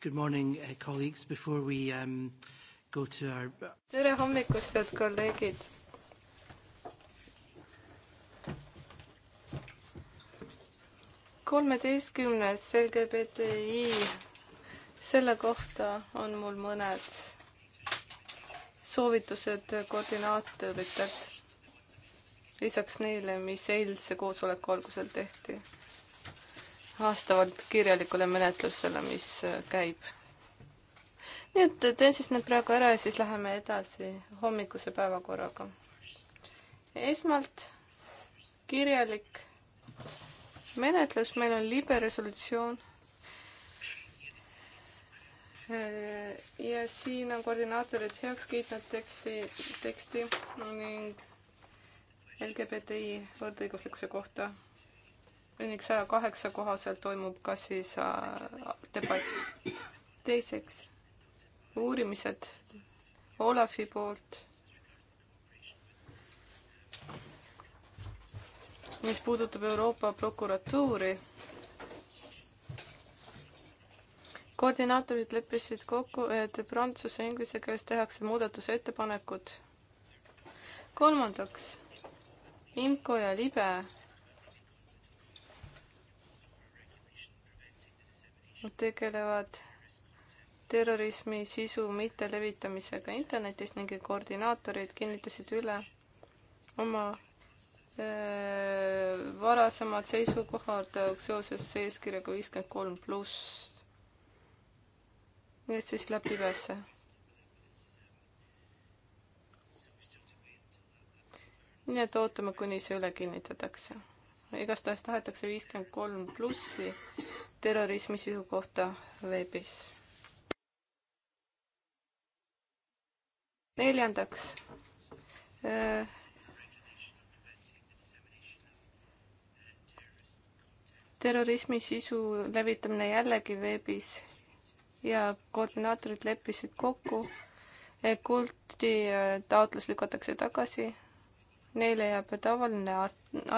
Good morning, uh, colleagues. Before we um, go to our... tere hommikust, head kolleegid! kolmeteistkümnes LGBTI, selle kohta on mul mõned soovitused koordinaatoritelt, lisaks neile, mis eilse koosoleku algusel tehti vastavalt kirjalikule menetlusele, mis äh, käib. nii et äh, teen siis need praegu ära ja siis läheme edasi hommikuse päevakorraga. esmalt kirjalik menetlus, meil on libe resolutsioon. Äh, ja siin on koordinaatorid heaks kiitnud teksti, teksti ning LGBTI võrdõiguslikkuse kohta ning saja kaheksa kohaselt toimub ka siis äh, debatt. teiseks, uurimised Olafi poolt, mis puudutab Euroopa prokuratuuri koordinaatorid leppisid kokku, et prantsuse ja inglise keeles tehakse muudatusettepanekud. kolmandaks, IMCO ja libe tegelevad terrorismi sisu mittelevitamisega internetis ning koordinaatorid kinnitasid üle oma äh, varasemad seisukohad seoses eeskirjaga viiskümmend kolm pluss. nii et siis läheb libesse. nii et ootame, kuni see üle kinnitatakse igastahes tahetakse viiskümmend kolm plussi terrorismi sisu kohta veebis. neljandaks äh,. terrorismi sisu levitamine jällegi veebis ja koordinaatorid leppisid kokku, et kulti äh, taotlus lükatakse tagasi neile jääb tavaline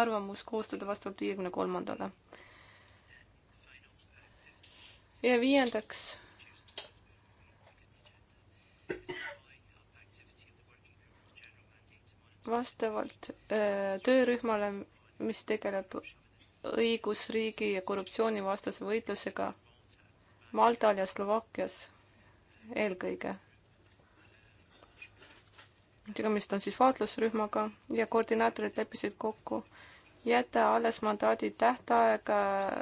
arvamus koostada vastavalt viiekümne kolmandale. ja viiendaks. vastavalt öö, äh, töörühmale, mis tegeleb õigusriigi ja korruptsioonivastase võitlusega Maltal ja Slovakkias eelkõige tegemist on siis vaatlusrühmaga ja koordinaatorid leppisid kokku jätta alles mandaadi tähtaeg äh,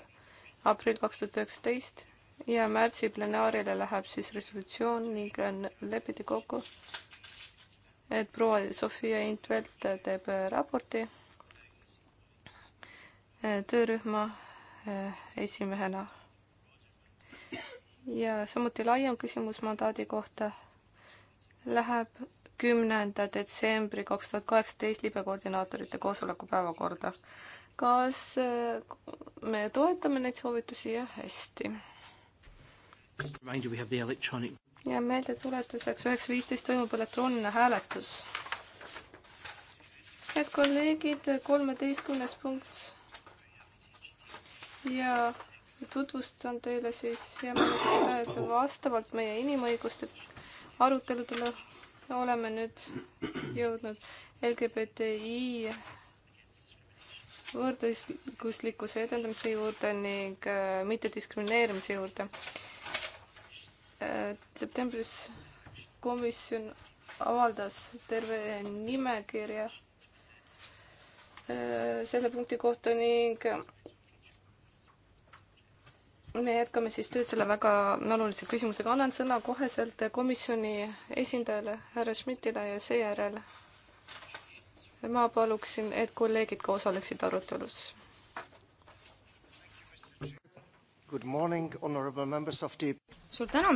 aprill kaks tuhat üheksateist ja märtsi plenaarile läheb siis resolutsioon ning äh, lepiti kokku, et proua Sofia Intvelt äh, teeb raporti töörühma esimehena. ja samuti laiem küsimus mandaadi kohta läheb kümnenda detsembri kaks tuhat kaheksateist libekoordinaatorite koosoleku päevakorda. kas äh, me toetame neid soovitusi? jah, hästi. ja meeldetuletuseks üheksa viisteist toimub elektrooniline hääletus. head kolleegid, kolmeteistkümnes punkt. ja tutvustan teile siis hea meelega seda, et vastavalt meie inimõiguste aruteludele oleme nüüd jõudnud LGBTI võrdõiguslikkuse edendamise juurde ning äh, mittediskrimineerimise juurde. Äh, septembris komisjon avaldas terve nimekirja äh, selle punkti kohta ning me jätkame siis tööd selle väga olulise küsimusega. annan sõna koheselt komisjoni esindajale, härra Schmidtile ja seejärel ma paluksin, et kolleegid ka osaleksid arutelus. Good morning, honorable members of the suur tänu,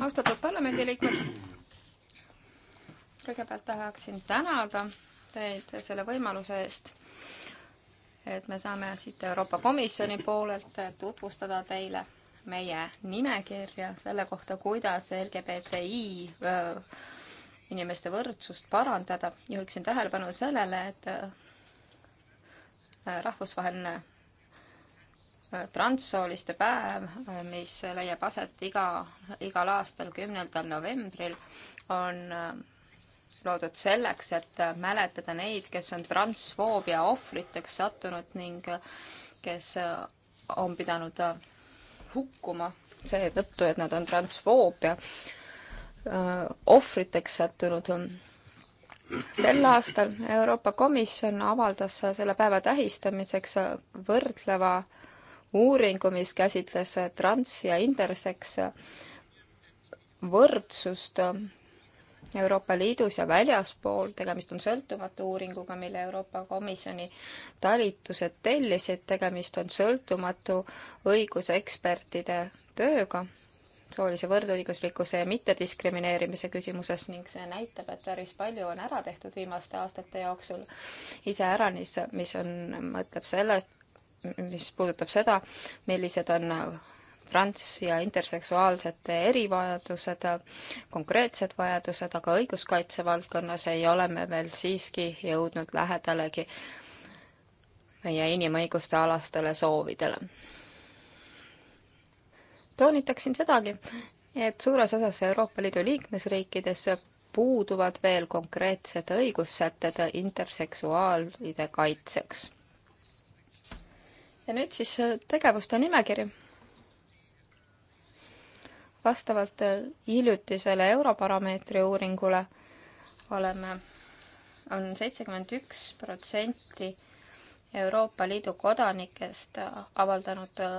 austatud parlamendiliikmed. kõigepealt tahaksin tänada teid selle võimaluse eest et me saame siit Euroopa Komisjoni poolelt tutvustada teile meie nimekirja selle kohta, kuidas LGBTI öö, inimeste võrdsust parandada. juhiksin tähelepanu sellele, et rahvusvaheline transsooliste päev, mis leiab aset iga, igal aastal kümnendal novembril, on loodud selleks, et mäletada neid, kes on transfoobia ohvriteks sattunud ning kes on pidanud hukkuma seetõttu, et nad on transfoobia äh, ohvriteks sattunud. sel aastal Euroopa Komisjon avaldas selle päeva tähistamiseks võrdleva uuringu, mis käsitles trans- ja interseks võrdsust Euroopa Liidus ja väljaspool, tegemist on sõltumatu uuringuga, mille Euroopa Komisjoni talitused tellisid, tegemist on sõltumatu õigusekspertide tööga soolise võrdõiguslikkuse ja mittediskrimineerimise küsimuses ning see näitab, et päris palju on ära tehtud viimaste aastate jooksul iseäranis, mis on, mõtleb sellest, mis puudutab seda, millised on trans- ja interseksuaalsete erivajadused, konkreetsed vajadused, aga õiguskaitse valdkonnas ei ole me veel siiski jõudnud lähedalegi meie inimõiguste alastele soovidele. toonitaksin sedagi, et suures osas Euroopa Liidu liikmesriikides puuduvad veel konkreetsed õigussätted interseksuaalide kaitseks. ja nüüd siis tegevuste nimekiri vastavalt äh, hiljutisele Eurobaromeetri uuringule oleme on, on seitsekümmend üks protsenti Euroopa Liidu kodanikest äh, avaldanud äh,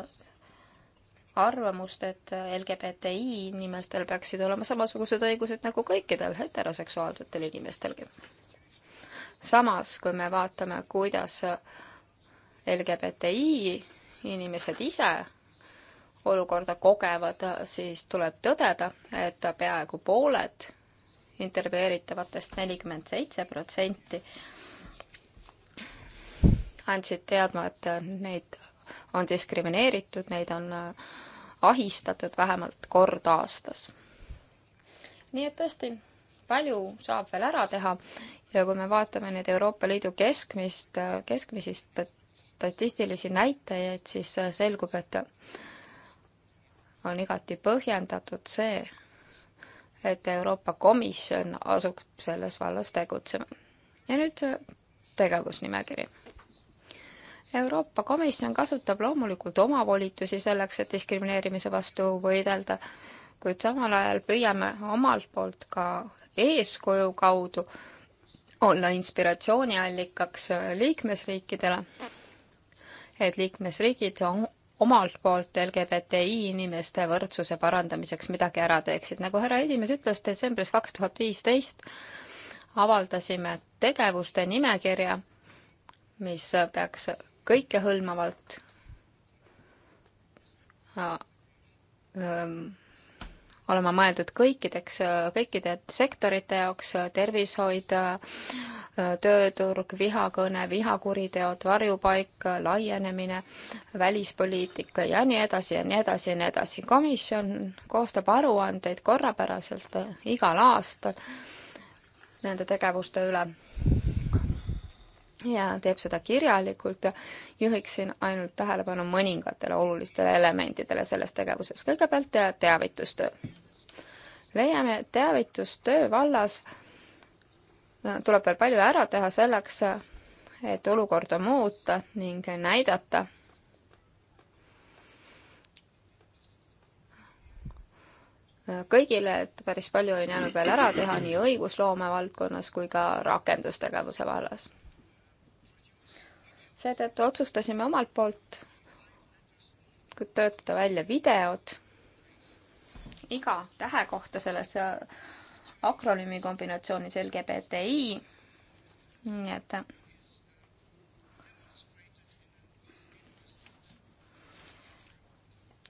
arvamust, et LGBTI inimestel peaksid olema samasugused õigused nagu kõikidel heteroseksuaalsetel inimestelgi. samas, kui me vaatame, kuidas LGBTI inimesed ise olukorda kogevad, siis tuleb tõdeda, et peaaegu pooled intervjueeritavatest, nelikümmend seitse protsenti, andsid teadma, et neid on diskrimineeritud, neid on ahistatud vähemalt kord aastas. nii et tõesti, palju saab veel ära teha ja kui me vaatame nüüd Euroopa Liidu keskmist, keskmisist statistilisi näitajaid, siis selgub, et on igati põhjendatud see, et Euroopa Komisjon asub selles vallas tegutsema. ja nüüd tegevusnimekiri. Euroopa Komisjon kasutab loomulikult oma volitusi selleks, et diskrimineerimise vastu võidelda, kuid samal ajal püüame omalt poolt ka eeskuju kaudu olla inspiratsiooniallikaks liikmesriikidele, et liikmesriigid omalt poolt LGBTI inimeste võrdsuse parandamiseks midagi ära teeksid. nagu härra esimees ütles, detsembris kaks tuhat viisteist avaldasime tegevuste nimekirja, mis peaks kõikehõlmavalt äh, ähm, olema mõeldud kõikideks, kõikide sektorite jaoks, tervishoid, tööturg, vihakõne, vihakuriteod, varjupaik, laienemine, välispoliitika ja nii edasi ja nii edasi ja nii edasi. komisjon koostab aruandeid korrapäraselt igal aastal nende tegevuste üle ja teeb seda kirjalikult ja juhiksin ainult tähelepanu mõningatele olulistele elementidele selles tegevuses. kõigepealt teavitustöö. leiame, et teavitustöö vallas äh, tuleb veel palju ära teha selleks, et olukorda muuta ning näidata, äh, kõigile, et päris palju on jäänud veel ära teha nii õigusloome valdkonnas kui ka rakendustegevuse vallas seetõttu otsustasime omalt poolt töötada välja videod iga tähe kohta selles äh, akronüümi kombinatsioonis LGBTI. nii et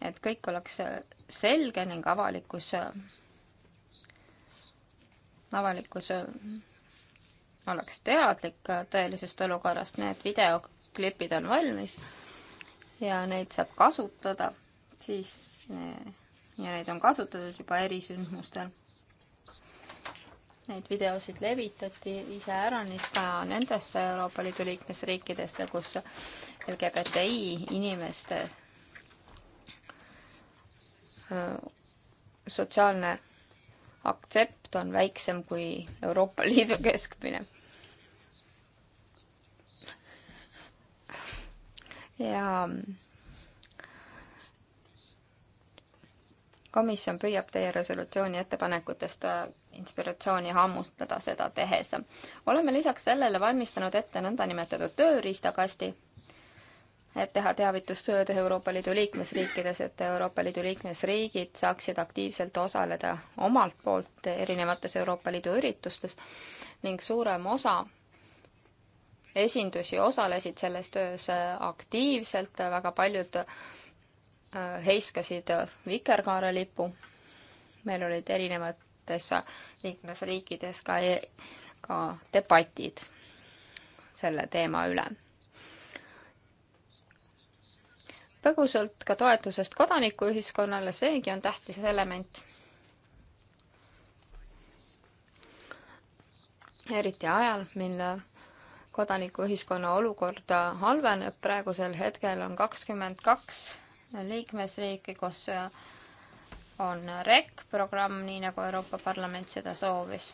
et kõik oleks äh, selge ning avalikkus, äh, avalikkus oleks teadlik tõelisest olukorrast, need video klipid on valmis ja neid saab kasutada, siis ja neid on kasutatud juba erisündmustel. Neid videosid levitati iseäranis ka nendesse Euroopa Liidu liikmesriikidesse, kus LGBTI inimeste sotsiaalne aktsept on väiksem kui Euroopa Liidu keskmine ja komisjon püüab teie resolutsiooni ettepanekutest äh, inspiratsiooni hammutada seda tehes. oleme lisaks sellele valmistanud ette nõndanimetatud tööriistakasti, et teha teavitustööd Euroopa Liidu liikmesriikides, et Euroopa Liidu liikmesriigid saaksid aktiivselt osaleda omalt poolt erinevates Euroopa Liidu üritustes ning suurem osa esindusi osalesid selles töös äh, aktiivselt, äh, väga paljud äh, heiskasid vikerkaarelipu. meil olid erinevates liikmesriikides ka, e, ka debatid selle teema üle. põgusalt ka toetusest kodanikuühiskonnale, seegi on tähtis element. eriti ajal, mil kodanikuühiskonna olukord halveneb, praegusel hetkel on kakskümmend kaks liikmesriiki, kus on REC programm, nii nagu Euroopa Parlament seda soovis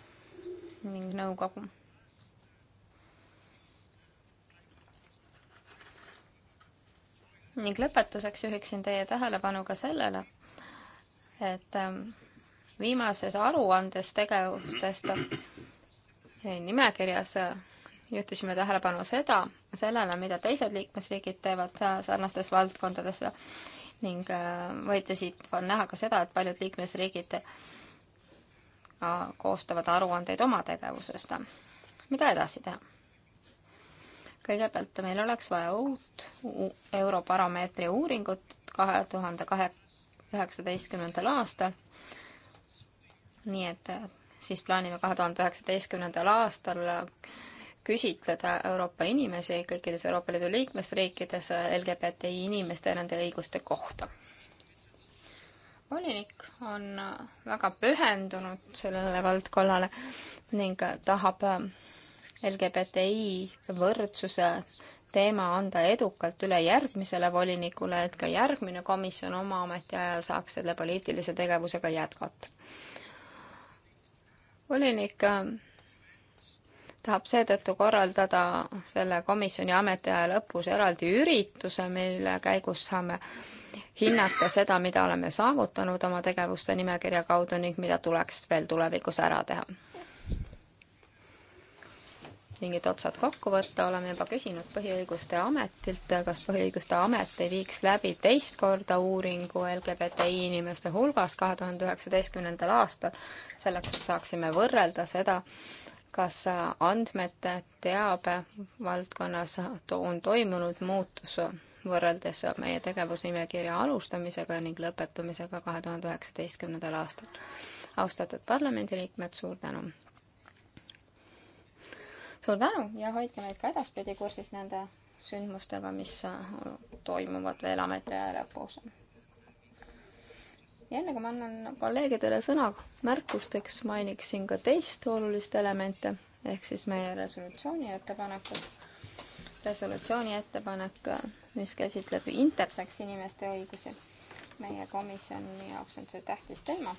ning nõukogu. ning lõpetuseks juhiksin teie tähelepanu ka sellele, et ähm, viimases aruandes tegevustest äh, nimekirjas äh, juhtisime tähelepanu seda, sellele, mida teised liikmesriigid teevad sarnastes valdkondades ning äh, võite siit on näha ka seda, et paljud liikmesriigid äh, koostavad aruandeid oma tegevusest. mida edasi teha? kõigepealt meil oleks vaja uut Eurobaromeetri uuringut kahe tuhande kahe, üheksateistkümnendal aastal. nii et äh, siis plaanime kahe tuhande üheksateistkümnendal aastal küsitleda Euroopa inimesi kõikides Euroopa Liidu liikmesriikides LGBTI inimeste ja nende õiguste kohta. volinik on väga pühendunud sellele valdkonnale ning tahab LGBTI võrdsuse teema anda edukalt üle järgmisele volinikule, et ka järgmine komisjon oma ametiajal saaks selle poliitilise tegevusega jätkata. volinik tahab seetõttu korraldada selle komisjoni ametiaja lõpus eraldi ürituse, mille käigus saame hinnata seda, mida oleme saavutanud oma tegevuste nimekirja kaudu ning mida tuleks veel tulevikus ära teha. mingid otsad kokku võtta, oleme juba küsinud Põhiõiguste Ametilt, kas Põhiõiguste Amet ei viiks läbi teist korda uuringu LGBTI inimeste hulgas kahe tuhande üheksateistkümnendal aastal, selleks et saaksime võrrelda seda, kas andmete teabe valdkonnas on toimunud muutus võrreldes meie tegevusnimekirja alustamisega ning lõpetamisega kahe tuhande üheksateistkümnendal aastal. austatud parlamendiliikmed, suur tänu! suur tänu ja hoidke meid ka edaspidi kursis nende sündmustega, mis toimuvad veel ametiaja lõpus ja enne kui ma annan kolleegidele sõna märkusteks, mainiksin ka teist olulist elementi ehk siis meie resolutsiooni ettepanekut. resolutsiooni ettepanek, mis käsitleb interseks inimeste õigusi. meie komisjoni jaoks on see tähtis teema.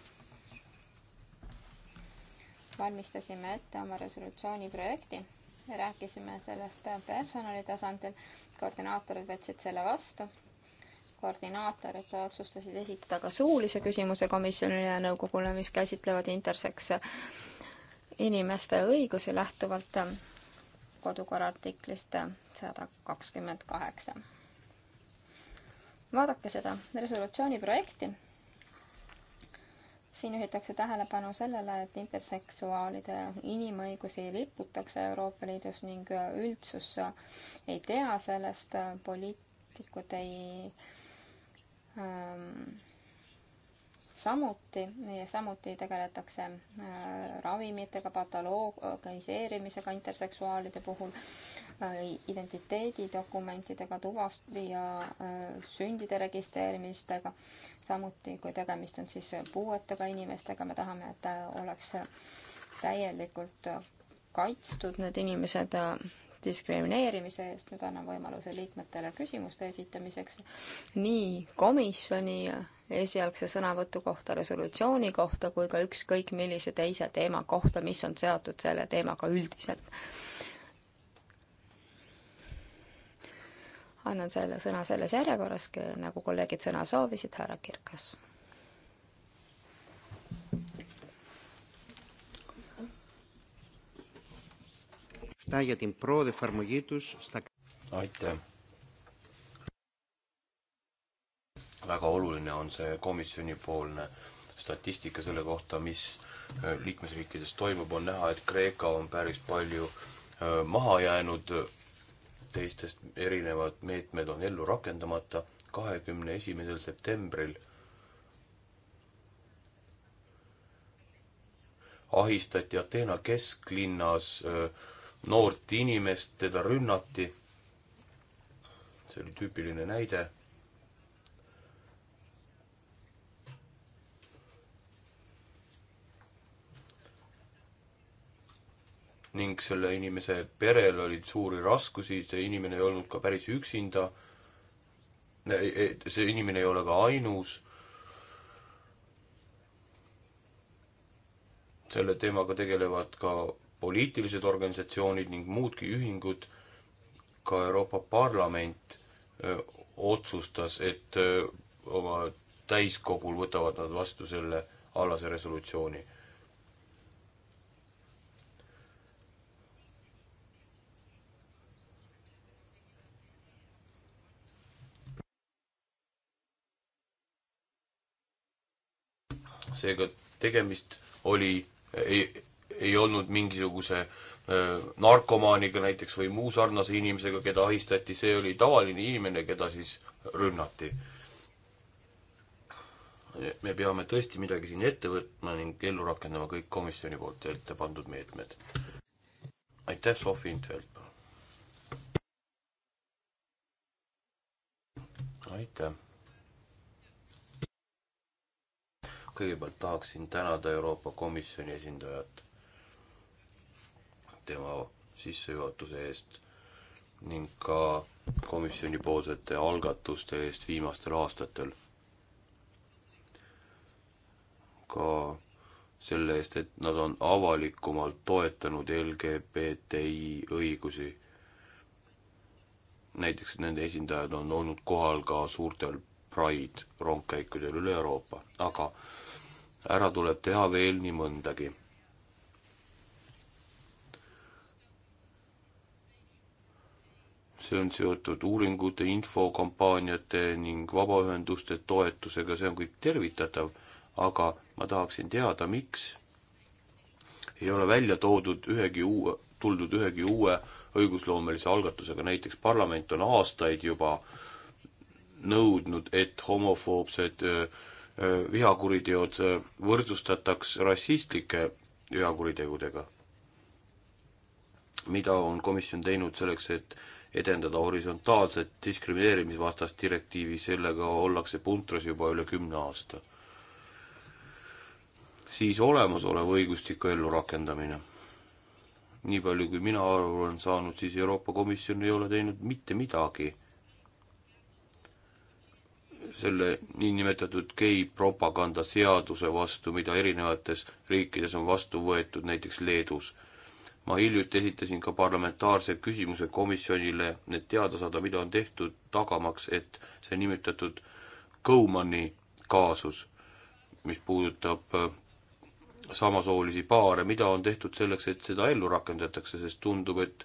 valmistasime ette oma resolutsiooni projekti ja rääkisime sellest personali tasandil. koordinaatorid võtsid selle vastu koordinaatorid otsustasid esitada ka suulise küsimuse komisjonile ja nõukogule, mis käsitlevad interseks inimeste õigusi lähtuvalt kodukorra artiklist sada kakskümmend kaheksa. vaadake seda resolutsiooni projekti. siin juhitakse tähelepanu sellele, et interseksuaalide inimõigusi liputakse Euroopa Liidus ning üldsus ei tea sellest, poliitikud ei Ehm, samuti, samuti tegeletakse äh, ravimitega, patoloogiseerimisega interseksuaalide puhul, äh, identiteedidokumentidega tuvast- ja äh, sündide registreerimistega, samuti kui tegemist on siis puuetega inimestega, me tahame, et oleks täielikult kaitstud need inimesed diskrimineerimise eest, nüüd annan võimaluse liikmetele küsimuste esitamiseks nii komisjoni esialgse sõnavõtu kohta, resolutsiooni kohta kui ka ükskõik millise teise teema kohta, mis on seotud selle teemaga üldiselt. annan selle sõna selles järjekorras, nagu kolleegid sõna soovisid, härra Kirkas. αυτά για την πρόοδο εφαρμογή τους στα... Aitäh! Väga oluline on see komisjonipoolne statistika selle kohta, mis äh, liikmesriikides toimub, on näha, et Kreeka on päris palju äh, maha jäänud, teistest erinevad meetmed on ellu rakendamata. kahekümne esimesel septembril ahistati Ateena kesklinnas äh, noort inimest, teda rünnati. see oli tüüpiline näide. ning selle inimese perel olid suuri raskusi, see inimene ei olnud ka päris üksinda. E, e, see inimene ei ole ka ainus selle teemaga tegelevad ka poliitilised organisatsioonid ning muudki ühingud, ka Euroopa Parlament öö, otsustas, et öö, oma täiskogul võtavad nad vastu selle alase resolutsiooni. seega tegemist oli ei, ei olnud mingisuguse narkomaaniga näiteks või muu sarnase inimesega, keda ahistati, see oli tavaline inimene, keda siis rünnati. me peame tõesti midagi siin ette võtma ning ellu rakendama kõik komisjoni poolt ette pandud meetmed. aitäh, Sofi Intvelt. aitäh. kõigepealt tahaksin tänada Euroopa Komisjoni esindajat tema sissejuhatuse eest ning ka komisjonipoolsete algatuste eest viimastel aastatel. ka selle eest, et nad on avalikumalt toetanud LGBTI õigusi. näiteks nende esindajad on olnud kohal ka suurtel Pride rongkäikudel üle Euroopa, aga ära tuleb teha veel nii mõndagi see on seotud uuringute, infokampaaniate ning vabaühenduste toetusega, see on kõik tervitatav, aga ma tahaksin teada, miks ei ole välja toodud ühegi uue, tuldud ühegi uue õigusloomelise algatusega, näiteks parlament on aastaid juba nõudnud, et homofoobsed vihakuriteod võrdsustataks rassistlike vihakuritegudega. mida on komisjon teinud selleks, et edendada horisontaalset diskrimineerimisvastast direktiivi, sellega ollakse puntras juba üle kümne aasta. siis olemasoleva õigustiku ellurakendamine. nii palju, kui mina aru olen saanud, siis Euroopa Komisjon ei ole teinud mitte midagi selle niinimetatud gei propaganda seaduse vastu, mida erinevates riikides on vastu võetud, näiteks Leedus ma hiljuti esitasin ka parlamentaarse küsimuse komisjonile, et teada saada, mida on tehtud tagamaks, et see nimetatud Kõumani kaasus, mis puudutab äh, samasoolisi paare, mida on tehtud selleks, et seda ellu rakendatakse, sest tundub, et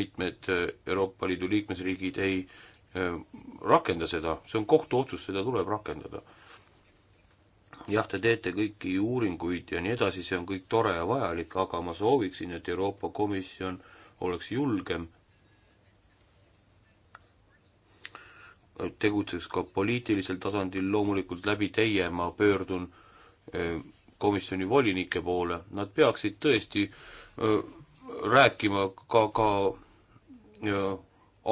mitmed äh, Euroopa Liidu liikmesriigid ei äh, rakenda seda, see on kohtuotsus, seda tuleb rakendada jah, te teete kõiki uuringuid ja nii edasi, see on kõik tore ja vajalik, aga ma sooviksin, et Euroopa Komisjon oleks julgem, tegutseks ka poliitilisel tasandil, loomulikult läbi teie ma pöördun eh, komisjoni volinike poole, nad peaksid tõesti eh, rääkima ka, ka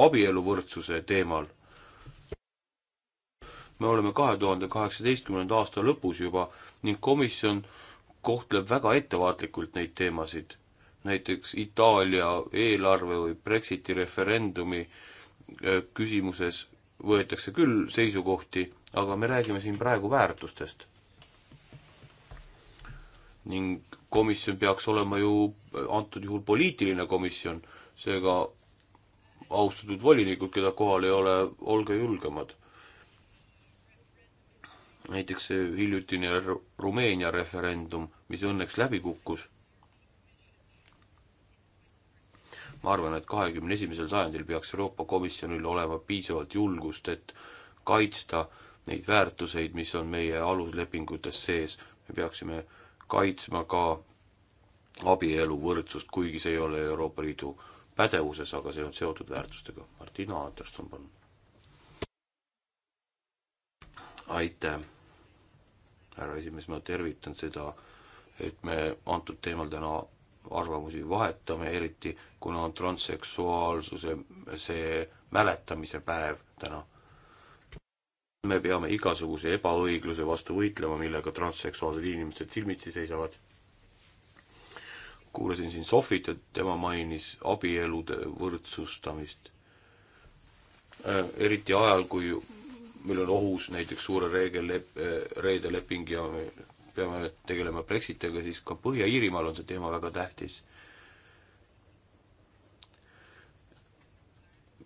abieluvõrdsuse teemal me oleme kahe tuhande kaheksateistkümnenda aasta lõpus juba ning komisjon kohtleb väga ettevaatlikult neid teemasid. näiteks Itaalia eelarve või Brexiti referendumi äh, küsimuses võetakse küll seisukohti, aga me räägime siin praegu väärtustest. ning komisjon peaks olema ju äh, antud juhul poliitiline komisjon, seega austatud volinikud, keda kohal ei ole, olge julgemad näiteks see hiljutine Rumeenia referendum, mis õnneks läbi kukkus. ma arvan, et kahekümne esimesel sajandil peaks Euroopa Komisjonil olema piisavalt julgust, et kaitsta neid väärtuseid, mis on meie aluslepingutes sees. me peaksime kaitsma ka abielu võrdsust, kuigi see ei ole Euroopa Liidu pädevuses, aga see on seotud väärtustega. Martina Anderson, palun. aitäh! härra esimees, ma tervitan seda, et me antud teemal täna arvamusi vahetame, eriti kuna on transseksuaalsuse see mäletamise päev täna. me peame igasuguse ebaõigluse vastu võitlema, millega transseksuaalsed inimesed silmitsi seisavad. kuulasin siin Sofit, et tema mainis abielude võrdsustamist. Äh, eriti ajal, kui meil on ohus näiteks suure reegel lep-, eh, reedeleping ja me peame tegelema Brexitiga, siis ka Põhja-Iirimaal on see teema väga tähtis.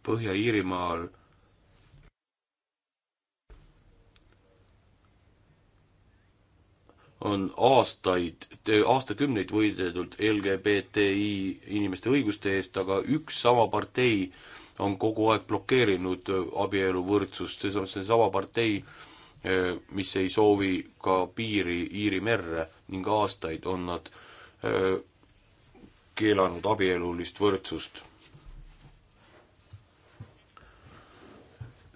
Põhja-Iirimaal on aastaid, aastakümneid võideldud LGBTI inimeste õiguste eest, aga üks sama partei äh, on kogu aeg blokeerinud äh, abieluvõrdsust, see on seesama partei, äh, mis ei soovi ka piiri Iiri merre ning aastaid on nad äh, keelanud abielulist võrdsust.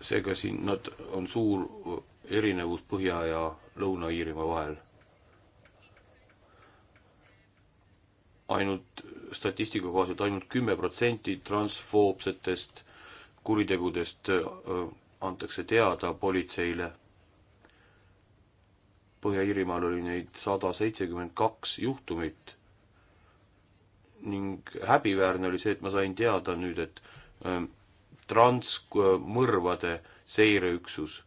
seega siin nad on suur erinevus Põhja- ja Lõuna-Iirimaa vahel. ainult statistika kohaselt ainult kümme protsenti transfoobsetest kuritegudest äh, antakse teada politseile. Põhja-Iirimaal oli neid sada seitsekümmend kaks juhtumit ning häbiväärne oli see, et ma sain teada nüüd, et äh, transmõrvade seireüksus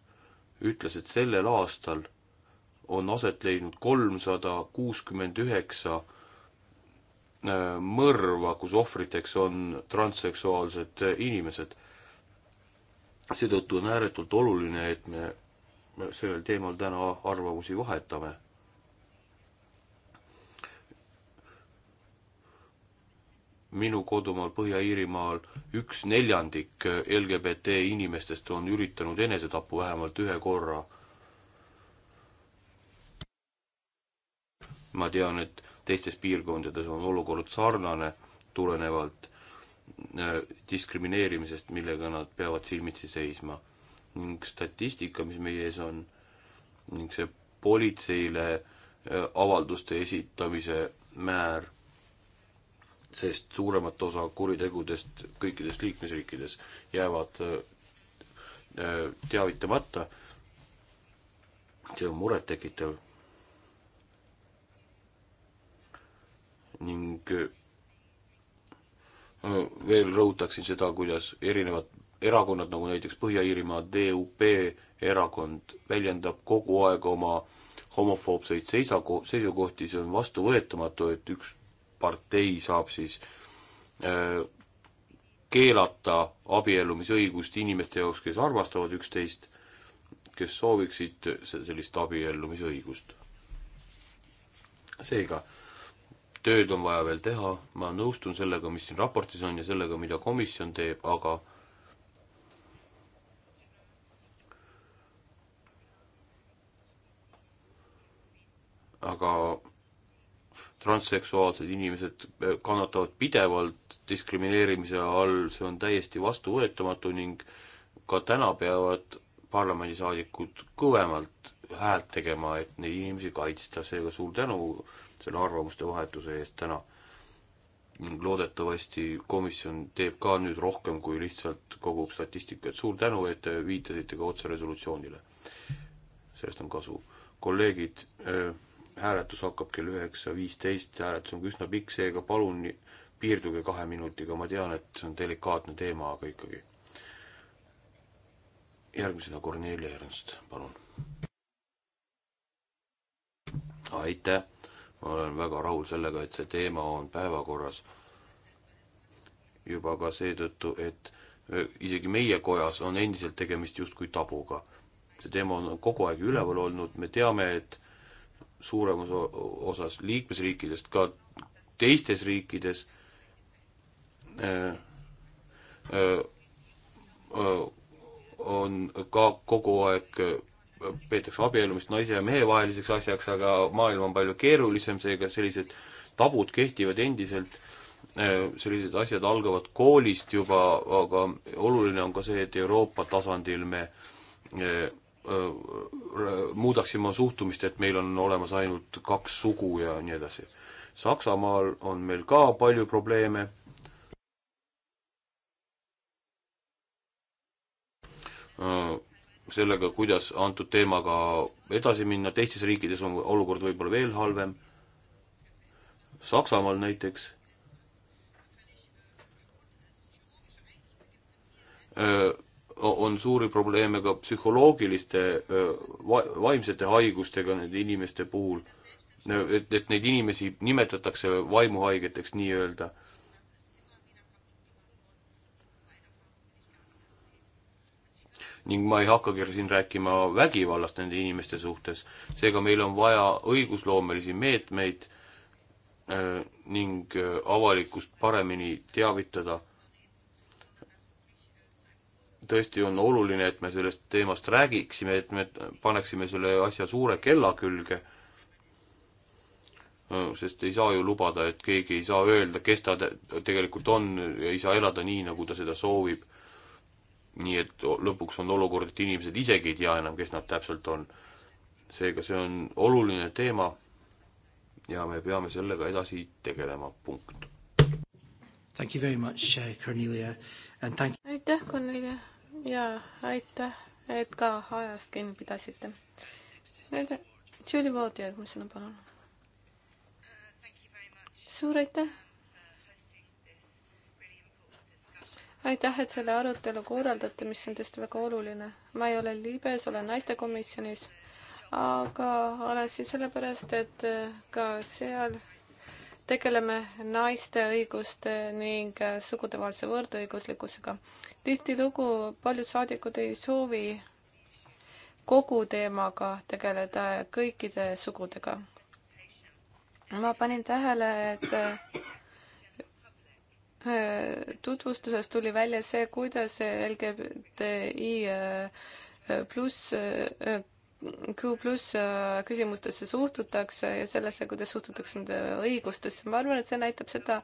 ütles, et sellel aastal on aset leidnud kolmsada kuuskümmend üheksa Äh, mõrva, kus ohvriteks on transseksuaalsed inimesed. seetõttu on ääretult oluline, et me sellel teemal täna arvamusi vahetame. minu kodumaal Põhja-Iirimaal üks neljandik LGBT inimestest on üritanud enesetapu vähemalt ühe korra. ma tean, et teistes piirkondades on olukord sarnane tulenevalt äh, diskrimineerimisest, millega nad peavad silmitsi seisma. ning statistika, mis meie ees on, ning see politseile äh, avalduste esitamise määr, sest suuremat osa kuritegudest kõikides liikmesriikides jäävad äh, teavitamata, see on murettekitav ning äh, veel rõhutaksin seda, kuidas erinevad erakonnad, nagu näiteks Põhja-Iirimaa DUP erakond, väljendab kogu aeg oma homofoobseid seisako-, seisukohti, see on vastuvõetamatu, et üks partei saab siis öö, äh, keelata abiellumisõigust inimeste jaoks, kes armastavad üksteist, kes sooviksid sellist abiellumisõigust. seega tööd on vaja veel teha, ma nõustun sellega, mis siin raportis on ja sellega, mida komisjon teeb, aga aga transseksuaalsed inimesed eh, kannatavad pidevalt diskrimineerimise all, see on täiesti vastuvõetamatu ning ka täna peavad parlamendisaadikud kõvemalt häält tegema, et neid inimesi kaitsta, seega suur tänu selle arvamuste vahetuse eest täna. ning loodetavasti komisjon teeb ka nüüd rohkem, kui lihtsalt kogub statistikat. suur tänu, et te viitasite ka otse resolutsioonile. sellest on kasu. kolleegid, äh, hääletus hakkab kell üheksa viisteist, hääletus on üsna pikk, seega palun piirduge kahe minutiga, ma tean, et see on delikaatne teema, aga ikkagi. järgmisena Kornelia Ernst, palun. aitäh ma olen väga rahul sellega, et see teema on päevakorras. juba ka seetõttu, et äh, isegi meie kojas on endiselt tegemist justkui tabuga. see teema on kogu aeg üleval olnud, me teame, et suuremas osas liikmesriikidest, ka teistes riikides öö, äh, öö, äh, on ka kogu aeg peetakse abiellumist naise ja mehe vaheliseks asjaks, aga maailm on palju keerulisem, seega sellised tabud kehtivad endiselt, sellised asjad algavad koolist juba, aga oluline on ka see, et Euroopa tasandil me e, e, muudaksime oma suhtumist, et meil on olemas ainult kaks sugu ja nii edasi. Saksamaal on meil ka palju probleeme sellega, kuidas antud teemaga edasi minna, teistes riikides on olukord võib-olla veel halvem, Saksamaal näiteks öö, on suuri probleeme ka psühholoogiliste va-, vaimsete haigustega nende inimeste puhul. et, et neid inimesi nimetatakse vaimuhaigeteks nii-öelda ning ma ei hakkagi siin rääkima vägivallast nende inimeste suhtes. seega meil on vaja õigusloomelisi meetmeid äh, ning äh, avalikkust paremini teavitada. tõesti on oluline, et me sellest teemast räägiksime, et me paneksime selle asja suure kella külge äh, sest ei saa ju lubada, et keegi ei saa öelda, kes ta tegelikult on, ei saa elada nii, nagu ta seda soovib nii et lõpuks on olukord, et inimesed isegi ei tea enam, kes nad täpselt on. seega see on oluline teema ja me peame sellega edasi tegelema, punkt. Thank you very much, uh, Cornelia and thank you. aitäh, Cornelia ja aitäh, et ka ajast kinni pidasite. Need, Julie Vood järgmisena, palun. Uh, suur aitäh aitäh, et selle arutelu korraldate, mis on tõesti väga oluline. ma ei ole libes, olen naistekomisjonis, aga olen siin sellepärast, et äh, ka seal tegeleme naiste õiguste ning äh, sugudevahelise võrdõiguslikkusega. tihtilugu paljud saadikud ei soovi kogu teemaga tegeleda kõikide sugudega. ma panin tähele, et äh, Äh, tutvustuses tuli välja see, kuidas LGBTI äh, pluss, äh, Q pluss küsimustesse suhtutakse ja sellesse, kuidas suhtutakse nende õigustesse. ma arvan, et see näitab seda,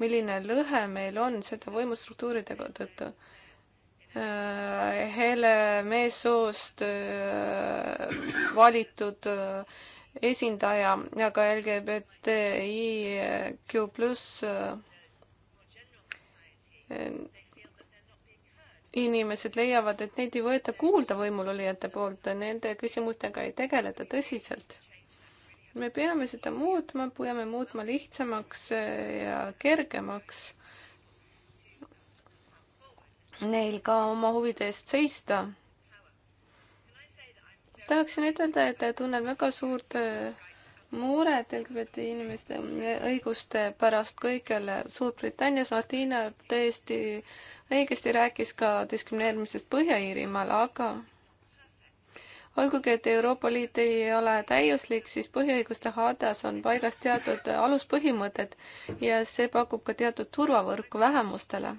milline lõhe meil on seda võimustruktuuride tõttu. Hele meessoost valitud esindaja ja ka LGBTIQ pluss inimesed leiavad, et neid ei võeta kuulda võimulolijate poolt, nende küsimustega ei tegeleta tõsiselt. me peame seda muutma, püüame muutma lihtsamaks eh, ja kergemaks neil ka oma huvide eest seista. tahaksin ütelda, et tunnen väga suurt eh, mured LGBT inimeste õiguste pärast kõigil Suurbritannias. Martina tõesti õigesti rääkis ka diskrimineerimisest Põhja-Iirimaal, aga olgugi, et Euroopa Liit ei ole täiuslik, siis põhiõiguste hardas on paigas teatud aluspõhimõtted ja see pakub ka teatud turvavõrku vähemustele.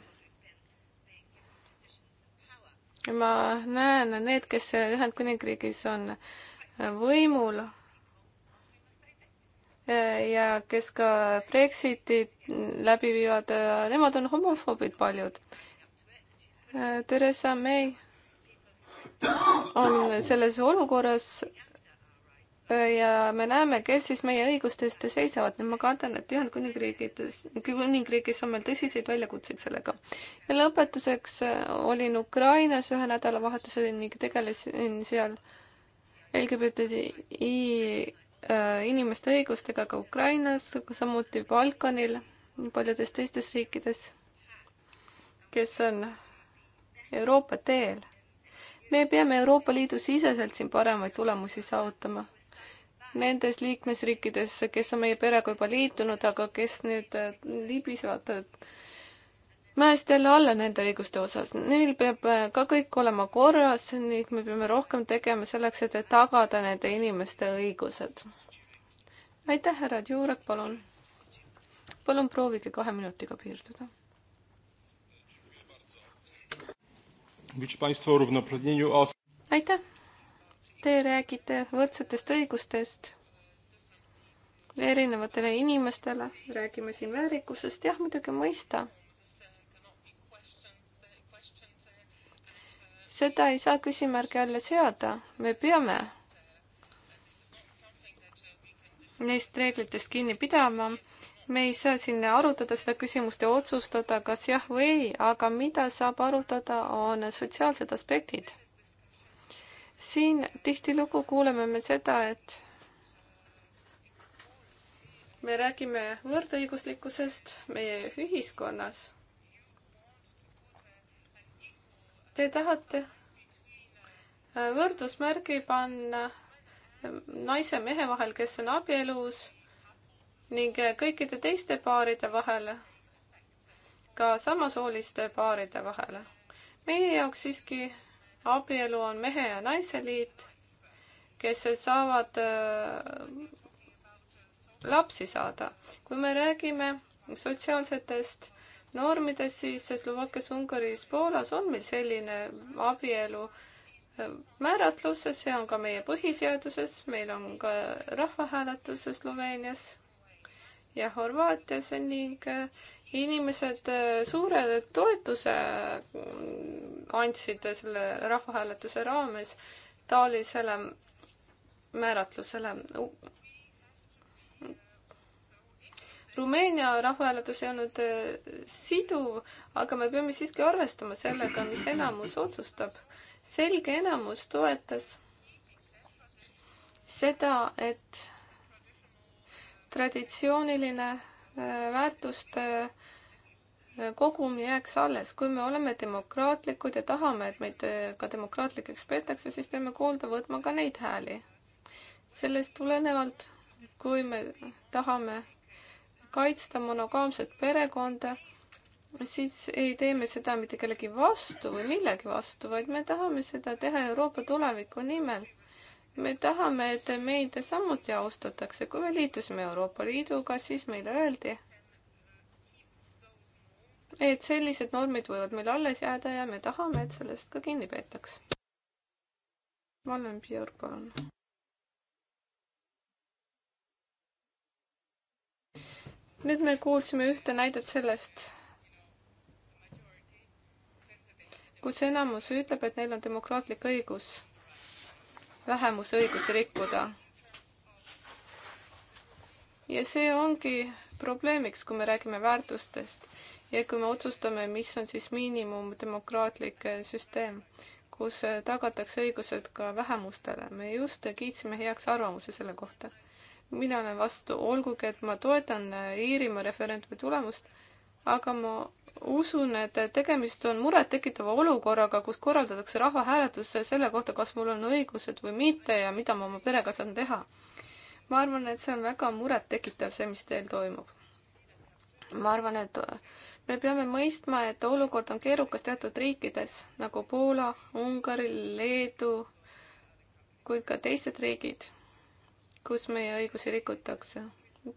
ma näen, need, kes Ühendkuningriigis on võimul, Äh, ja kes ka Brexitit läbi viivad, äh, nemad on homofoobid paljud. Äh, Theresa May on selles olukorras ja me näeme, kes siis meie õiguste eest seisavad, nii ma kardan, et Ühendkuningriigides, kuningriigis on meil tõsiseid väljakutseid sellega. ja lõpetuseks olin Ukrainas ühe nädalavahetuse ning tegelesin seal LGBTI Äh, inimeste õigustega ka Ukrainas, samuti Balkanil, paljudes teistes riikides, kes on Euroopa teel. me peame Euroopa Liidu siseselt siin paremaid tulemusi saavutama. Nendes liikmesriikides, kes on meie perega juba liitunud, aga kes nüüd äh, libisevad ma hästi jälle alla nende õiguste osas, neil peab äh, ka kõik olema korras ning me peame rohkem tegema selleks, et tagada nende inimeste õigused. aitäh, härra Tjurek, palun. palun proovige kahe minutiga piirduda. aitäh. Te räägite võrdsetest õigustest erinevatele inimestele, räägime siin väärikusest, jah, muidugi mõista seda ei saa küsimärgi alla seada, me peame neist reeglitest kinni pidama. me ei saa siin arutada seda küsimust ja otsustada, kas jah või ei, aga mida saab arutada, on sotsiaalsed aspektid. siin tihtilugu kuuleme me seda, et me räägime võrdõiguslikkusest meie ühiskonnas Te tahate äh, võrdusmärgi panna äh, naise mehe vahel, kes on abielus ning äh, kõikide teiste paaride vahele, ka samasooliste paaride vahele. meie jaoks siiski abielu on mehe ja naise liit, kes saavad lapsi saada. kui me räägime sotsiaalsetest normides, siis Slovakkias, Ungaris, Poolas on meil selline abielu äh, määratlus, see on ka meie põhiseaduses, meil on ka rahvahääletus Sloveenias ja Horvaatias ning äh, inimesed äh, suure toetuse mm, andsid selle rahvahääletuse raames taolisele määratlusele Rumeenia rahvahääletus ei olnud äh, siduv, aga me peame siiski arvestama sellega, mis enamus otsustab. selge enamus toetas seda, et traditsiooniline äh, väärtuste äh, kogum jääks alles. kui me oleme demokraatlikud ja tahame, et meid ka demokraatlikeks peetakse, siis peame kuulda võtma ka neid hääli. sellest tulenevalt, kui me tahame kaitsta monogaamset perekonda, siis ei tee me seda mitte kellegi vastu või millegi vastu, vaid me tahame seda teha Euroopa tuleviku nimel. me tahame, et meid samuti austatakse. kui me liitusime Euroopa Liiduga, siis meile öeldi, et sellised normid võivad meil alles jääda ja me tahame, et sellest ka kinni peetaks. Malen Björk, palun. nüüd me kuulsime ühte näidet sellest, kus enamus ütleb, et neil on demokraatlik õigus vähemuse õigusi rikkuda. ja see ongi probleemiks, kui me räägime väärtustest ja kui me otsustame, mis on siis miinimumdemokraatlik eh, süsteem, kus eh, tagatakse õigused ka vähemustele. me just kiitsime heaks arvamuse selle kohta mina olen vastu, olgugi et ma toetan äh, Iirimaa referendumi tulemust, aga ma usun, et äh, tegemist on murettekitava olukorraga, kus korraldatakse rahvahääletus äh, selle kohta, kas mul on õigused või mitte ja mida ma oma perega saan teha. ma arvan, et see on väga murettekitav, see, mis teil toimub. ma arvan, et me peame mõistma, et olukord on keerukas teatud riikides nagu Poola, Ungari, Leedu, kuid ka teised riigid kus meie õigusi rikutakse.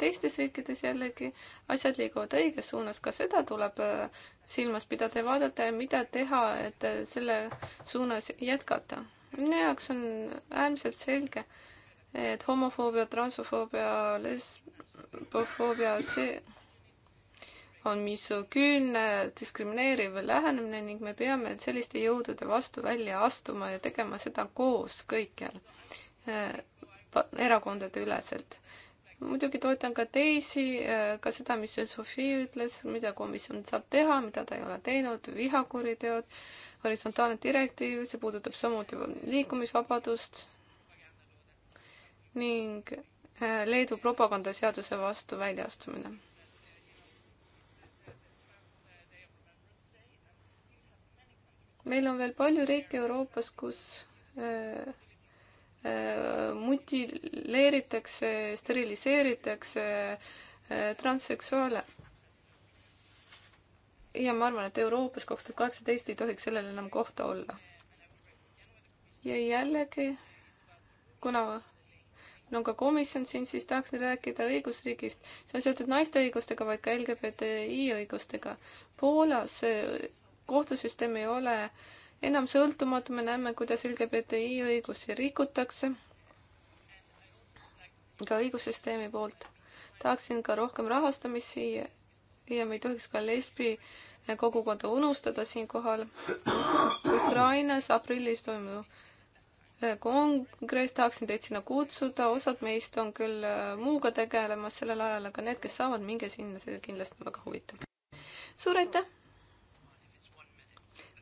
teistes riikides jällegi asjad liiguvad õiges suunas, ka seda tuleb äh, silmas pidada ja vaadata, mida teha, et äh, selle suunas jätkata. minu jaoks on äärmiselt selge, et homofoobia, transofoobia, lesbofoobia, see on misoküünne, diskrimineeriv lähenemine ning me peame selliste jõudude vastu välja astuma ja tegema seda koos kõikjal äh, erakondade üleselt. muidugi toetan ka teisi, äh, ka seda, mis Sofii ütles, mida komisjon saab teha, mida ta ei ole teinud, vihakuriteod, horisontaalne direktiiv, see puudutab samuti liikumisvabadust ning äh, Leedu propagandaseaduse vastu väljaastumine meil on veel palju riike Euroopas, kus äh, mutileeritakse, steriliseeritakse äh, transseksuaale. ja ma arvan, et Euroopas kaks tuhat kaheksateist ei tohiks sellel enam kohta olla. ja jällegi, kuna no ka komisjon siin, siis tahaksin rääkida õigusriigist. see on seotud naiste õigustega, vaid ka LGBTI õigustega. Poolas kohtusüsteem ei ole äh, enam sõltumatu, me näeme, kuidas LGBTI õigusi rikutakse ka õigussüsteemi poolt. tahaksin ka rohkem rahastamist siia ja me ei tohiks ka lesbi kogukonda unustada siinkohal. Ukrainas aprillis toimuv eh, kongress, tahaksin teid sinna kutsuda, osad meist on küll eh, muuga tegelemas sellel ajal, aga need, kes saavad, minge sinna, see kindlasti on väga huvitav. suur aitäh!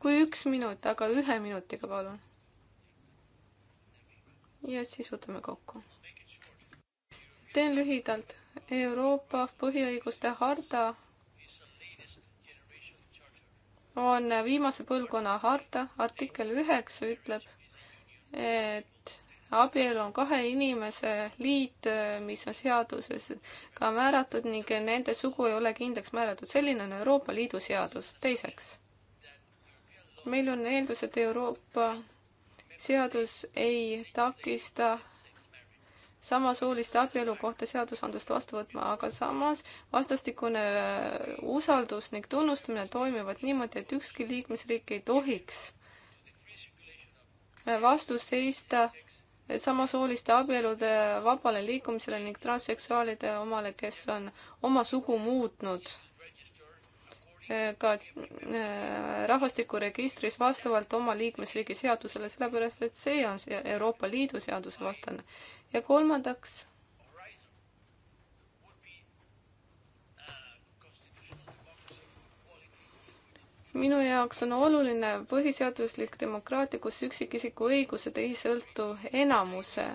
kui üks minut, aga ühe minutiga, palun. ja siis võtame kokku. teen lühidalt. Euroopa põhiõiguste harta on viimase põlvkonna harta, artikkel üheksa ütleb, et abielu on kahe inimese liit, mis on seaduses ka määratud ning nende sugu ei ole kindlaks määratud. selline on Euroopa Liidu seadus. teiseks, meil on eeldus, et Euroopa seadus ei takista samasooliste abielu kohta seadusandlust vastu võtma, aga samas vastastikune äh, usaldus ning tunnustamine toimivad niimoodi, et ükski liikmesriik ei tohiks äh, vastu seista äh, samasooliste abielude vabale liikumisele ning transseksuaalide omale, kes on oma sugu muutnud ka äh, rahvastikuregistris vastavalt oma liikmesriigi seadusele, sellepärast et see on Euroopa Liidu seaduse vastane. ja kolmandaks. minu jaoks on oluline põhiseaduslik demokraatia, kus üksikisiku õigused ei sõltu enamuse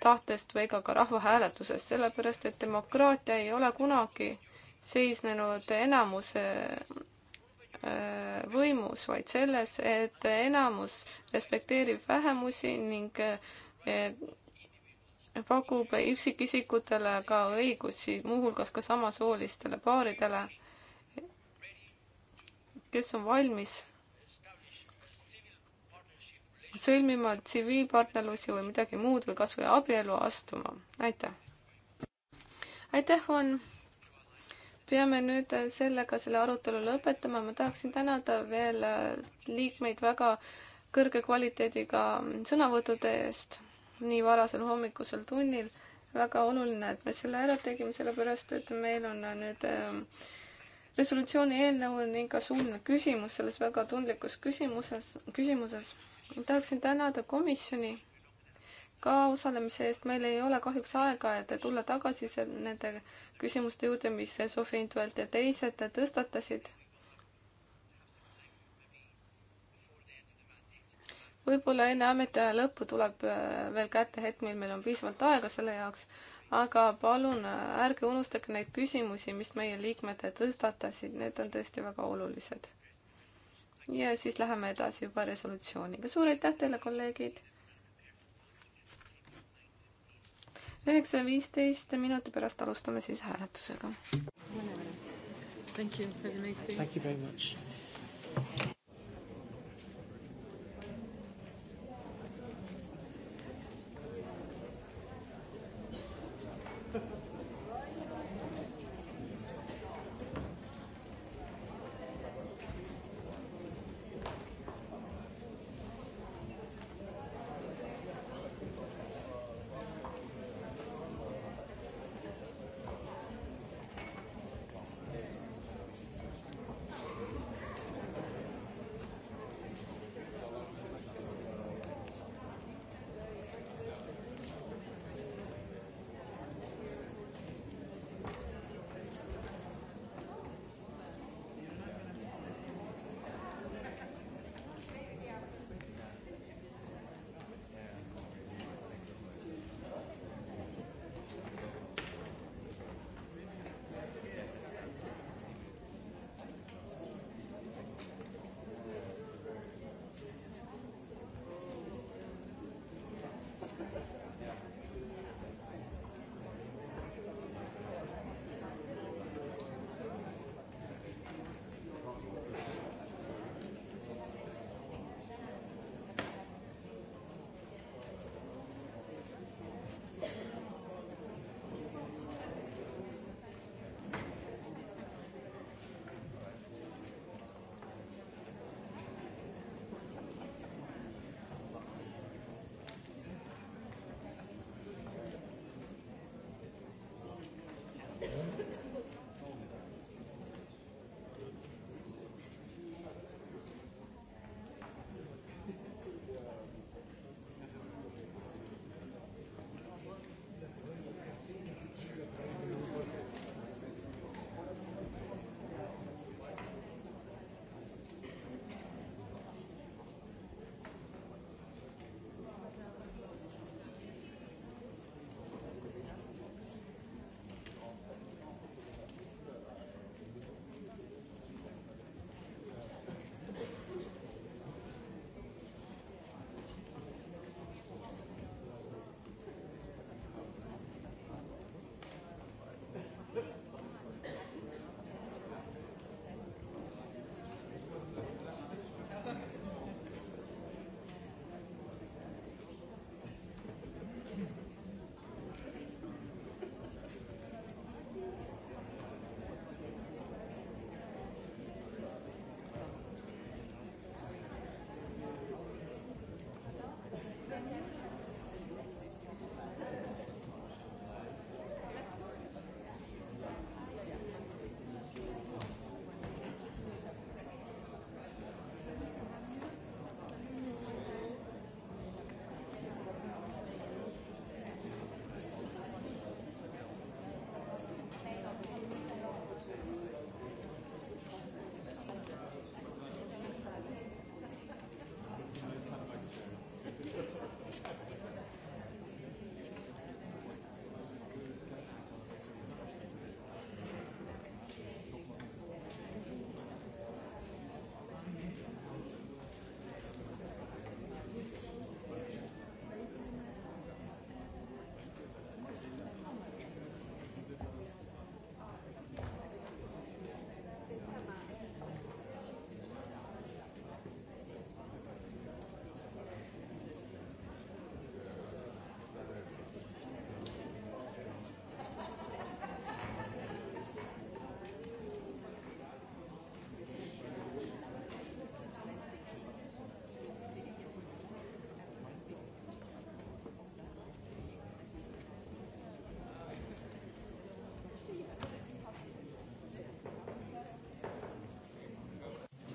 tahtest või ega ka rahvahääletusest, sellepärast et demokraatia ei ole kunagi äh, seisnenud enamuse äh, võimus, vaid selles, et enamus respekteerib vähemusi ning äh, pakub üksikisikutele ka õigusi, muuhulgas ka samasoolistele paaridele, kes on valmis sõlmima tsiviilpartnerlusi või midagi muud või kas või abielu astuma. aitäh! aitäh, Juan! peame nüüd sellega selle arutelu lõpetama, ma tahaksin tänada veel liikmeid väga kõrge kvaliteediga sõnavõttude eest nii varasel hommikusel tunnil. väga oluline, et me selle ära tegime, sellepärast et meil on nüüd ähm, resolutsiooni eelnõu ning ka suuline küsimus selles väga tundlikus küsimuses, küsimuses. tahaksin tänada komisjoni ka osalemise eest. meil ei ole kahjuks aega, et tulla tagasi nende küsimuste juurde, mis Sofi Intvelt ja teised tõstatasid. võib-olla enne ametiaja lõppu tuleb äh, veel kätte hetk, mil meil on piisavalt aega selle jaoks, aga palun äh, ärge unustage neid küsimusi, mis meie liikmed tõstatasid, need on tõesti väga olulised. ja siis läheme edasi juba resolutsiooniga. suur aitäh teile, kolleegid! üheksa viisteist minuti pärast alustame siis hääletusega. Thank you, very nice day. Thank you very much.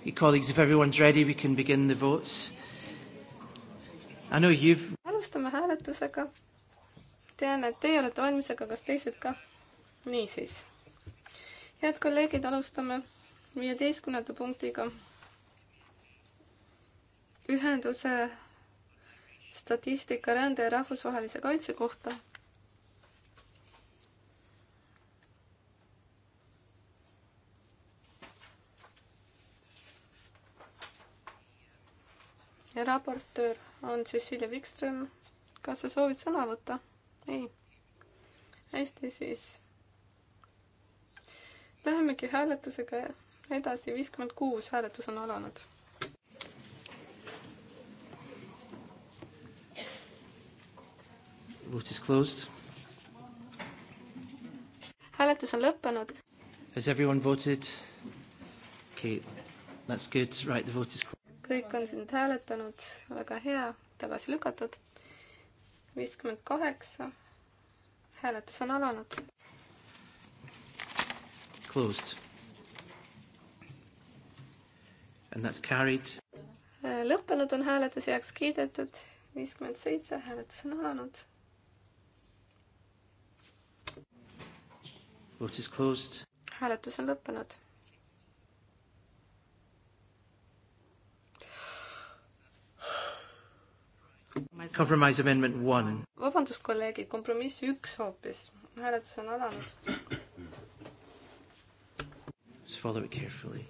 Colleagues, if everyone's ready, we can begin the votes. I know you've... alustame hääletusega. tean, et teie olete valmis, aga kas teised ka? niisiis. head kolleegid, alustame viieteistkümnenda punktiga. ühenduse statistika rände ja rahvusvahelise kaitse kohta raportöör on Cecilia Wikström. kas sa soovid sõna võtta? ei. hästi, siis lähemegi hääletusega edasi. viiskümmend kuus hääletus on alanud. Vote is closed. hääletus on lõppenud. Has everyone voted? Okay, that's good. Right, the vote is closed kõik on sind hääletanud, väga hea, tagasi lükatud. viiskümmend kaheksa, hääletus on alanud. Closed. And that's carried. Äh, lõppenud on hääletus heaks kiidetud, viiskümmend seitse, hääletus on alanud. Vote is closed. hääletus on lõppenud Compromise amendment one. vabandust, kolleegid, kompromiss üks hoopis. hääletus on alanud. Just follow it carefully.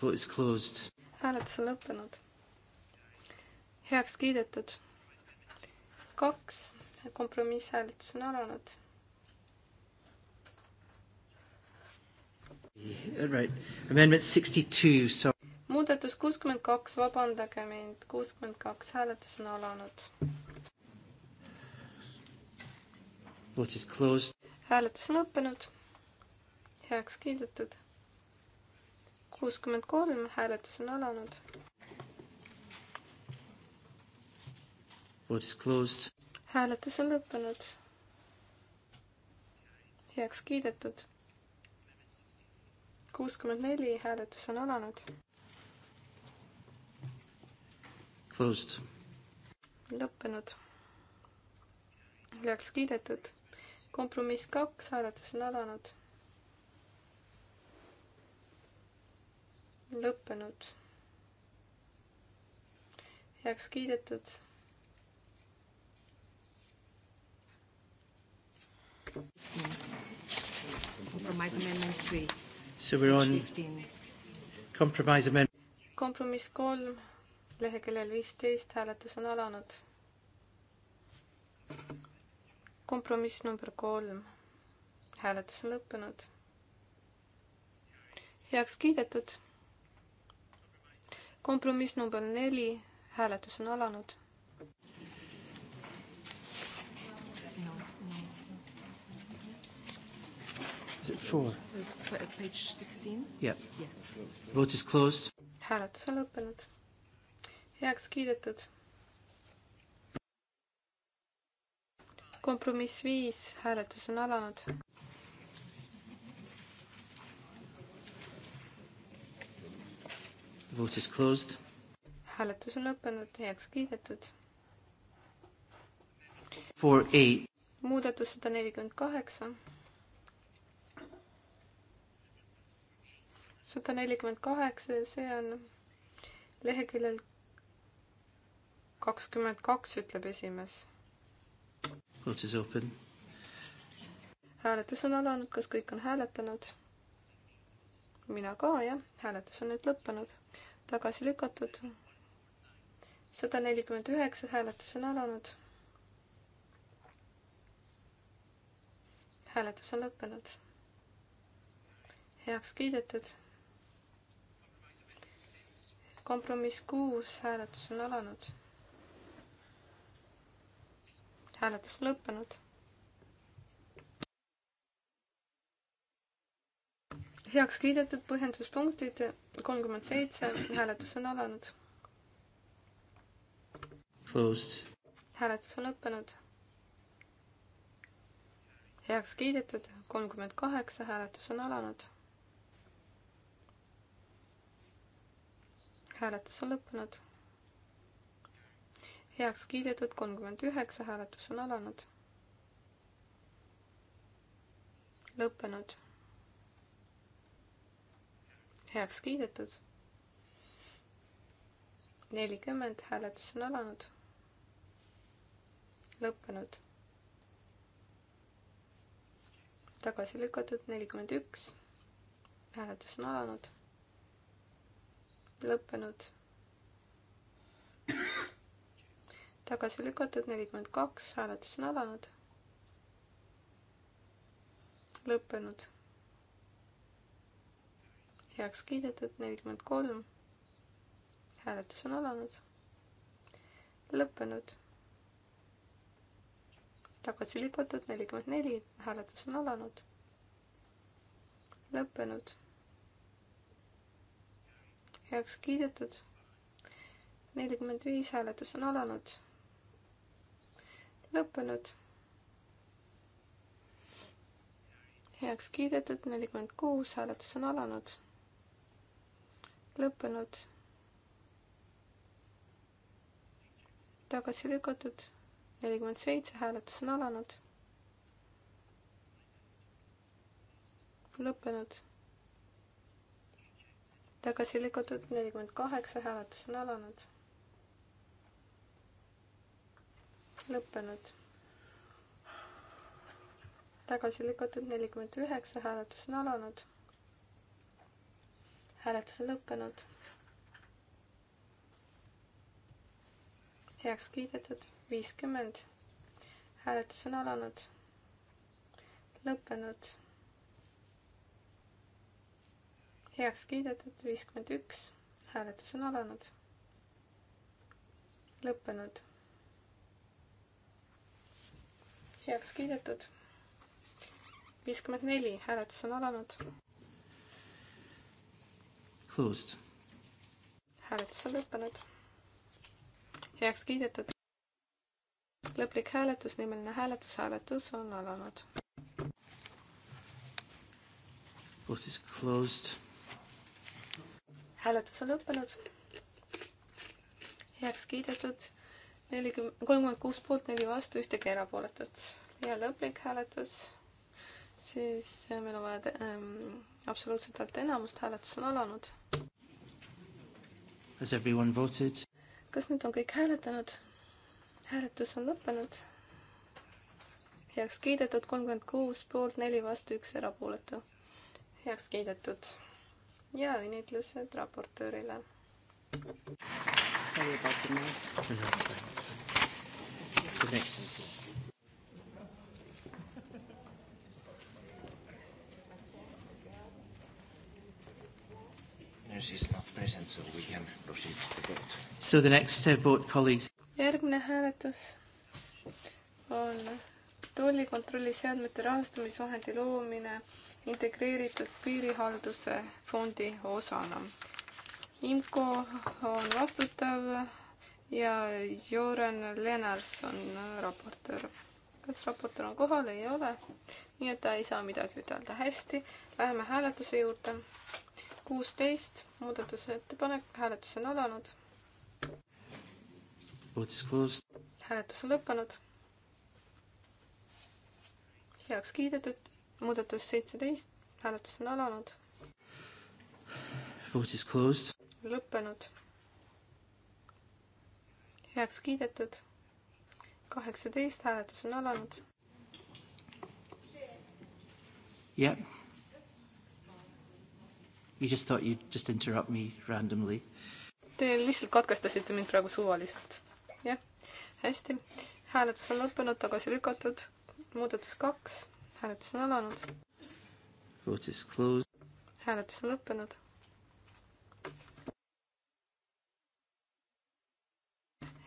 Vote is closed. hääletus on lõppenud. heaks kiidetud. kaks, kompromisshääletus on alanud. Right. Amendment 62, so muudatus kuuskümmend kaks, vabandage mind, kuuskümmend kaks, hääletus on alanud. hääletus on lõppenud, heaks kiidetud. kuuskümmend kolm, hääletus on alanud. hääletus on lõppenud, heaks kiidetud. kuuskümmend neli, hääletus on alanud. lõppenud, heaks kiidetud kompromiss kaks, hääletus on alanud. lõppenud. heaks kiidetud. Compromise amendment three. So we're on compromise amendment. kompromiss kolm, leheküljel viisteist, hääletus on alanud kompromiss number kolm. hääletus on lõppenud. heaks kiidetud. kompromiss number neli, hääletus on alanud Is it four? Page 16? Yeah. Yes. Vote is closed. hääletus on lõppenud. heaks kiidetud. kompromiss viis, hääletus on alanud. Vote is closed. hääletus on lõppenud, heaks kiidetud. Four A. muudatus sada nelikümmend kaheksa. sada nelikümmend kaheksa ja see on leheküljel kakskümmend kaks, ütleb esimees Vote is open. hääletus on alanud, kas kõik on hääletanud? mina ka, jah, hääletus on nüüd lõppenud, tagasi lükatud. sada nelikümmend üheksa, hääletus on alanud. hääletus on lõppenud. heaks kiidetud. kompromiss kuus, hääletus on alanud hääletus lõppenud. heaks kiidetud põhjenduspunktid kolmkümmend seitse, hääletus on alanud. hääletus on lõppenud. heaks kiidetud kolmkümmend kaheksa, hääletus on alanud. hääletus on lõppenud heaks kiidetud, kolmkümmend üheksa, hääletus on alanud. lõppenud. heaks kiidetud. nelikümmend, hääletus on alanud. lõppenud. tagasi lükatud, nelikümmend üks, hääletus on alanud. lõppenud tagasi lükatud, nelikümmend kaks, hääletus on alanud. lõppenud. heaks kiidetud, nelikümmend kolm. hääletus on alanud. lõppenud. tagasi lükatud, nelikümmend neli, hääletus on alanud. lõppenud. heaks kiidetud nelikümmend viis hääletus on alanud lõppenud. heaks kiidetud nelikümmend kuus, hääletus on alanud. lõppenud. tagasi lükatud nelikümmend seitse, hääletus on alanud. lõppenud. tagasi lükatud nelikümmend kaheksa, hääletus on alanud lõppenud. tagasi lükatud nelikümmend üheksa, hääletus on alanud. hääletus on lõppenud. heaks kiidetud viiskümmend. hääletus on alanud. lõppenud. heaks kiidetud viiskümmend üks. hääletus on alanud. lõppenud heaks kiidetud. viiskümmend neli, hääletus on alanud. Closed. hääletus on lõppenud. heaks kiidetud. lõplik hääletus, nimeline hääletus, hääletus on alanud. Vote is closed. hääletus on lõppenud. heaks kiidetud nelikümmend, kolmkümmend kuus poolt, neli vastu, ühtegi erapooletut. ja lõplik hääletus, siis äh, meil on vaja ähm, absoluutselt häälteenamust, hääletus on alanud. kas nüüd on kõik hääletanud? hääletus on lõppenud. heaks kiidetud kolmkümmend kuus poolt, neli vastu, üks erapooletu. heaks kiidetud. ja õnnitlused raportöörile. Sorry about the noise zunächst. Present, so the, so the next uh, vote, colleagues. järgmine hääletus on tollikontrolli seadmete rahastamisvahendi loomine integreeritud piirihalduse fondi osana. IMCO on vastutav ja Joren Lennars on raportöör. kas raportöör on kohal? ei ole. nii et ta ei saa midagi ütelda. hästi, läheme hääletuse juurde. kuusteist muudatusettepanek, hääletus on alanud. hääletus on lõppenud. heaks kiidetud. muudatus seitseteist, hääletus on alanud. lõppenud heaks kiidetud. kaheksateist hääletus on alanud. jah yeah.. You just thought you'd just interrupt me randomly. Te lihtsalt katkestasite mind praegu suvaliselt. jah, hästi. hääletus on lõppenud, tagasi lükatud. muudatus kaks, hääletus on alanud. Vote is closed. hääletus on lõppenud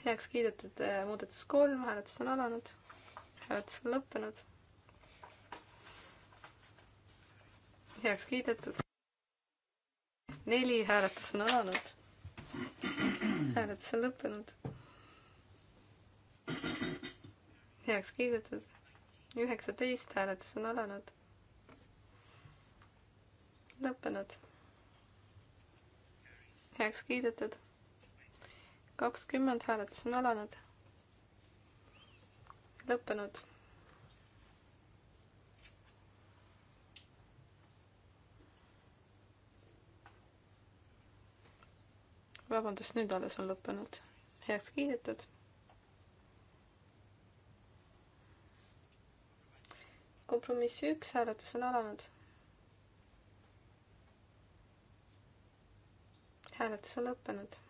heaks kiidetud äh, muudatus kolm, hääletus on alanud, hääletus on lõppenud. heaks kiidetud. neli, hääletus on alanud, hääletus on lõppenud. heaks kiidetud. üheksateist, hääletus on alanud, lõppenud. heaks kiidetud kakskümmend, hääletus on alanud. lõppenud. vabandust, nüüd alles on lõppenud. heaks kiidetud. kompromissi üks hääletus on alanud hääletus on lõppenud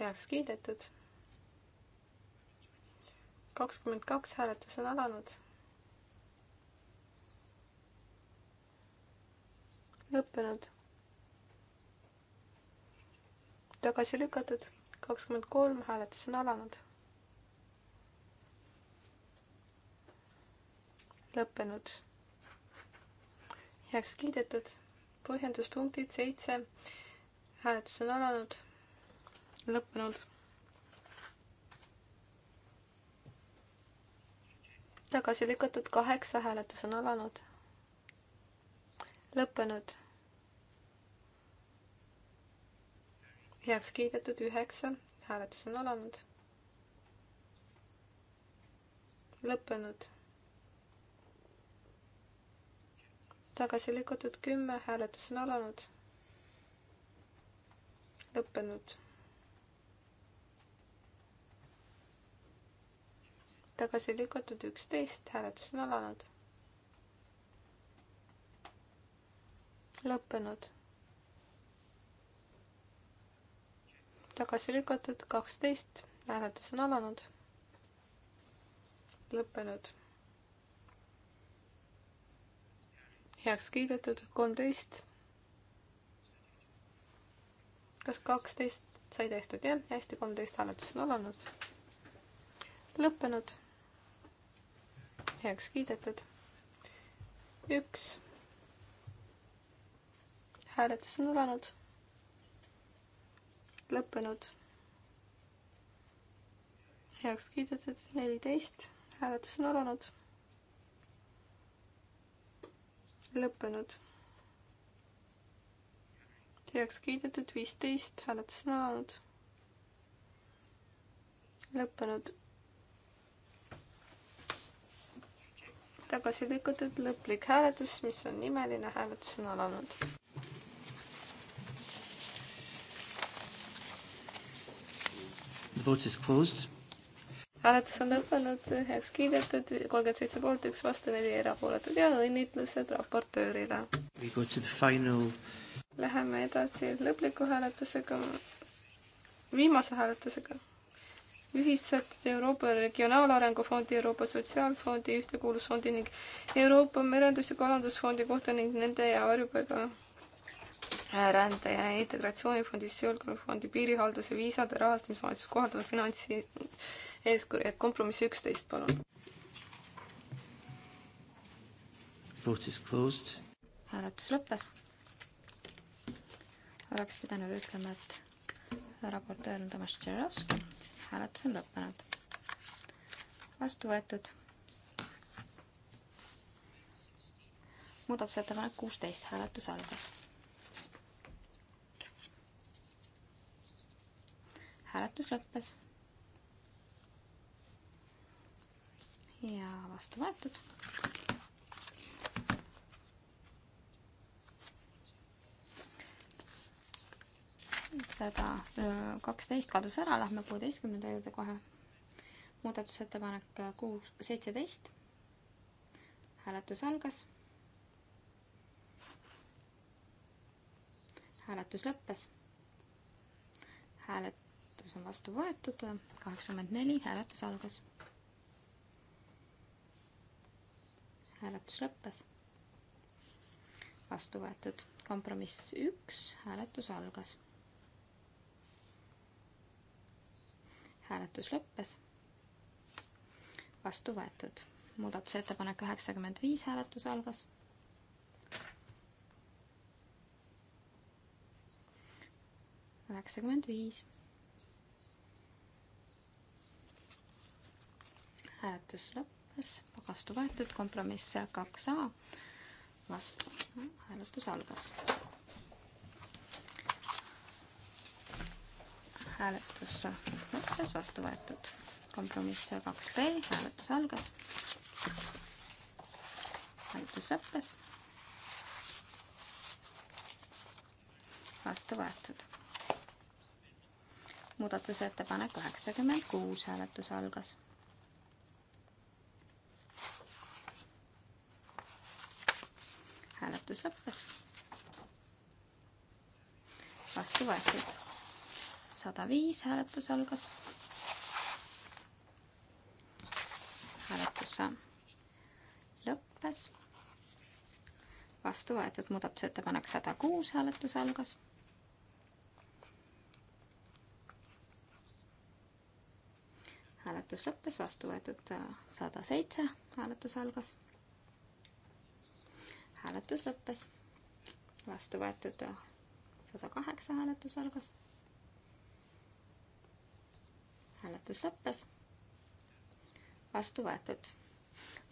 heaks kiidetud. kakskümmend kaks hääletus on alanud. lõppenud. tagasi lükatud, kakskümmend kolm hääletus on alanud. lõppenud. heaks kiidetud, põhjenduspunktid seitse, hääletus on alanud lõppenud. tagasi lükatud kaheksa, hääletus on alanud. lõppenud. heaks kiidetud üheksa, hääletus on alanud. lõppenud. tagasi lükatud kümme, hääletus on alanud. lõppenud tagasi lükatud üksteist, hääletus on alanud. lõppenud. tagasi lükatud kaksteist, hääletus on alanud. lõppenud. heaks kiidetud kolmteist. kas kaksteist sai tehtud, jah, hästi, kolmteist hääletus on alanud. lõppenud heaks kiidetud. üks. hääletus on alanud. lõppenud. heaks kiidetud neliteist, hääletus on alanud. lõppenud. heaks kiidetud viisteist, hääletus on alanud lõppenud tagasi lükatud, lõplik hääletus, mis on nimeline hääletus, on alanud. The vote is closed. hääletus on lõppenud, heaks kiidetud, kolmkümmend seitse poolt, üks vastu, neli erapooletut ja õnnitlused raportöörile. We go to the final. Läheme edasi lõpliku hääletusega, viimase hääletusega ühissätted Euroopa Regionaalarengu Fondi, Euroopa Sotsiaalfondi, Ühtekuuluvusfondi ning Euroopa Merendus- ja Kalandusfondi kohta ning nende ja varjupaiga rände ja integratsioonifondist, julgeolekufondi, piirihalduse, viisade rahastamisvahendust kohaldavad finantsi eeskirjad, kompromiss üksteist, palun. hääletus lõppes. oleks pidanud ütlema, et raportöör on Tomas Tšerovski hääletus on lõppenud. vastu võetud. muudatusettepanek kuusteist, hääletus algas. hääletus lõppes. ja vastu võetud sada kaksteist kadus ära, lähme kuueteistkümnenda juurde kohe. muudatusettepanek kuus, seitseteist. hääletus algas. hääletus lõppes. hääletus on vastu võetud, kaheksakümmend neli, hääletus algas. hääletus lõppes. vastu võetud kompromiss üks, hääletus algas hääletus lõppes. vastu võetud. muudatusettepanek üheksakümmend viis, hääletus algas. üheksakümmend viis. hääletus lõppes, vastu võetud, kompromiss kaks A, vastu, hääletus algas hääletus lõppes, vastu võetud. kompromiss kaks B, hääletus algas. hääletus lõppes. vastu võetud. muudatusettepanek üheksakümmend kuus, hääletus algas. hääletus lõppes. vastu võetud sada viis, hääletus algas. hääletus lõppes. vastu võetud muudatusettepanek sada kuus, hääletus algas hääletus lõppes, vastu võetud sada seitse, hääletus algas. hääletus lõppes, vastu võetud sada kaheksa, hääletus algas hääletus lõppes. vastu võetud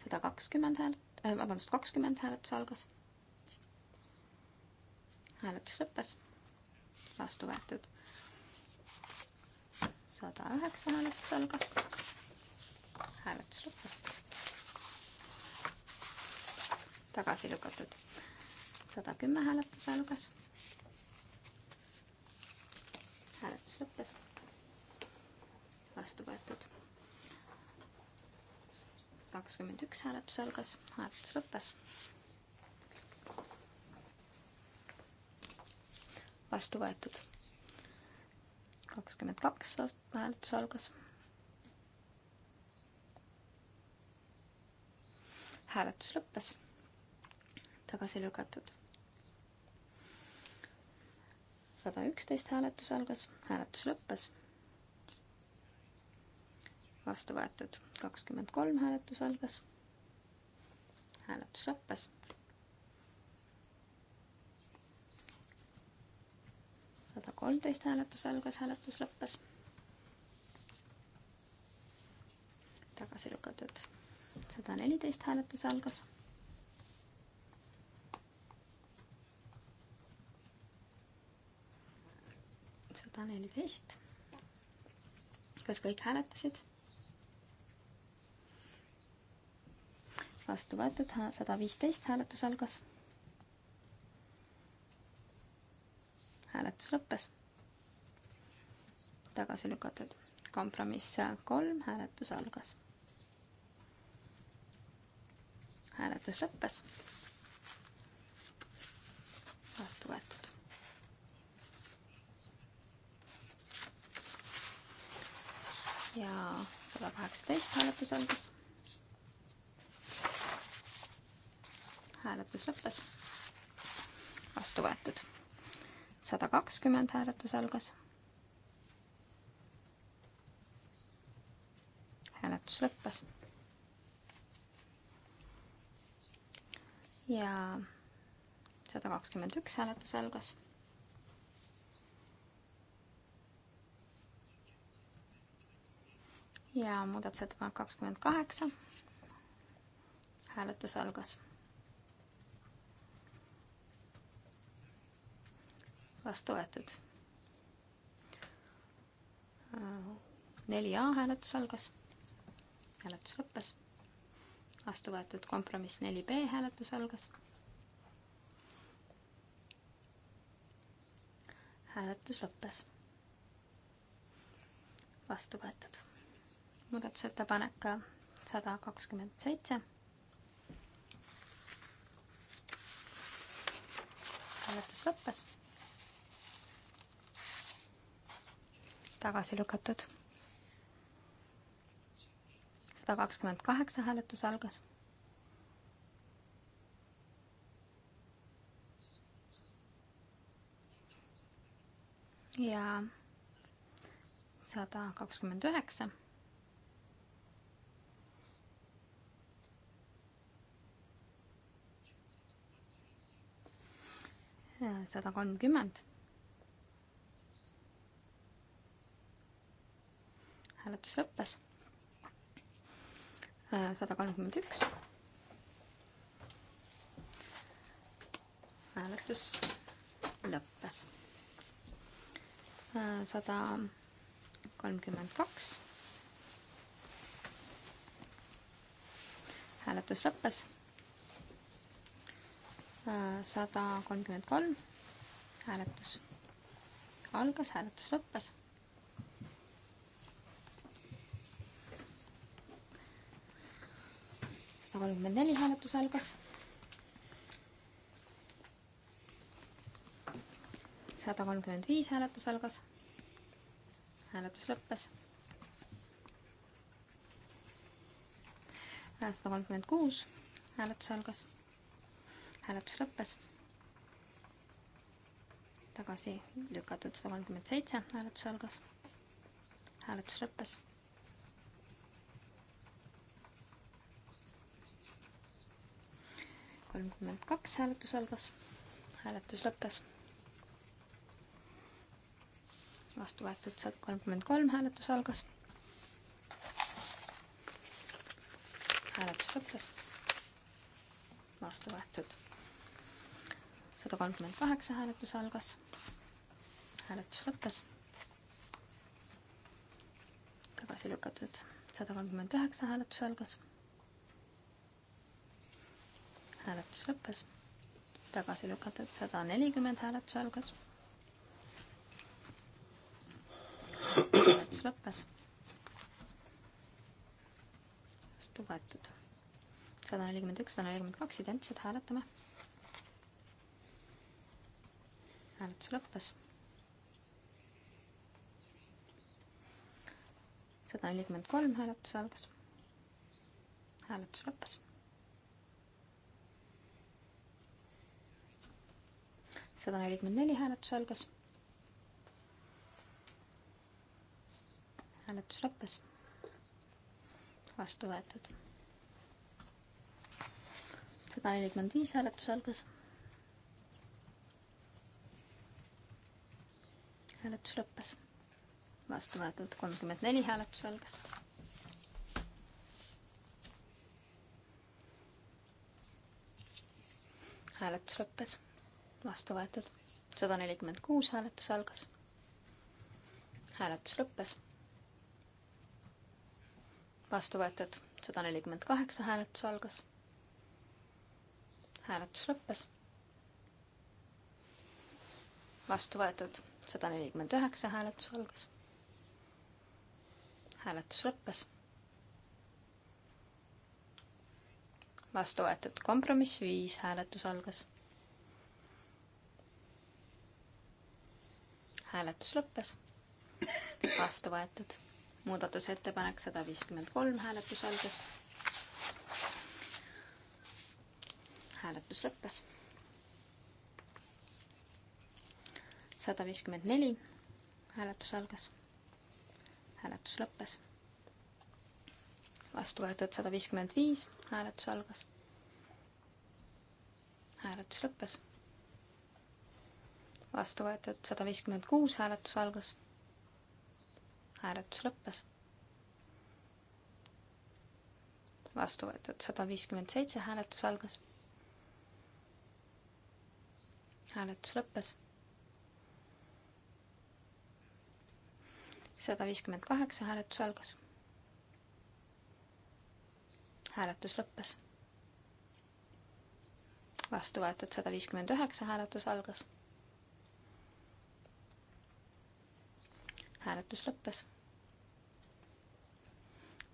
sada kakskümmend häält äh,, vabandust, kakskümmend hääletus algas. hääletus lõppes, vastu võetud sada üheksa hääletus algas. hääletus lõppes. tagasi lükatud sada kümme hääletus algas. hääletus lõppes vastu võetud. kakskümmend üks hääletus algas, hääletus lõppes. vastu võetud. kakskümmend kaks hääletus algas. hääletus lõppes. tagasi lükatud sada üksteist hääletus algas, hääletus lõppes vastu võetud. kakskümmend kolm hääletus algas. hääletus lõppes. sada kolmteist hääletus algas, hääletus lõppes. tagasi lükatud. sada neliteist hääletus algas sada neliteist. kas kõik hääletasid? vastu võetud, sada viisteist hääletus algas. hääletus lõppes. tagasi lükatud. kompromiss kolm, hääletus algas. hääletus lõppes. vastu võetud. ja sada kaheksateist hääletus algas hääletus lõppes. vastu võetud. sada kakskümmend hääletus algas. hääletus lõppes. ja sada kakskümmend üks hääletus algas ja muudatusettepanek kakskümmend kaheksa. hääletus algas. vastu võetud. neli A hääletus algas, hääletus lõppes, vastu võetud kompromiss neli B hääletus algas. hääletus lõppes, vastu võetud. muudatusettepanek sada kakskümmend seitse hääletus lõppes. tagasi lükatud. sada kakskümmend kaheksa hääletus algas. ja sada kakskümmend üheksa. sada kolmkümmend hääletus lõppes. Äh, sada kolmkümmend üks. hääletus lõppes. Äh, sada kolmkümmend kaks. hääletus lõppes. Äh, sada kolmkümmend kolm. hääletus algas, hääletus lõppes sada kolmkümmend neli hääletus algas. sada kolmkümmend viis hääletus algas. hääletus lõppes. sada kolmkümmend kuus hääletus algas. hääletus lõppes. tagasi lükatud sada kolmkümmend seitse hääletus algas. hääletus lõppes kolmkümmend kaks hääletus algas, hääletus lõppes. vastu võetud sada kolmkümmend kolm hääletus algas. hääletus lõppes. vastu võetud sada kolmkümmend kaheksa hääletus algas. hääletus lõppes. tagasi lükatud sada kolmkümmend üheksa hääletus algas hääletus lõppes. tagasi lükatud sada nelikümmend, hääletus algas. hääletus lõppes. vastu võetud. sada nelikümmend üks, sada nelikümmend kaks, identsed, hääletame. hääletus lõppes sada nelikümmend kolm hääletus algas. hääletus lõppes. sada nelikümmend neli hääletus algas. hääletus lõppes. vastu võetud. sada nelikümmend viis hääletus algas. hääletus lõppes. vastu võetud kolmkümmend neli hääletus algas. hääletus lõppes vastu võetud. sada nelikümmend kuus hääletus algas. hääletus lõppes. vastu võetud sada nelikümmend kaheksa hääletus algas. hääletus lõppes. vastu võetud sada nelikümmend üheksa hääletus algas. hääletus lõppes. vastu võetud kompromiss viis hääletus algas hääletus lõppes. vastu võetud. muudatusettepanek sada viiskümmend kolm, hääletus algas. hääletus lõppes. sada viiskümmend neli, hääletus algas. hääletus lõppes. vastu võetud sada viiskümmend viis, hääletus algas. hääletus lõppes vastu võetud sada viiskümmend kuus, hääletus algas. hääletus lõppes. vastu võetud sada viiskümmend seitse, hääletus algas. hääletus lõppes. sada viiskümmend kaheksa, hääletus algas. hääletus lõppes. vastu võetud sada viiskümmend üheksa, hääletus algas hääletus lõppes.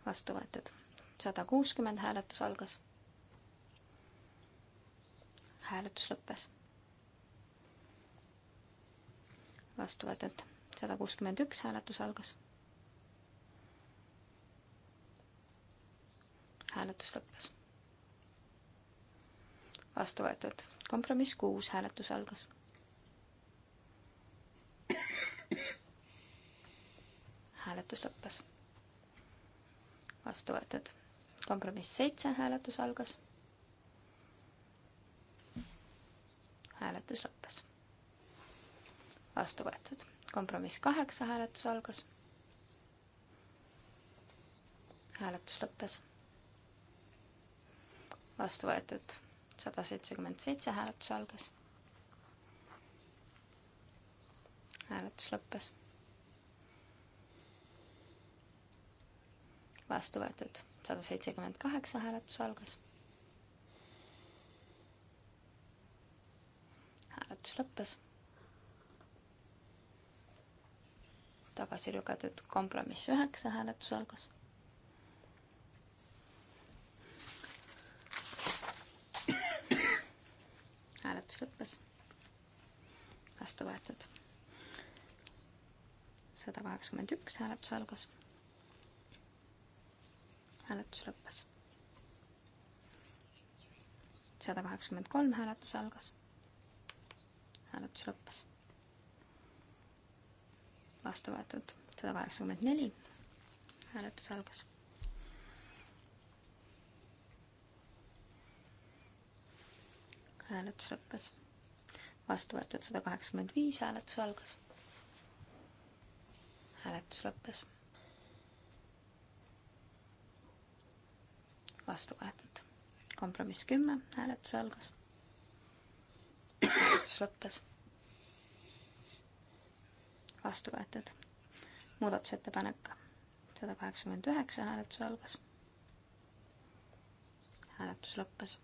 vastu võetud. sada kuuskümmend hääletus algas. hääletus lõppes. vastu võetud. sada kuuskümmend üks hääletus algas. hääletus lõppes. vastu võetud. kompromiss kuus hääletus algas hääletus lõppes. vastu võetud. kompromiss seitse, hääletus algas. hääletus lõppes. vastu võetud. kompromiss kaheksa, hääletus algas. hääletus lõppes. vastu võetud. sada seitsekümmend seitse, hääletus algas hääletus lõppes vastu võetud. sada seitsekümmend kaheksa hääletus algas. hääletus lõppes. tagasi lükatud kompromiss üheksa hääletus algas. hääletus lõppes. vastu võetud. sada kaheksakümmend üks hääletus algas hääletus lõppes. sada kaheksakümmend kolm hääletus algas. hääletus lõppes. vastu võetud sada kaheksakümmend neli. hääletus algas. hääletus lõppes. vastu võetud sada kaheksakümmend viis, hääletus algas. hääletus lõppes vastu võetud. kompromiss kümme, hääletus algas. hääletus lõppes. vastu võetud. muudatusettepanek sada kaheksakümmend üheksa, hääletus algas. hääletus lõppes.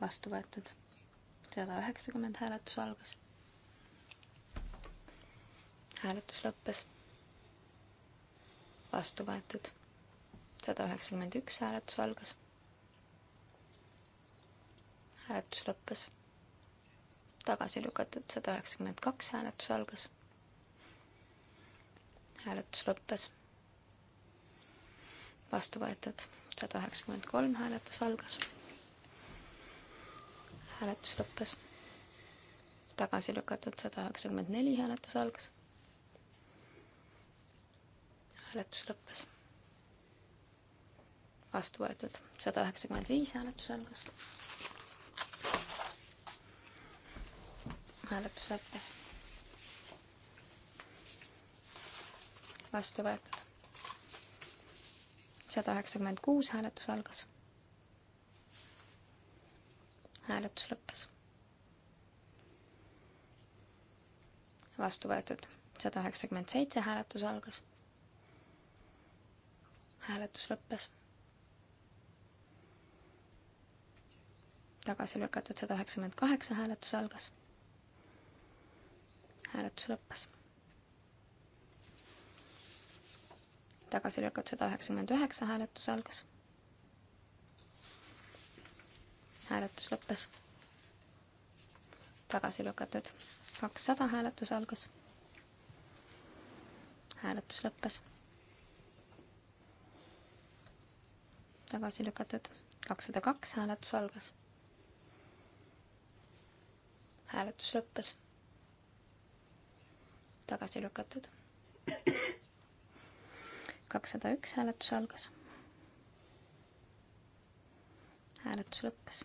vastu võetud. sada üheksakümmend hääletus algas. hääletus lõppes vastu võetud. sada üheksakümmend üks hääletus algas. hääletus lõppes. tagasi lükatud sada üheksakümmend kaks hääletus algas. hääletus lõppes. vastu võetud sada üheksakümmend kolm hääletus algas. hääletus lõppes tagasi lükatud sada üheksakümmend neli hääletus algas hääletus lõppes. vastu võetud sada üheksakümmend viis hääletus algas. hääletus lõppes. vastu võetud sada üheksakümmend kuus hääletus algas. hääletus lõppes. vastu võetud sada üheksakümmend seitse hääletus algas hääletus lõppes. tagasi lükatud sada üheksakümmend kaheksa, hääletus algas. hääletus lõppes. tagasi lükatud sada üheksakümmend üheksa, hääletus algas. hääletus lõppes. tagasi lükatud kakssada, hääletus algas. hääletus lõppes tagasi lükatud. kakssada kaks hääletus algas. hääletus lõppes. tagasi lükatud. kakssada üks hääletus algas. hääletus lõppes.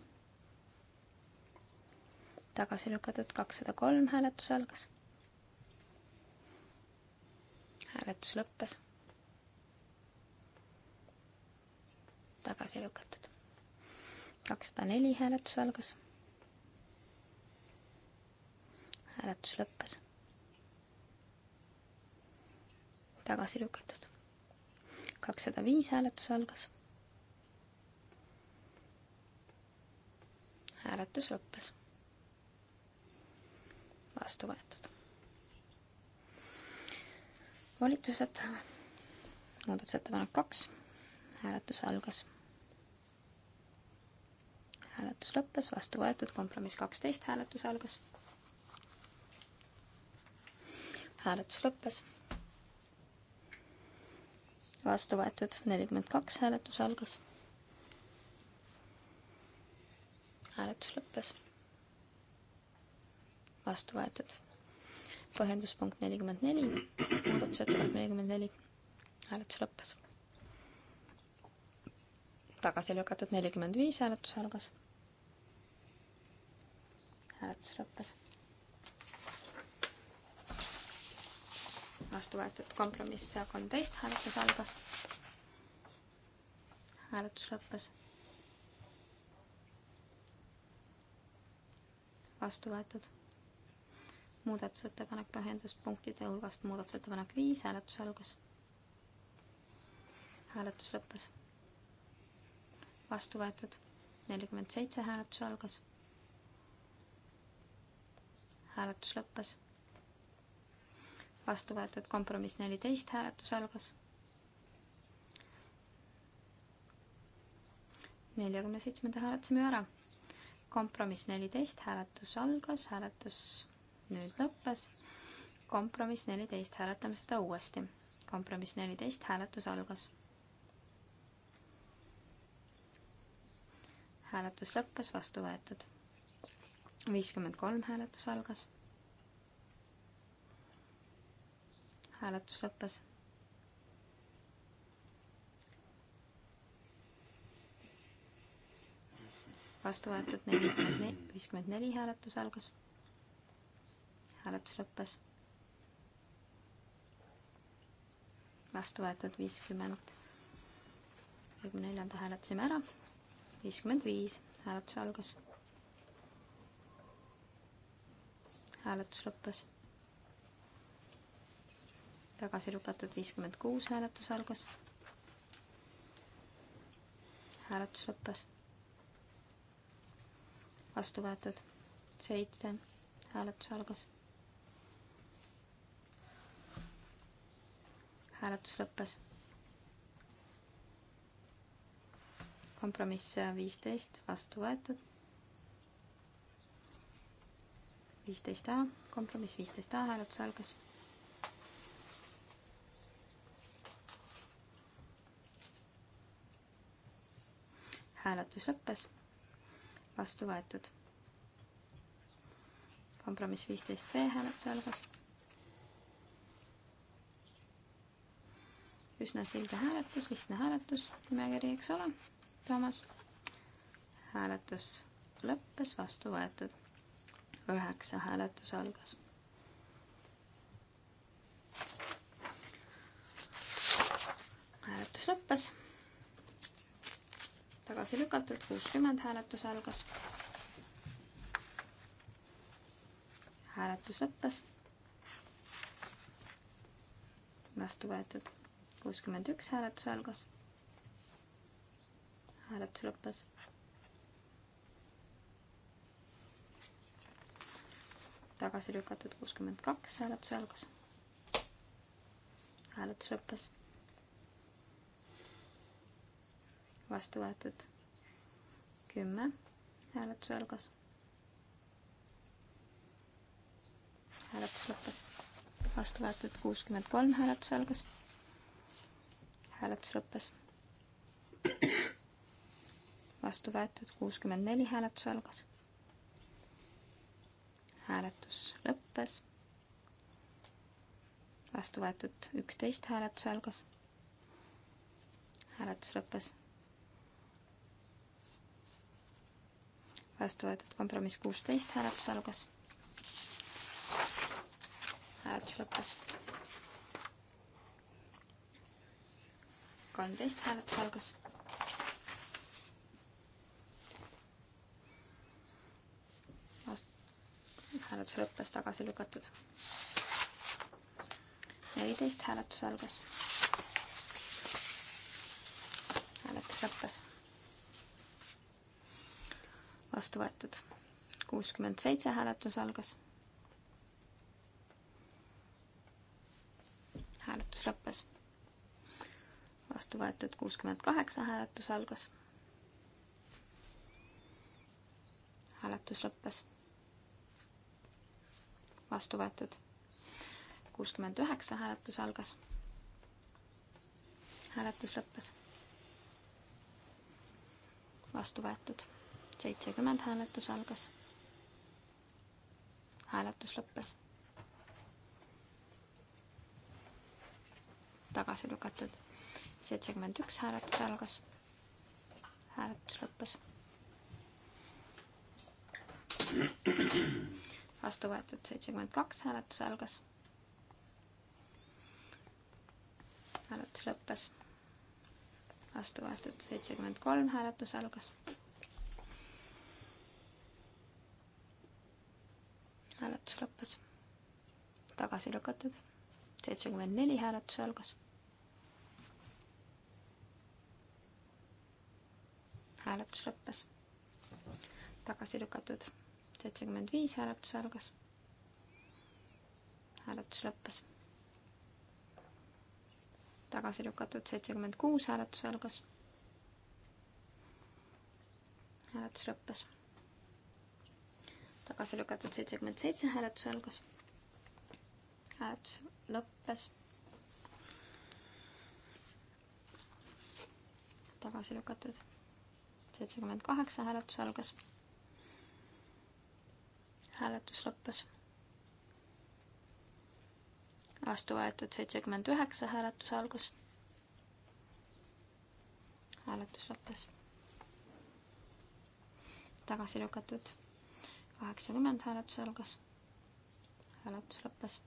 tagasi lükatud kakssada kolm hääletus algas. hääletus lõppes tagasi lükatud. kakssada neli hääletus algas. hääletus lõppes. tagasi lükatud. kakssada viis hääletus algas. hääletus lõppes. vastu võetud. volitused muudatusettepanek kaks hääletus algas. hääletus lõppes, vastu võetud, kompromiss kaksteist, hääletus algas. hääletus lõppes. vastu võetud nelikümmend kaks, hääletus algas. hääletus lõppes. vastu võetud põhjenduspunkt nelikümmend neli, muudatusettepanek nelikümmend neli, hääletus lõppes tagasi lükatud nelikümmend viis hääletus algas. hääletus lõppes. vastu võetud kompromiss kolmteist hääletus algas. hääletus lõppes. vastu võetud muudatusettepanek põhjenduspunktide hulgast muudatusettepanek viis hääletus algas. hääletus lõppes vastu võetud. nelikümmend seitse hääletus algas. hääletus lõppes. vastu võetud kompromiss neliteist hääletus algas. neljakümne seitsmenda hääletasime ära. kompromiss neliteist hääletus algas, hääletus nüüd lõppes. kompromiss neliteist, hääletame seda uuesti. kompromiss neliteist, hääletus algas hääletus lõppes, vastu võetud. viiskümmend kolm hääletus algas. hääletus lõppes. vastu võetud nelikümmend neli, viiskümmend neli hääletus algas. hääletus lõppes. vastu võetud viiskümmend, viiekümne neljanda hääletasime ära viiskümmend viis, hääletus algas. hääletus lõppes. tagasi lükatud viiskümmend kuus, hääletus algas. hääletus lõppes. vastu võetud seitse, hääletus algas. hääletus lõppes kompromiss äh, viisteist, vastu võetud. viisteist A, kompromiss viisteist A hääletus algas. hääletus lõppes, vastu võetud. kompromiss viisteist B hääletus algas üsna selge hääletus, lihtne hääletus, nimekiri, eks ole Toomas. hääletus lõppes, vastu võetud. üheksa hääletus algas. hääletus lõppes. tagasi lükatud, kuuskümmend hääletus algas. hääletus lõppes. vastu võetud, kuuskümmend üks hääletus algas hääletus lõppes. tagasi lükatud kuuskümmend kaks, hääletus algas. hääletus lõppes. vastu võetud kümme, hääletus algas. hääletus lõppes. vastu võetud kuuskümmend kolm, hääletus algas. hääletus lõppes vastu võetud kuuskümmend neli hääletus algas. hääletus lõppes. vastu võetud üksteist hääletus algas. hääletus lõppes. vastu võetud kompromiss kuusteist hääletus algas. hääletus lõppes. kolmteist hääletus algas hääletus lõppes, tagasi lükatud. neliteist, hääletus algas. hääletus lõppes. vastu võetud. kuuskümmend seitse, hääletus algas. hääletus lõppes. vastu võetud kuuskümmend kaheksa, hääletus algas hääletus lõppes vastu võetud. kuuskümmend üheksa hääletus algas. hääletus lõppes. vastu võetud. seitsekümmend hääletus algas. hääletus lõppes. tagasi lükatud. seitsekümmend üks hääletus algas. hääletus lõppes vastu võetud seitsekümmend kaks, hääletus algas. hääletus lõppes. vastu võetud seitsekümmend kolm, hääletus algas. hääletus lõppes. tagasi lükatud. seitsekümmend neli, hääletus algas. hääletus lõppes. tagasi lükatud seitsekümmend viis hääletus algas. hääletus lõppes. tagasi lükatud seitsekümmend kuus hääletus algas. hääletus lõppes. tagasi lükatud seitsekümmend seitse hääletus algas. hääletus lõppes tagasi lükatud. seitsekümmend kaheksa hääletus algas hääletus lõppes. vastu võetud seitsekümmend üheksa, hääletus algus. hääletus lõppes. tagasi lükatud kaheksakümmend, hääletus algas. hääletus lõppes.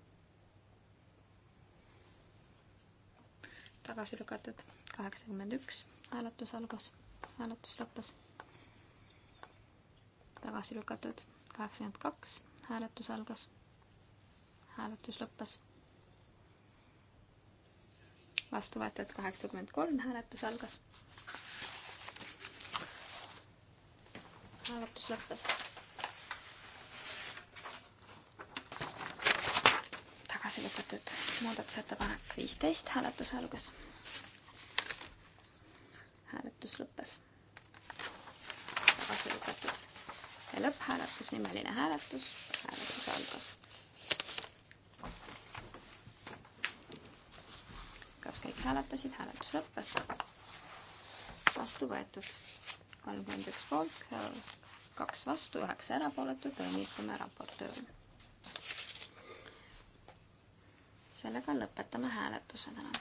tagasi lükatud kaheksakümmend üks, hääletus algas, hääletus lõppes. tagasi lükatud kaheksakümmend kaks, hääletus algas, hääletus lõppes. vastu võetud kaheksakümmend kolm, hääletus algas. hääletus lõppes. tagasi lükatud muudatusettepanek viisteist, hääletus algas ja lõpphääletus, nimeline hääletus, hääletus algas. kas kõik hääletasid, hääletus lõppes. vastu võetud kolmkümmend üks poolt, kaks vastu, üheksa erapooletut, õnnitleme raportööri. sellega lõpetame hääletuse täna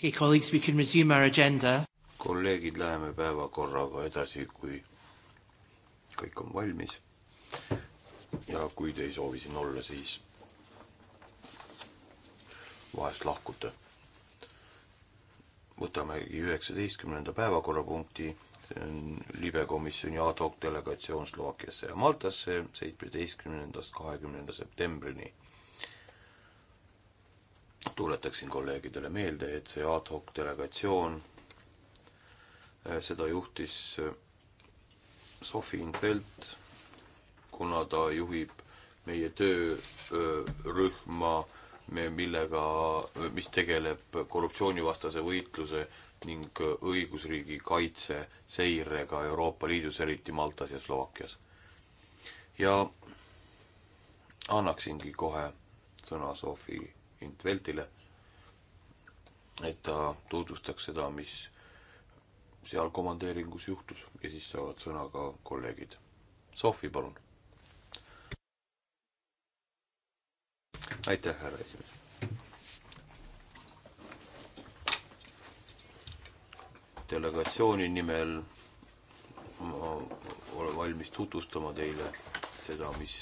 okay,. Colleagues, we can resume our agenda. kolleegid, läheme päevakorraga edasi, kui kõik on valmis. ja kui te ei soovi siin olla, siis vahest lahkute. võtamegi üheksateistkümnenda päevakorrapunkti libekomisjoni ad hoc delegatsioon Slovakkiasse ja Maltasse seitsmeteistkümnendast kahekümnenda septembrini tuletaksin kolleegidele meelde, et see ad hoc delegatsioon, äh, seda juhtis äh, Sofi Intvelt, kuna ta juhib meie töörühma, millega, äh, mis tegeleb korruptsioonivastase võitluse ning õigusriigi kaitse seirega Euroopa Liidus, eriti Maltas ja Slovakkias. ja annaksingi kohe sõna Sofi Intveltile, et ta tutvustaks seda, mis seal komandeeringus juhtus ja siis saavad sõna ka kolleegid. Sofi, palun. aitäh, härra esimees. delegatsiooni nimel ma olen valmis tutvustama teile seda, mis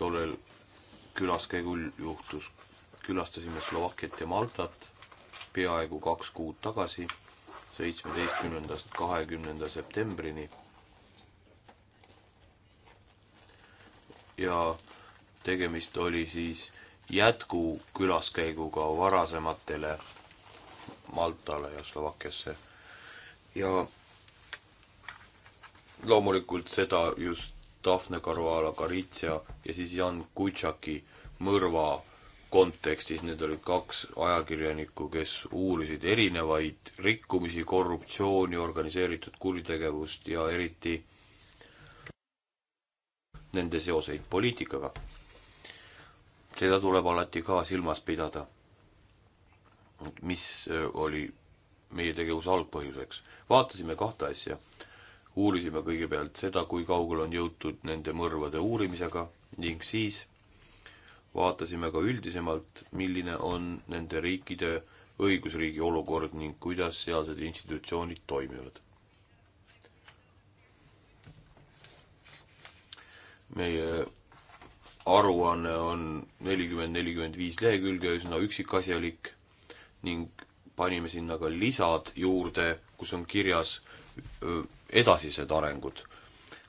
tollel külaskäigul juhtus. külastasime Slovakkiat ja Maltat peaaegu kaks kuud tagasi, seitsmeteistkümnendast kahekümnenda septembrini. ja tegemist oli siis jätkukülaskäiguga varasematele Maltale ja Slovakkiasse. ja loomulikult seda just Daphne Caruana Galizia ja siis Jan Kutšaki mõrva kontekstis, need olid kaks ajakirjanikku, kes uurisid erinevaid rikkumisi, korruptsiooni, organiseeritud kuritegevust ja eriti nende seoseid poliitikaga. seda tuleb alati ka silmas pidada. mis oli meie tegevuse algpõhjuseks. vaatasime kahte asja uurisime kõigepealt seda, kui kaugel on jõutud nende mõrvade uurimisega ning siis vaatasime ka üldisemalt, milline on nende riikide õigusriigi olukord ning kuidas sealsed institutsioonid toimivad. meie aruanne on nelikümmend, nelikümmend viis lehekülge, üsna üksikasjalik ning panime sinna ka lisad juurde, kus on kirjas edasised arengud.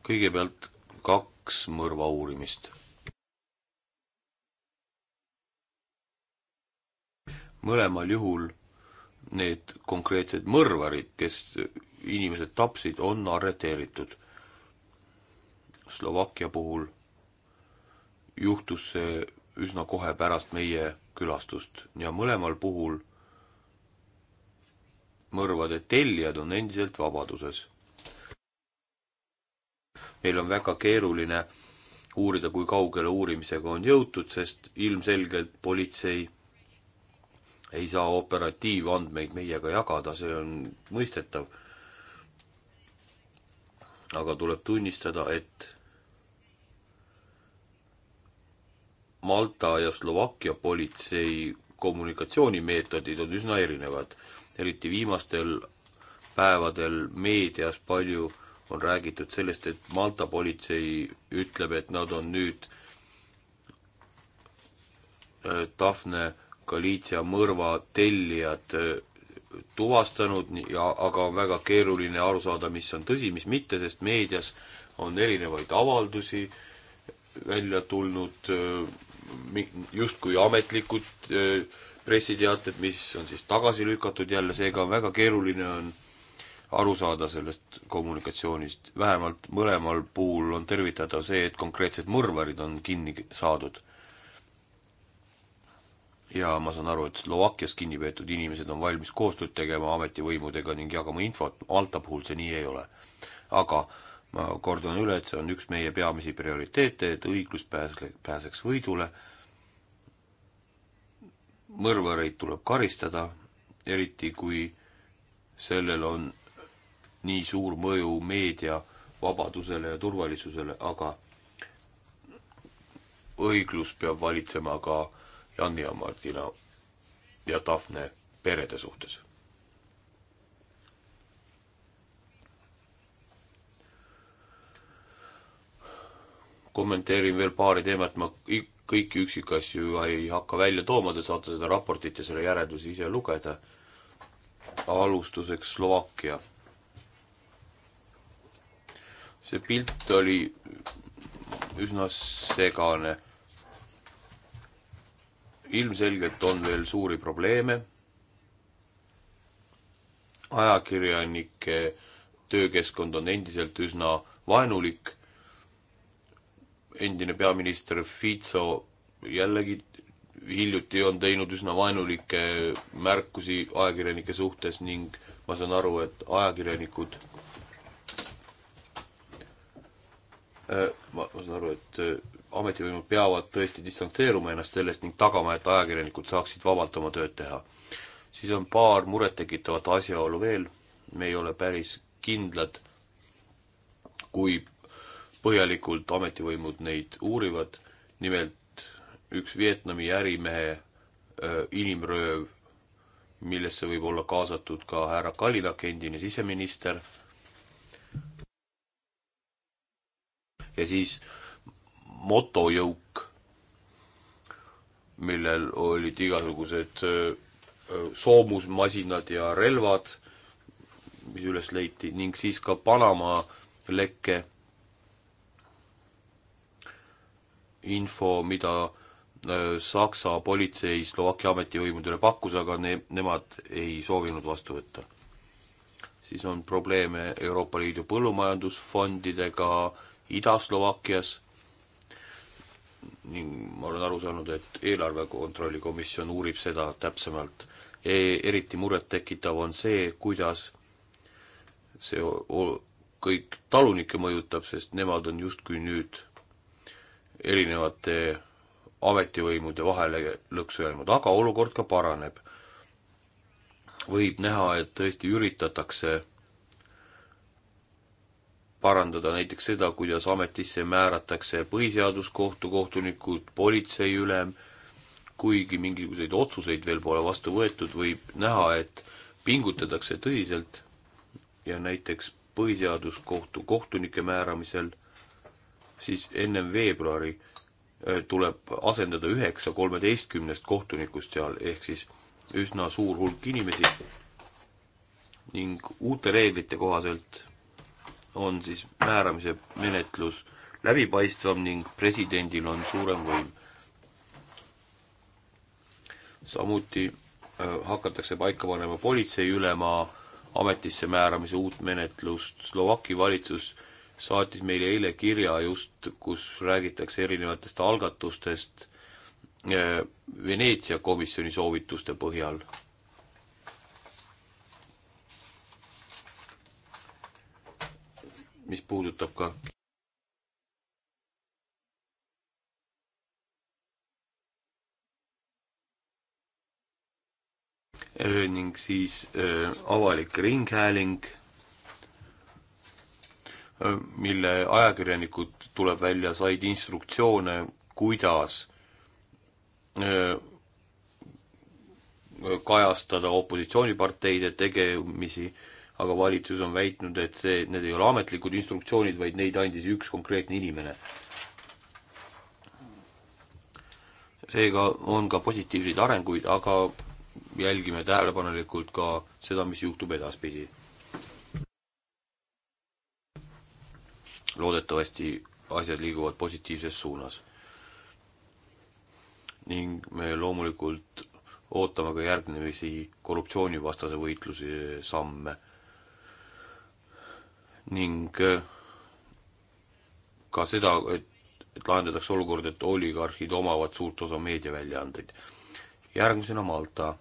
kõigepealt kaks mõrva uurimist. mõlemal juhul need konkreetsed mõrvarid, kes inimesed tapsid, on arreteeritud. Slovakkia puhul juhtus see üsna kohe pärast meie külastust ja mõlemal puhul mõrvade tellijad on endiselt vabaduses meil on väga keeruline uurida, kui kaugele uurimisega on jõutud, sest ilmselgelt politsei ei saa operatiivandmeid meiega jagada, see on mõistetav. aga tuleb tunnistada, et Malta ja Slovakkia politsei kommunikatsioonimeetodid on üsna erinevad, eriti viimastel päevadel meedias palju äh, on räägitud sellest, et Malta politsei ütleb, et nad on nüüd Daphne äh, Galizia mõrva tellijad äh, tuvastanud ja, aga on väga keeruline aru saada, mis on tõsi, mis mitte, sest meedias on erinevaid avaldusi välja tulnud, äh, justkui ametlikud pressiteated, mis on siis tagasi lükatud jälle, seega väga keeruline on aru saada sellest kommunikatsioonist. vähemalt mõlemal puhul on tervitada see, et konkreetsed mõrvarid on kinni saadud. ja ma saan aru, et Slovakkias kinni peetud inimesed on valmis koostööd tegema ametivõimudega ning jagama infot, Malta puhul see nii ei ole. aga ma kordan üle, et see on üks meie peamisi prioriteete, et õiglus pääse, pääseks võidule, mõrvareid tuleb karistada, eriti kui sellel on nii suur mõju meediavabadusele ja turvalisusele, aga õiglus peab valitsema ka Janni ja Martina ja Tafne perede suhtes. kommenteerin veel paari teemat, ma kõiki üksikasju ei hakka välja tooma, te saate seda raportit ja selle järeldusi ise lugeda. alustuseks Slovakkia see pilt oli üsna segane. ilmselgelt on veel suuri probleeme. ajakirjanike töökeskkond on endiselt üsna vaenulik. endine peaminister Fico jällegi hiljuti on teinud üsna vaenulikke märkusi ajakirjanike suhtes ning ma saan aru, et ajakirjanikud Äh, ma saan aru, et äh, ametivõimud peavad tõesti distantseeruma ennast sellest ning tagama, et ajakirjanikud saaksid vabalt oma tööd teha. siis on paar murettekitavat asjaolu veel, me ei ole päris kindlad, kui põhjalikult ametivõimud neid uurivad, nimelt üks Vietnami ärimehe äh, inimrööv, millesse võib olla kaasatud ka härra Kalilak, endine siseminister ja siis motojõuk, millel olid igasugused äh, äh, soomusmasinad ja relvad, mis üles leiti, ning siis ka Panama lekke info, mida äh, Saksa politsei Slovakkia ametivõimudele pakkus, aga ne-, nemad ei soovinud vastu võtta. siis on probleeme Euroopa Liidu põllumajandusfondidega, Ida-Slovakkias ning ma olen aru saanud, et eelarve kontrolli komisjon uurib seda täpsemalt e. eriti murettekitav on see, kuidas see kõik talunikke mõjutab, sest nemad on justkui nüüd erinevate ametivõimude vahele lõksu jäänud, aga olukord ka paraneb. võib näha, et tõesti üritatakse parandada näiteks seda, kuidas ametisse määratakse põhiseaduskohtu kohtunikud, politseiülem, kuigi mingisuguseid otsuseid veel pole vastu võetud, võib näha, et pingutatakse tõsiselt ja näiteks põhiseaduskohtu kohtunike määramisel siis ennem veebruari äh, tuleb asendada üheksa kolmeteistkümnest kohtunikust seal, ehk siis üsna suur hulk inimesi ning uute reeglite kohaselt on siis määramise menetlus läbipaistvam ning presidendil on suurem võim. samuti äh, hakatakse paika panema politseiülema ametisse määramise uut menetlust, Slovaki valitsus saatis meile eile kirja just, kus räägitakse erinevatest algatustest äh, Veneetsia komisjoni soovituste põhjal mis puudutab ka ning siis avalik ringhääling, mille ajakirjanikud, tuleb välja, said instruktsioone, kuidas kajastada opositsiooniparteide tegemisi aga valitsus on väitnud, et see, need ei ole ametlikud instruktsioonid, vaid neid andis üks konkreetne inimene. seega on ka positiivseid arenguid, aga jälgime tähelepanelikult ka seda, mis juhtub edaspidi. loodetavasti asjad liiguvad positiivses suunas. ning me loomulikult ootame ka järgnemisi korruptsioonivastase võitluse samme ning äh, ka seda, et, et lahendatakse olukord, et oligarhid omavad suurt osa meediaväljaandeid. järgmisena Malta.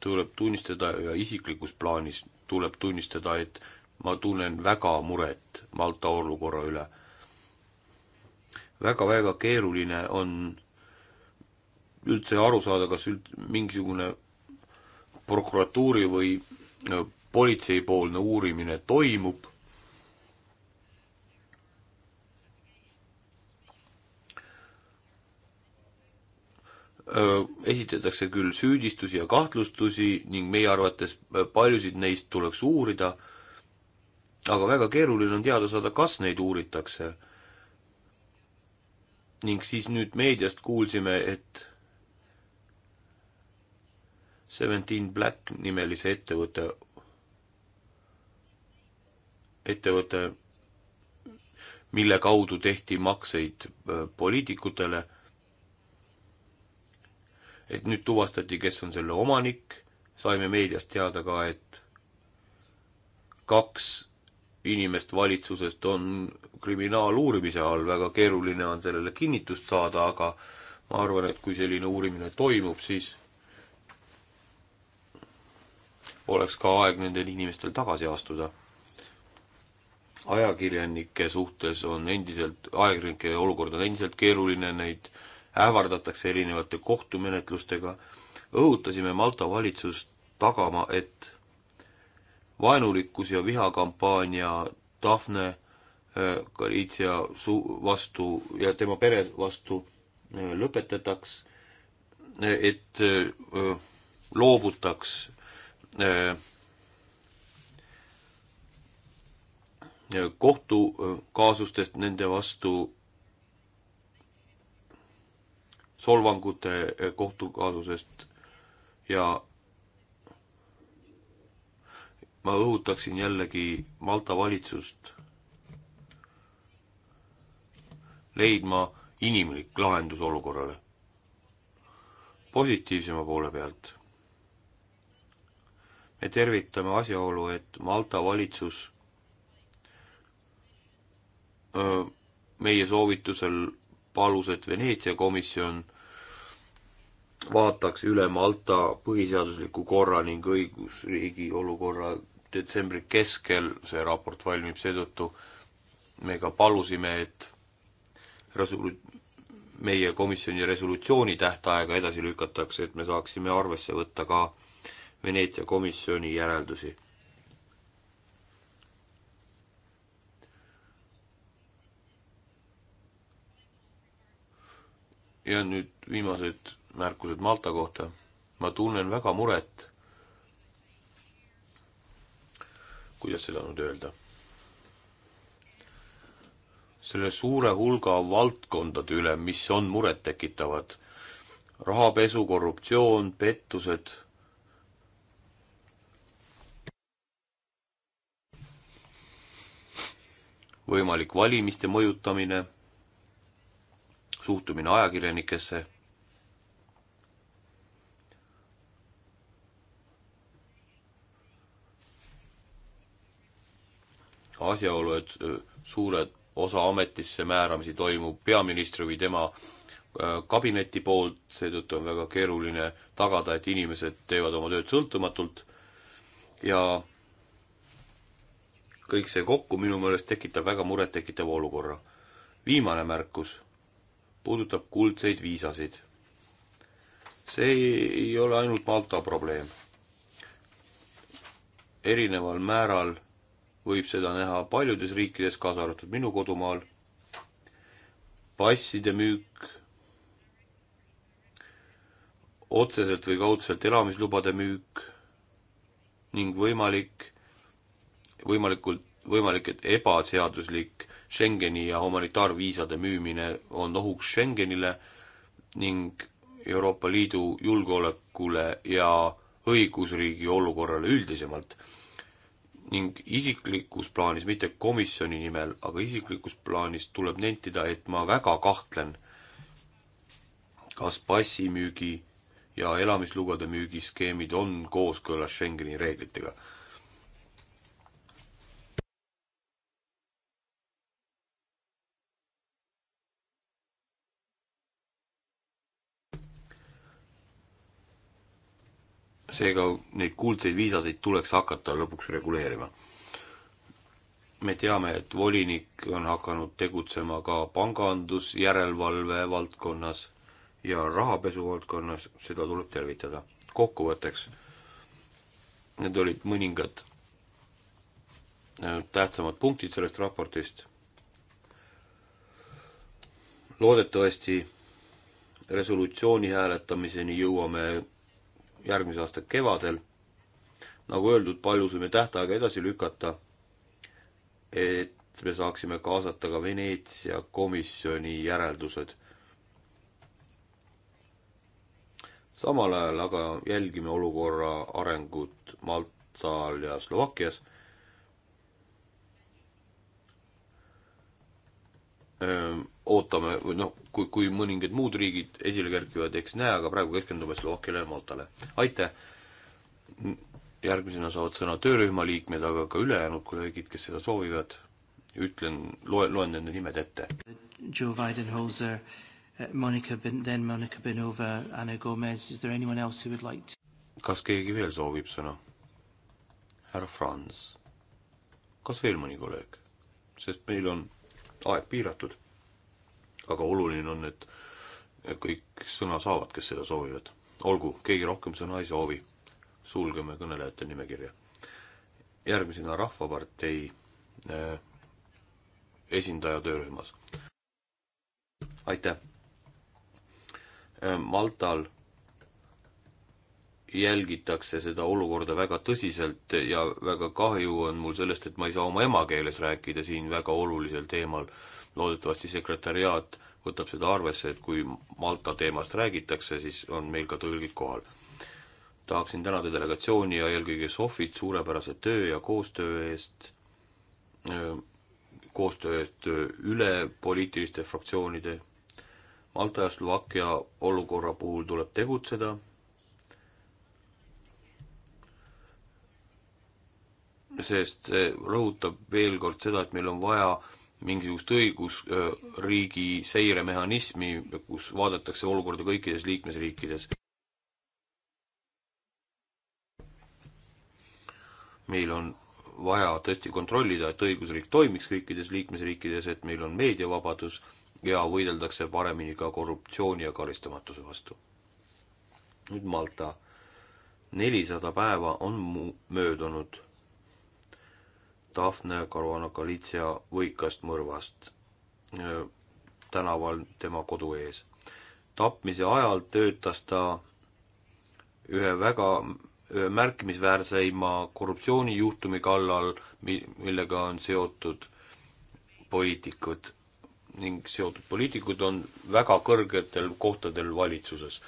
tuleb tunnistada ja isiklikus plaanis tuleb tunnistada, et ma tunnen väga muret Malta olukorra üle väga,. väga-väga keeruline on üldse aru saada, kas üld-, mingisugune prokuratuuri või äh, politseipoolne uurimine toimub esitatakse küll süüdistusi ja kahtlustusi ning meie arvates paljusid neist tuleks uurida, aga väga keeruline on teada saada, kas neid uuritakse. ning siis nüüd meediast kuulsime, et Seventeen Black nimelise ettevõtte, ettevõte, mille kaudu tehti makseid poliitikutele et nüüd tuvastati, kes on selle omanik, saime meediast teada ka, et kaks inimest valitsusest on kriminaaluurimise all, väga keeruline on sellele kinnitust saada, aga ma arvan, et kui selline uurimine toimub, siis oleks ka aeg nendel inimestel tagasi astuda. ajakirjanike suhtes on endiselt, ajakirjanike olukord on endiselt keeruline, neid äh, ähvardatakse erinevate kohtumenetlustega, õhutasime Malta valitsust tagama, et vaenulikkus ja vihakampaania Daphne äh, Galizia su-, vastu ja tema pere vastu äh, lõpetataks, äh, et loobutaks kohtukaasustest nende vastu solvangute eh, kohtukaasusest ja ma õhutaksin jällegi Malta valitsust leidma inimlik lahendus olukorrale. positiivsema poole pealt me tervitame asjaolu, et Malta valitsus öö, meie soovitusel palus, et Veneetsia komisjon vaataks üle Malta põhiseadusliku korra ning õigusriigi olukorra detsembri keskel, see raport valmib seetõttu, me ka palusime, et resolu-, meie komisjoni resolutsiooni tähtaega edasi lükatakse, et me saaksime arvesse võtta ka Veneetsia komisjoni järeldusi. ja nüüd viimased märkused Malta kohta. ma tunnen väga muret. kuidas seda nüüd öelda? selle suure hulga valdkondade üle, mis on murettekitavad. rahapesu, korruptsioon, pettused. võimalik valimiste mõjutamine, suhtumine ajakirjanikesse asjaolu, et äh, suure osa ametisse määramisi toimub peaministri või tema äh, kabineti poolt, seetõttu on väga keeruline tagada, et inimesed teevad oma tööd sõltumatult ja kõik see kokku minu meelest tekitab väga murettekitava olukorra. viimane märkus puudutab kuldseid viisasid. see ei ole ainult Malta probleem. erineval määral võib seda näha paljudes riikides, kaasa arvatud minu kodumaal. passide müük, otseselt või kaudselt elamislubade müük ning võimalik, võimalikult, võimalik, et ebaseaduslik Schengeni ja humanitaarviisade müümine on ohuks Schengenile ning Euroopa Liidu julgeolekule ja õigusriigi olukorrale üldisemalt ning isiklikus plaanis, mitte komisjoni nimel, aga isiklikus plaanis tuleb nentida, et ma väga kahtlen, kas passimüügi ja elamislugade müügiskeemid on kooskõlas Schengeni reeglitega seega neid kuldseid viisaseid tuleks hakata lõpuks reguleerima. me teame, et volinik on hakanud tegutsema ka pangandusjärelevalve valdkonnas ja rahapesu valdkonnas, seda tuleb tervitada. kokkuvõtteks, need olid mõningad äh, tähtsamad punktid sellest raportist. loodetavasti resolutsiooni hääletamiseni jõuame järgmise aasta kevadel. nagu öeldud, palusime tähtaega edasi lükata, et me saaksime kaasata ka Veneetsia komisjoni järeldused. samal ajal aga jälgime olukorra arengut Maltal ja Slovakkias ootame, või noh, kui, kui mõningad muud riigid esile kerkivad, eks näe, aga praegu keskendume Slovakkiale ja Maltale. aitäh! järgmisena saavad sõna töörühma liikmed, aga ka ülejäänud kolleegid, kes seda soovivad. ütlen, loe, loen nende nimed ette. Joe Weidenholzer, uh, Monika Ben-, then Monika Benova, Anna Gomez, is there anyone else who would like to? kas keegi veel soovib sõna? härra Franz, kas veel mõni kolleeg? sest meil on aeg piiratud. aga oluline on, et kõik sõna saavad, kes seda soovivad. olgu, keegi rohkem sõna ei soovi. sulgeme kõnelejate nimekirja. järgmisena Rahvapartei äh, esindaja töörühmas. aitäh. Eh, Maltal jälgitakse seda olukorda väga tõsiselt ja väga kahju on mul sellest, et ma ei saa oma emakeeles rääkida siin väga olulisel teemal. loodetavasti sekretäriaat võtab seda arvesse, et kui Malta teemast räägitakse, siis on meil ka tõlgid kohal. tahaksin tänada delegatsiooni ja eelkõige Sofit suurepärase töö ja koostöö eest, koostöö eest üle poliitiliste fraktsioonide. Malta ja Slovakkia olukorra puhul tuleb tegutseda sest see rõhutab veel kord seda, et meil on vaja mingisugust õigusriigi seiremehhanismi, kus vaadatakse olukorda kõikides liikmesriikides. meil on vaja tõesti kontrollida, et õigusriik toimiks kõikides liikmesriikides, et meil on meediavabadus ja võideldakse paremini ka korruptsiooni ja karistamatuse vastu. nüüd Malta. nelisada päeva on mu-, möödunud Daphne Caruana Galizia võikast mõrvast äh, tänaval tema kodu ees. tapmise ajal töötas ta ühe väga ühe märkimisväärseima korruptsioonijuhtumi kallal, millega on seotud poliitikud ning seotud poliitikud on väga kõrgetel kohtadel valitsuses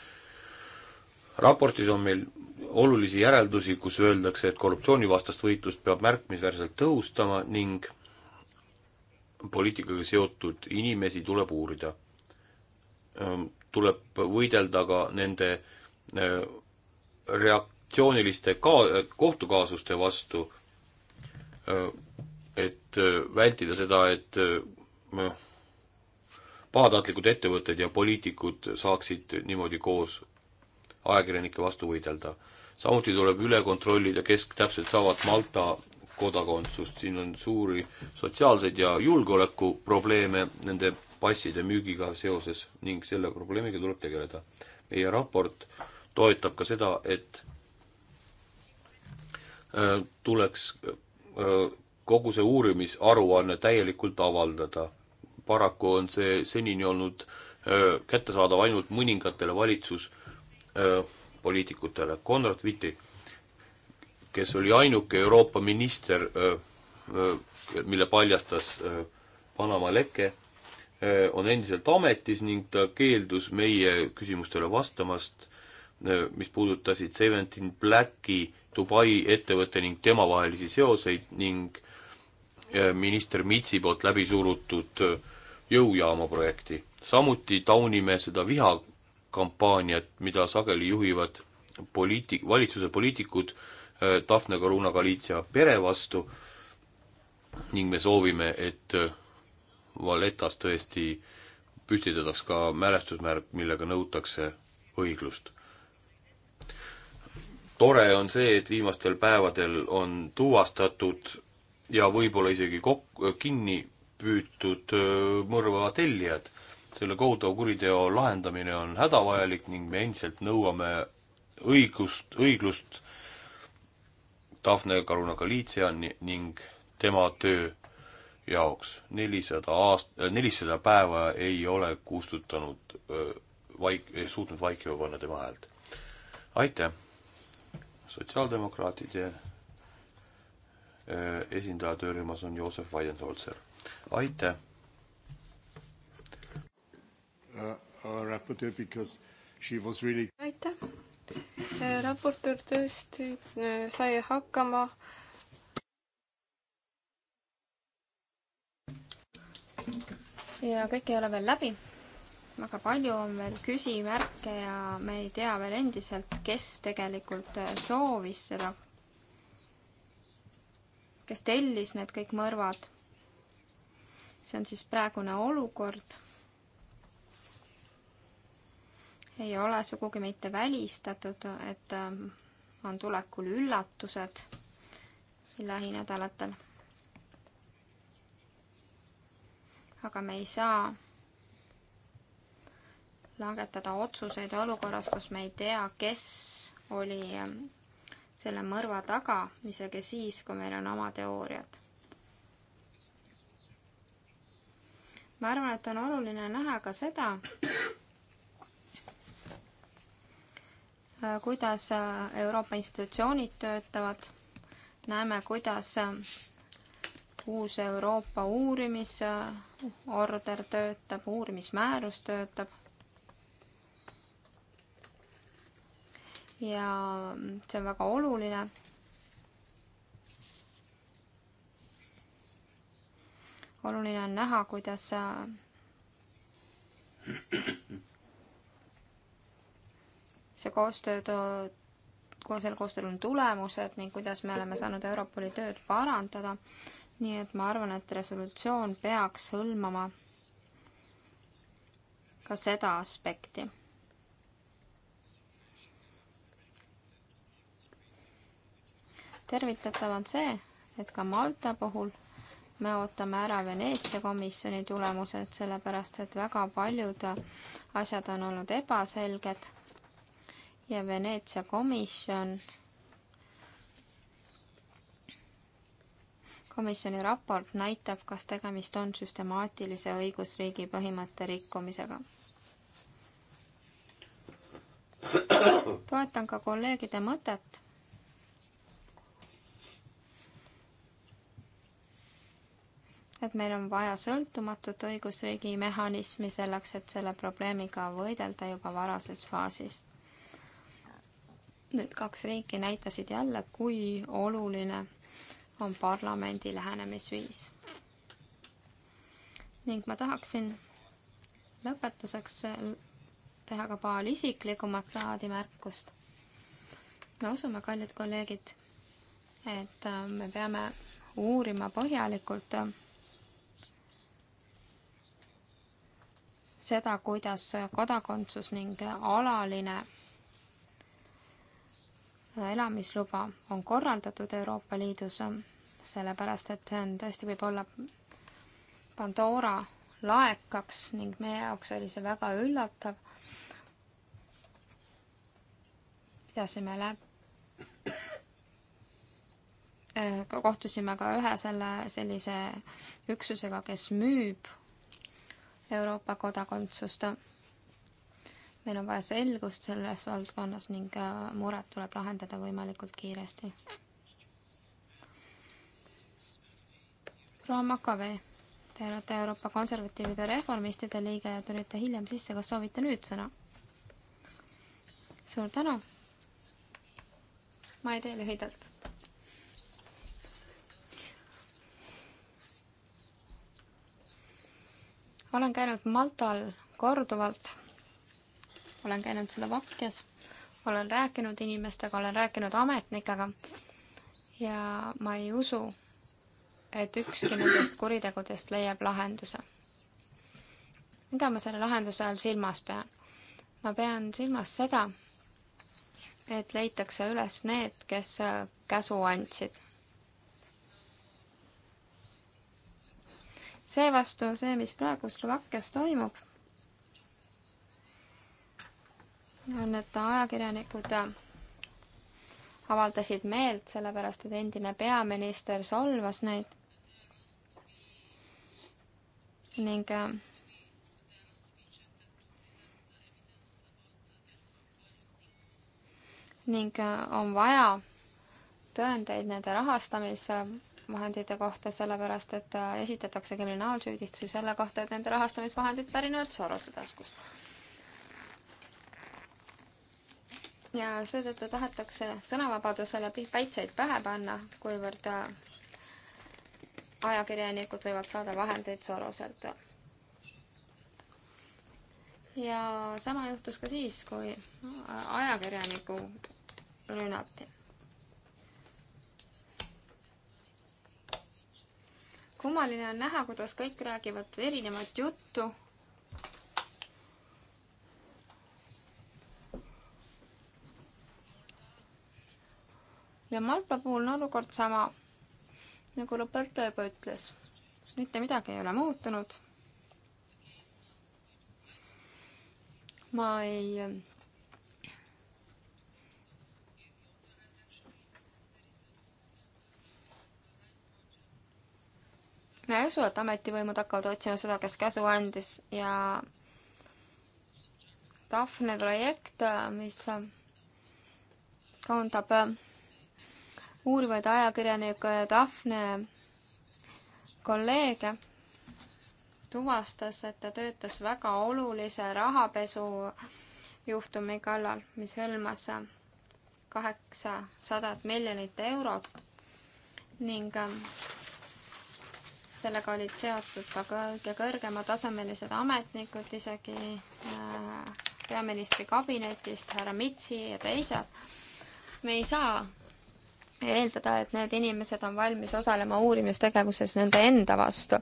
raportis on meil olulisi järeldusi, kus öeldakse, et korruptsioonivastast võitlust peab märkimisväärselt tõhustama ning poliitikaga seotud inimesi tuleb uurida. Ehm, tuleb võidelda ka nende ehm, reaktsiooniliste ka-, kohtukaasuste vastu, ehm, et vältida seda, et noh, pahatahtlikud ettevõtted ja poliitikud saaksid niimoodi koos ajakirjanike vastu võidelda. samuti tuleb üle kontrollida, kes täpselt saavad Malta kodakondsust, siin on suuri sotsiaalseid ja julgeolekuprobleeme nende passide müügiga seoses ning selle probleemiga tuleb tegeleda. meie raport toetab ka seda, et äh, tuleks äh, kogu see uurimisaruanne täielikult avaldada. paraku on see senini olnud äh, kättesaadav ainult mõningatele valitsus- Äh, poliitikutele. Konrad Viti, kes oli ainuke Euroopa minister, äh, äh, mille paljastas Panama leke, on endiselt ametis ning ta keeldus meie küsimustele vastamast, mis puudutasid Seventeen Blacki Dubai ettevõtte ning tema vahelisi seoseid ning minister Mitsi poolt läbi surutud jõujaama projekti. samuti taunime seda viha kampaaniat, mida sageli juhivad poliiti-, valitsuse poliitikud äh, Daphne Caruana Galizia pere vastu ning me soovime, et äh, Valletas tõesti püstitataks ka mälestusmärk, millega nõutakse õiglust. tore on see, et viimastel päevadel on tuvastatud ja võib-olla isegi kok-, kinni püütud äh, mõrva tellijad selle kohutava kuriteo lahendamine on hädavajalik ning me endiselt nõuame õigust, õiglust Daphne Caruana-Galizia ning tema töö jaoks. nelisada aast-, nelisada päeva ei ole kustutanud vaik-, suutnud vaikima panna tema häält. aitäh! sotsiaaldemokraatide esindaja töörühmas on Joosep Weidenholzer. aitäh! Uh, aitäh, äh, raportöör tõesti äh, sai hakkama. ja kõik ei ole veel läbi. väga palju on veel küsimärke ja me ei tea veel endiselt, kes tegelikult äh, soovis seda, kes tellis need kõik mõrvad. see on siis praegune olukord ei ole sugugi mitte välistatud, et ähm, on tulekul üllatused lähinädalatel. aga me ei saa langetada otsuseid olukorras, kus me ei tea, kes oli ähm, selle mõrva taga, isegi siis, kui meil on oma teooriad. ma arvan, et on oluline näha ka seda, kuidas äh, Euroopa institutsioonid töötavad, näeme, kuidas äh, uus Euroopa uurimisorder äh, töötab, uurimismäärus töötab. ja see on väga oluline oluline on näha, kuidas see koostöö too, sellel koostööl on tulemused ning kuidas me oleme saanud Europoli tööd parandada. nii et ma arvan, et resolutsioon peaks hõlmama ka seda aspekti. tervitatav on see, et ka Malta puhul me ootame ära Veneetsia komisjoni tulemused, sellepärast et väga paljud asjad on olnud ebaselged ja Veneetsia komisjon, komisjoni raport näitab, kas tegemist on süstemaatilise õigusriigi põhimõtte rikkumisega. toetan ka kolleegide mõtet et meil on vaja sõltumatut õigusriigi mehhanismi selleks, et selle probleemiga võidelda juba varases faasis. Need kaks riiki näitasid jälle, kui oluline on parlamendi lähenemisviis. ning ma tahaksin lõpetuseks teha ka paar isiklikumat laadi märkust. me usume, kallid kolleegid, et me peame uurima põhjalikult seda, kuidas kodakondsus ning alaline elamisluba on korraldatud Euroopa Liidus, sellepärast et see on tõesti võib-olla Pandora laekaks ning meie jaoks oli see väga üllatav. pidasime läbi kohtusime ka ühe selle sellise üksusega, kes müüb Euroopa kodakondsust meil on vaja selgust selles valdkonnas ning äh, mured tuleb lahendada võimalikult kiiresti. proua Makavee, te olete Euroopa Konservatiivide Reformistide liige ja tulite hiljem sisse, kas soovite nüüd sõna? suur tänu! ma ei tee lühidalt. olen käinud Maltal korduvalt olen käinud Slovakkias, olen rääkinud inimestega, olen rääkinud ametnikega ja ma ei usu, et ükski nendest kuritegudest leiab lahenduse. mida ma selle lahenduse all silmas pean? ma pean silmas seda, et leitakse üles need, kes käsu andsid. seevastu see, mis praegu Slovakkias toimub Need ajakirjanikud äh, avaldasid meelt, sellepärast et endine peaminister solvas neid. ning äh, ning äh, on vaja tõendeid nende rahastamisvahendite kohta, sellepärast et esitatakse kriminaalsüüdistusi selle kohta, et nende rahastamisvahendid pärinevad Sorose taskust ja seetõttu tahetakse sõnavabadusele päitseid pähe panna, kuivõrd äh, ajakirjanikud võivad saada vahendeid Soroselt. ja sama juhtus ka siis, kui äh, ajakirjanikku rünnati kummaline on näha, kuidas kõik räägivad erinevat juttu ja Malta puhul on olukord sama, nagu Roberto juba ütles. mitte midagi ei ole muutunud. ma ei ma ei usu, et ametivõimud hakkavad otsima seda, kes käsu andis ja Daphne projekt, mis koondab uurivaid ajakirjanikke Daphne kolleege tuvastas, et ta töötas väga olulise rahapesu juhtumi kallal, mis hõlmas kaheksasadat miljonit eurot ning ähm, sellega olid seotud ka kõige kõrgematasemelised ametnikud, isegi äh, peaministri kabinetist härra Mitsi ja teised. me ei saa eeldada, et need inimesed on valmis osalema uurimistegevuses nende enda vastu.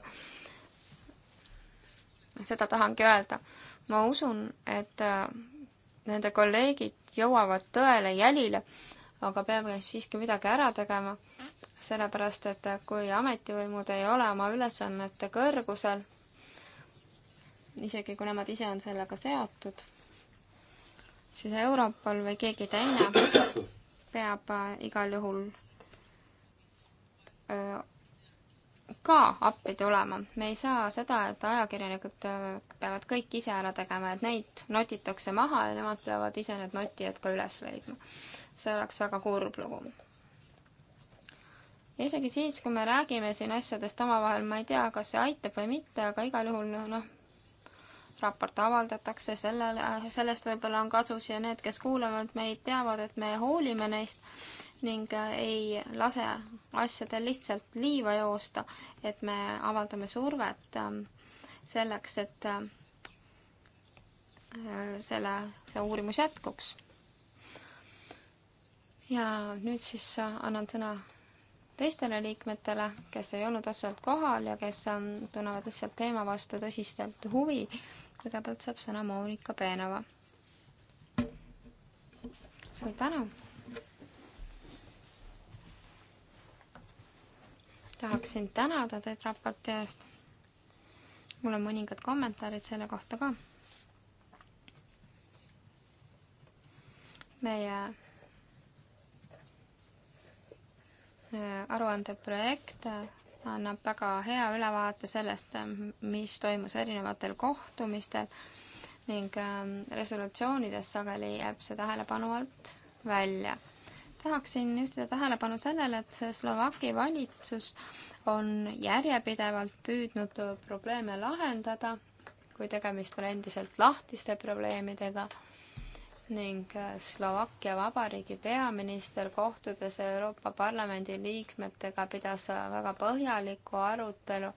seda tahangi öelda. ma usun, et äh, nende kolleegid jõuavad tõele jälile, aga peame siiski midagi ära tegema, sellepärast et kui ametivõimud ei ole oma ülesannete kõrgusel, isegi kui nemad ise on sellega seotud, siis Europol või keegi teine peab äh, igal juhul äh, ka appi tulema. me ei saa seda, et ajakirjanikud äh, peavad kõik ise ära tegema, et neid notitakse maha ja nemad peavad ise need notijad ka üles leidma. see oleks väga kurb lugu. ja isegi siis, kui me räägime siin asjadest omavahel, ma ei tea, kas see aitab või mitte, aga igal juhul noh, raport avaldatakse, sellele, sellest võib-olla on kasu ja need, kes kuulavad meid, teavad, et me hoolime neist ning äh, ei lase asjadel lihtsalt liiva joosta, et me avaldame survet ähm, selleks, et äh, selle, see uurimus jätkuks. ja nüüd siis äh, annan sõna teistele liikmetele, kes ei olnud otseselt kohal ja kes on, ähm, tunnevad lihtsalt teema vastu tõsiselt huvi kõigepealt saab sõna Monika Peenova. suur tänu. tahaksin tänada teid raporti eest. mul on mõningad kommentaarid selle kohta ka. meie äh, aruande projekt äh, annab väga hea ülevaate sellest, mis toimus erinevatel kohtumistel ning ähm, resolutsioonides sageli jääb see tähelepanu alt välja. tahaksin juhtida tähelepanu sellele, et Slovaki valitsus on järjepidevalt püüdnud probleeme lahendada, kui tegemist on endiselt lahtiste probleemidega ning äh, Slovakkia Vabariigi peaminister kohtudes Euroopa Parlamendi liikmetega pidas äh, väga põhjaliku arutelu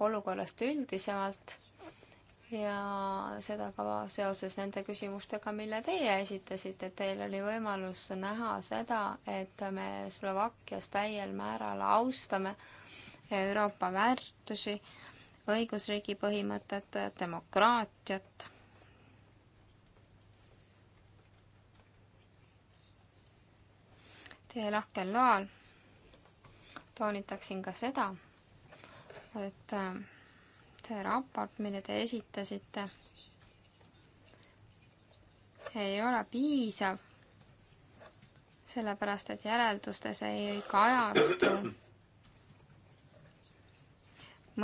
olukorrast üldisemalt ja seda ka seoses nende küsimustega, mille teie esitasite, teil oli võimalus näha seda, et me Slovakkias täiel määral austame Euroopa väärtusi, õigusriigi põhimõtet, demokraatiat Teie lahkel loal toonitaksin ka seda, et ähm, see raport, mille te esitasite, ei ole piisav, sellepärast et järeldustes ei kajastu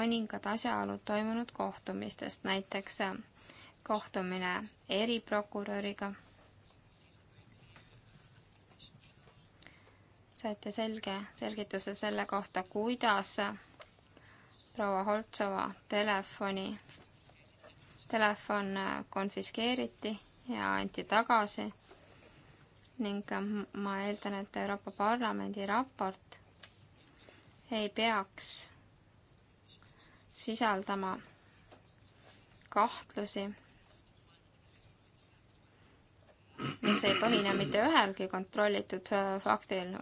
mõningad asjaolud toimunud kohtumistest, näiteks ähm, kohtumine eriprokuröriga saite selge selgituse selle kohta, kuidas proua Holtsova telefoni, telefon konfiskeeriti ja anti tagasi ning ma eeldan, et Euroopa Parlamendi raport ei peaks sisaldama kahtlusi mis ei põhine mitte ühelgi kontrollitud äh, faktil.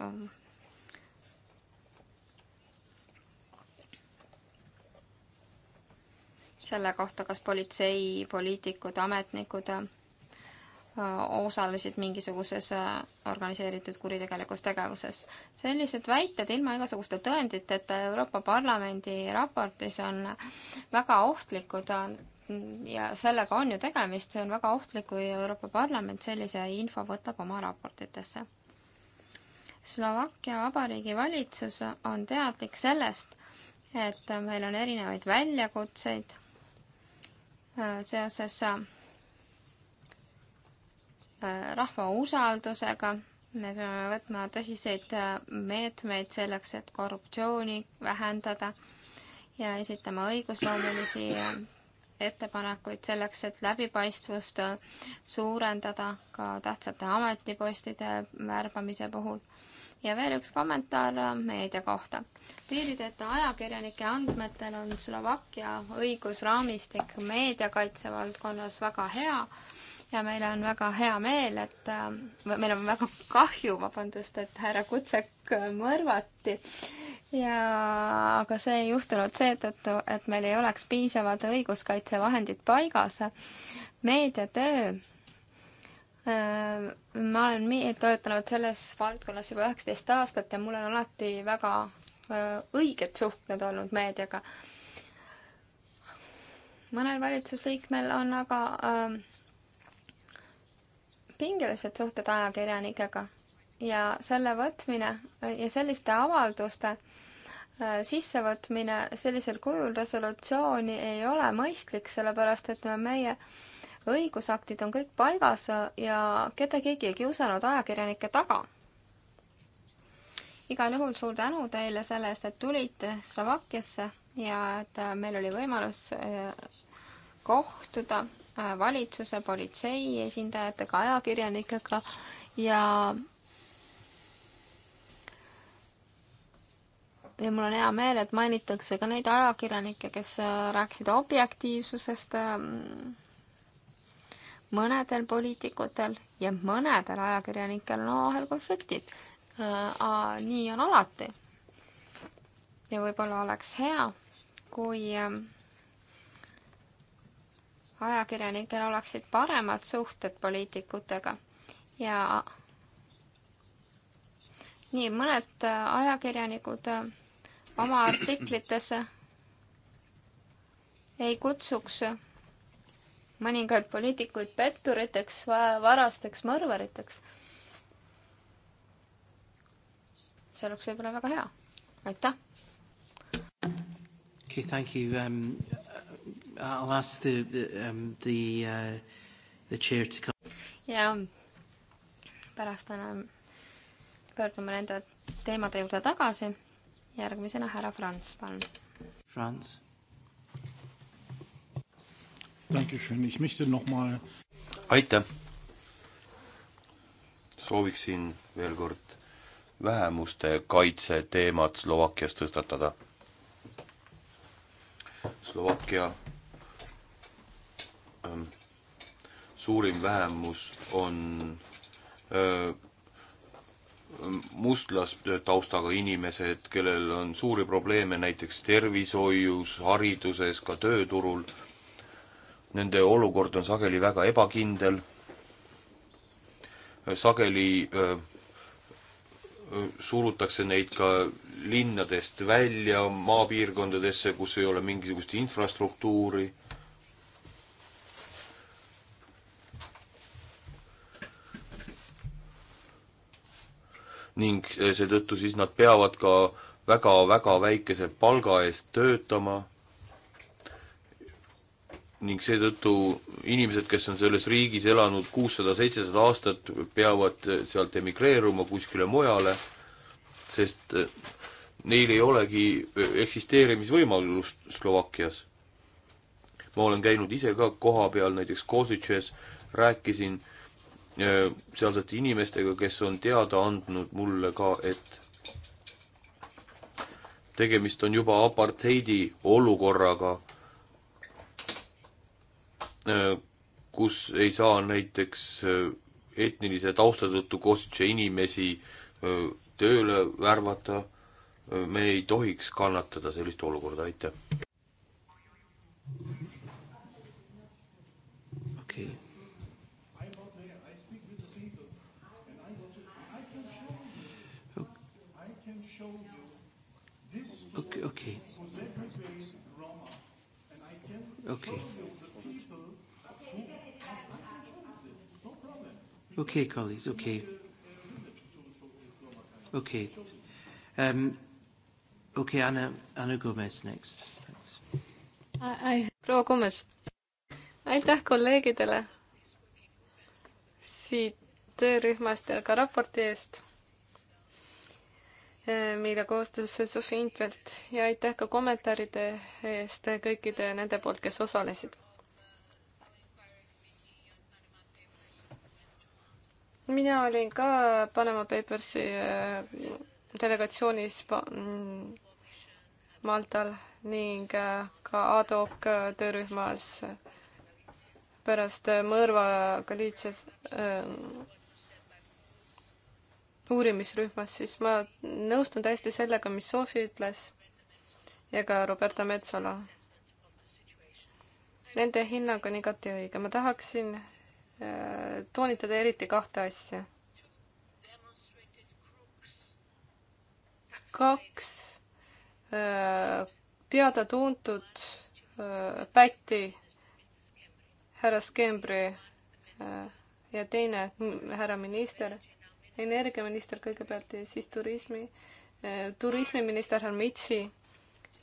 selle kohta, kas politsei, poliitikud, ametnikud äh, osalesid mingisuguses äh, organiseeritud kuritegelikus tegevuses. sellised väited ilma igasuguste tõenditeta Euroopa Parlamendi raportis on väga ohtlikud, ja sellega on ju tegemist, see on väga ohtlik, kui Euroopa Parlament sellise info võtab oma raportitesse. Slovakkia Vabariigi valitsus on teadlik sellest, et meil on erinevaid väljakutseid äh, seoses äh, rahva usaldusega me peame võtma tõsiseid äh, meetmeid selleks, et korruptsiooni vähendada ja esitama õigusloomulisi ettepanekuid selleks, et läbipaistvust suurendada ka tähtsate ametipostide värbamise puhul. ja veel üks kommentaar meedia kohta. piirideta ajakirjanike andmetel on Slovakkia õigusraamistik meediakaitse valdkonnas väga hea ja meil on väga hea meel, et äh, meil on väga kahju, vabandust, et härra Kutsek mõrvati. ja aga see ei juhtunud seetõttu, et meil ei oleks piisavad õiguskaitsevahendid paigas. meediatöö äh, ma olen töötanud selles valdkonnas juba üheksateist aastat ja mul on alati väga äh, õiged suhted olnud meediaga. mõnel valitsusliikmel on aga äh, pingelised suhted ajakirjanikega ja selle võtmine ja selliste avalduste äh, sissevõtmine sellisel kujul resolutsiooni ei ole mõistlik, sellepärast et meie õigusaktid on kõik paigas ja keda keegi ei kiusanud ajakirjanike taga. igal juhul suur tänu teile selle eest, et tulite Slovakkiasse ja et äh, meil oli võimalus äh, kohtuda Äh, valitsuse, politsei esindajatega, ajakirjanikega ja ja mul on hea meel, et mainitakse ka neid ajakirjanikke, kes äh, rääkisid objektiivsusest ähm, mõnedel poliitikutel ja mõnedel ajakirjanikel on omavahel konfliktid. Äh, nii on alati. ja võib-olla oleks hea, kui ähm, ajakirjanikel oleksid paremad suhted poliitikutega ja nii mõned ajakirjanikud äh, oma artiklites äh, ei kutsuks äh, mõningaid poliitikuid petturiteks, varasteks, mõrvariteks. see oleks võib-olla väga hea. aitäh! Okay, thank you um,. I'll ask the, the, um, the, uh, the chair to come. ja pärast enam pöördume nende teemade juurde tagasi. järgmisena härra Franz, palun. Franz. aitäh. sooviksin veel kord vähemuste kaitse teemat Slovakkias tõstatada. Slovakkia Ähm, suurim vähemus on äh, mustlast taustaga inimesed, kellel on suuri probleeme näiteks tervishoius, hariduses, ka tööturul. Nende olukord on sageli väga ebakindel. Äh, sageli öö, äh, surutakse neid ka linnadest välja maapiirkondadesse, kus ei ole mingisugust infrastruktuuri ning eh, seetõttu siis nad peavad ka väga-väga väikese palga eest töötama ning seetõttu inimesed, kes on selles riigis elanud kuussada, seitsesada aastat, peavad eh, sealt emigreeruma kuskile mujale, sest eh, neil ei olegi eksisteerimisvõimalust Slovakkias. ma olen käinud ise ka kohapeal, näiteks Kosices, rääkisin Äh, sealsete inimestega, kes on teada andnud mulle ka, et tegemist on juba apartheidi olukorraga, äh, kus ei saa näiteks äh, etnilise tausta tõttu kostse inimesi tööle värvata, me ei tohiks kannatada sellist olukorda, aitäh! Okay. Okay, colleagues, okay. Okay. Um, okay, Anna, Anna Gomez next. proua Gomez, aitäh kolleegidele siit töörühmast ja ka raporti eest Eh, mille koostas Sofi Intvelt ja aitäh ka kommentaaride eest kõikide nende poolt, kes osalesid. mina olin ka Panama Papersi eh, delegatsioonis mm, Maltal ning eh, ka ad hoc töörühmas pärast mõrvaga liitses äh, uurimisrühmas, siis ma nõustun täiesti sellega, mis Sofi ütles ja ka Roberta Metsola. Nende hinnang on igati õige, ma tahaksin äh, toonitada eriti kahte asja. kaks äh, teada-tuntud äh, pätti härra Skembri ja teine härra minister energiaminister kõigepealt ja siis turismi, eh, turismiminister härra Mitsi.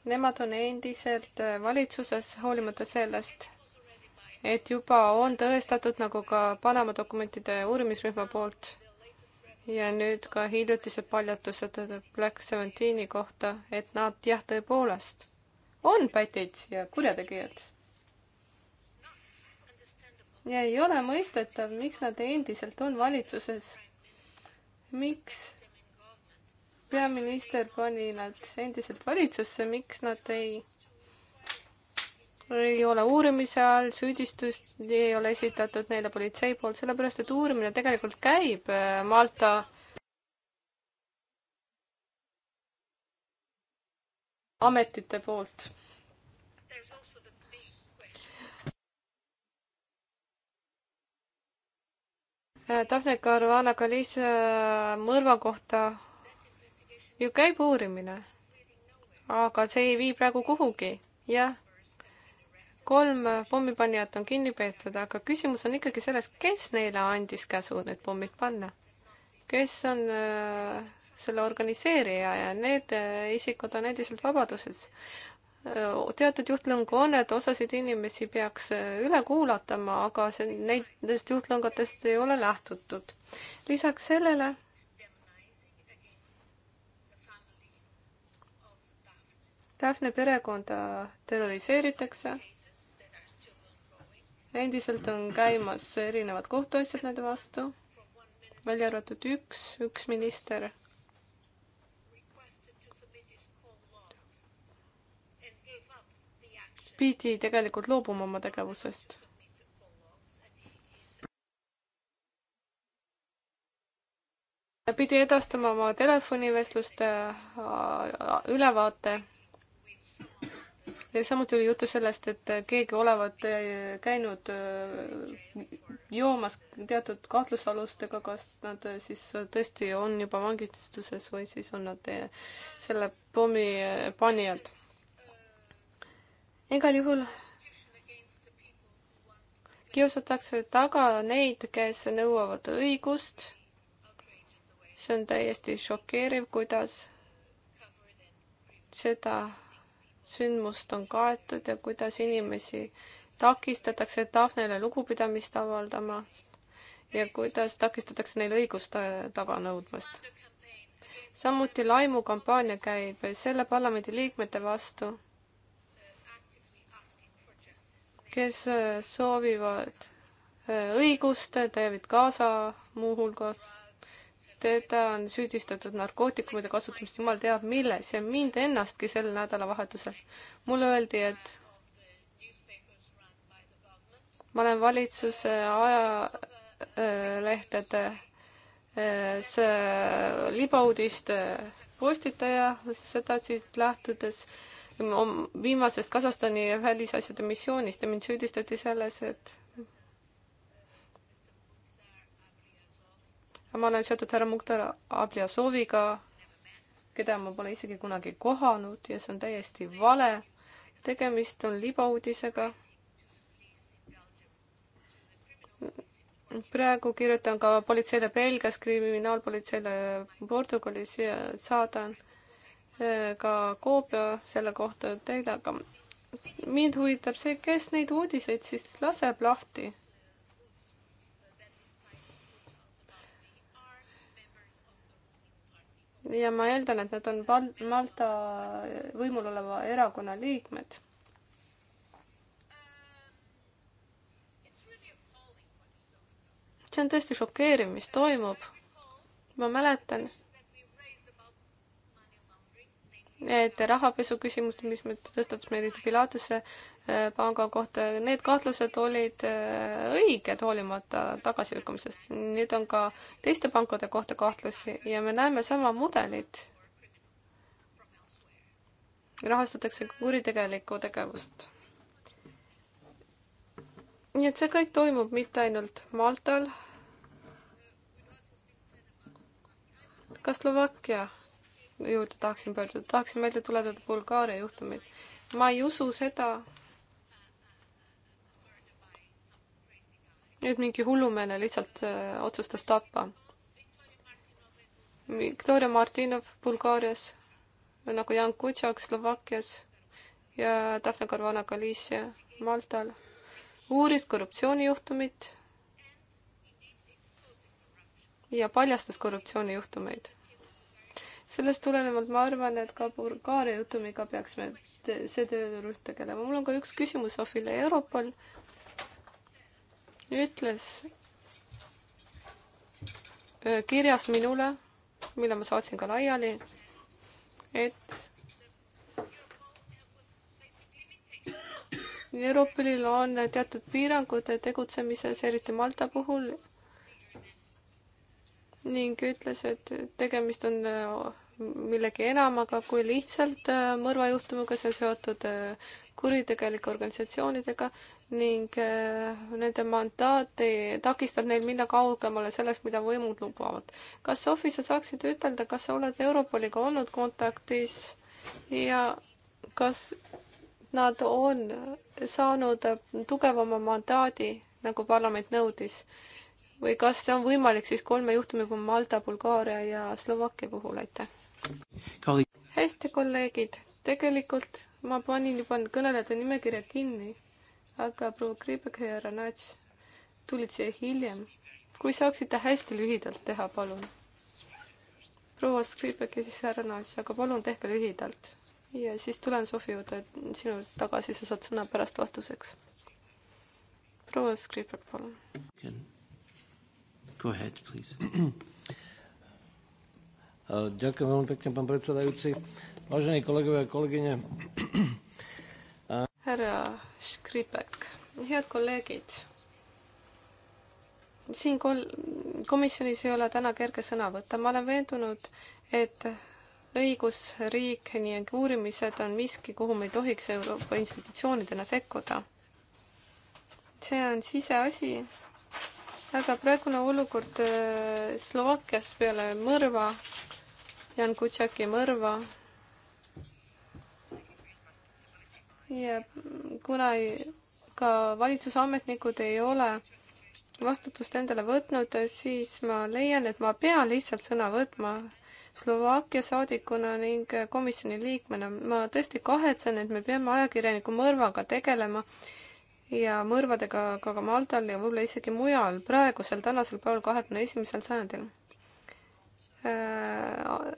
Nemad on endiselt eh, valitsuses, hoolimata sellest, et juba on tõestatud, nagu ka Panama dokumentide uurimisrühma poolt ja nüüd ka hiljutised paljatused Black Seventeen'i kohta, et nad jah, tõepoolest on pätid ja kurjategijad. ja ei ole mõistetav, miks nad endiselt on valitsuses miks peaminister pani nad endiselt valitsusse, miks nad ei, ei ole uurimise all, süüdistust ei ole esitatud neile politsei poolt, sellepärast et uurimine tegelikult käib äh, Malta ametite poolt. Äh, Daphne Caruana Galiza äh, mõrva kohta ju käib uurimine, aga see ei vii praegu kuhugi, jah. kolm pommipanijat on kinni peetud, aga küsimus on ikkagi selles, kes neile andis käsu need pommid panna. kes on äh, selle organiseerija ja need äh, isikud on endiselt vabaduses teatud juhtlõngu on, et osasid inimesi peaks üle kuulatama, aga see, nendest juhtlõngatest ei ole lähtutud. lisaks sellele Daphne perekonda terroriseeritakse. endiselt on käimas erinevad kohtuasjad nende vastu, välja arvatud üks, üks minister pidi tegelikult loobuma oma tegevusest. pidi edastama oma telefonivestluste äh, äh, ülevaate. ja samuti oli juttu sellest, et keegi olevat äh, käinud joomas teatud kahtlusalustega, kas nad siis tõesti on juba vangistuses või siis on nad selle pommi panijad igal juhul kiusatakse taga neid, kes nõuavad õigust. see on täiesti šokeeriv, kuidas seda sündmust on kaetud ja kuidas inimesi takistatakse Dahnele lugupidamist avaldama ja kuidas takistatakse neil õigust äh, taga nõudmast. samuti laimukampaania käib selle parlamendi liikmete vastu kes äh, soovivad äh, õigust, David Kaasa muuhulgas, teda on süüdistatud narkootikumide kasutamist, jumal teab milles ja mind ennastki sel nädalavahetusel. mulle öeldi, et ma olen valitsuse ajalehtede äh, see libauudiste postitaja, seda siis lähtudes äh, viimasest Kasahstani välisasjade missioonist ja mind süüdistati selles, et ma olen seotud härra Mukhtar Abjasoviga, keda ma pole isegi kunagi kohanud ja see on täiesti vale. tegemist on libauudisega. praegu kirjutan ka politseile Belgias, kriminaalpolitseile Portugalis ja saadan Äh, ka koopia selle kohta teile, aga mind huvitab see, kes neid uudiseid siis laseb lahti. ja ma eeldan, et nad on Bal-, Malta võimul oleva erakonna liikmed see on tõesti šokeeriv, mis toimub. ma mäletan, et rahapesu küsimused, mis me tõstatasime eriti Pilatuse äh, panga kohta, need kahtlused olid äh, õiged hoolimata tagasilükkamisest. nüüd on ka teiste pankade kohta kahtlusi ja me näeme sama mudelit. rahastatakse kuritegelikku tegevust. nii et see kõik toimub mitte ainult Maltal, ka Slovakkia juurde tahaksin pöörduda, tahaksin meelde tuletada Bulgaaria juhtumit. ma ei usu seda, et mingi hullumeene lihtsalt öö, äh, otsustas tappa. Viktoria Martinov Bulgaarias, nagu Jan Kutšak Slovakkias ja Daphne Caruana Galicia Maltal, uuris korruptsioonijuhtumit ja paljastas korruptsioonijuhtumeid sellest tulenevalt ma arvan, et ka Bulgaaria juhtumiga peaksime see töörühm tegelema. mul on ka üks küsimus Sofile. Europol ütles äh, kirjas minule, mille ma saatsin ka laiali, et Europolil on teatud piirangud tegutsemises, eriti Malta puhul ning ütles, et tegemist on äh, millegi enamaga kui lihtsalt äh, mõrvajuhtumiga, see on seotud äh, kuritegelike organisatsioonidega ning nende mandaat takistab neil minna kaugemale sellest, mida võimud lubavad. kas Sofi, sa saaksid ütelda, kas sa oled Europoliga olnud kontaktis ja kas nad on saanud tugevama mandaadi, nagu parlament nõudis? või kas see on võimalik siis kolme juhtumi puhul Malta, Bulgaaria ja Slovakkia puhul, aitäh. hästi, kolleegid, tegelikult ma panin juba kõnelejate nimekirja kinni, aga proua Kriibek ja Ranats tulid siia hiljem. kui saaksite hästi lühidalt teha, palun. proua Skribek ja siis härra Nats, aga palun tehke lühidalt ja siis tulen Sofi juurde sinu tagasi, sa saad sõna pärast vastuseks. proua Skribek, palun. Go ahead, please. Eh, ďakujem veľmi pekne, pán predsedajúci. Vážení kolegovia a kolegyne. Eh. härra Škripek, head kolleegid. siin kol-, komisjonis ei ole täna kerge sõna võtta, ma olen veendunud, et õigusriik ning uurimised on miski, kuhu me ei tohiks Euroopa institutsioonidena sekkuda. see on siseasi aga praegune olukord äh, Slovakkias peale mõrva, Jan Kutšaki mõrva. ja kuna ka valitsusametnikud ei ole vastutust endale võtnud, siis ma leian, et ma pean lihtsalt sõna võtma Slovakkia saadikuna ning komisjoni liikmena. ma tõesti kahetsen, et me peame ajakirjaniku mõrvaga tegelema ja mõrvadega ka, ka Maltal ja võib-olla isegi mujal, praegusel, tänasel päeval, kahekümne esimesel sajandil. Äh,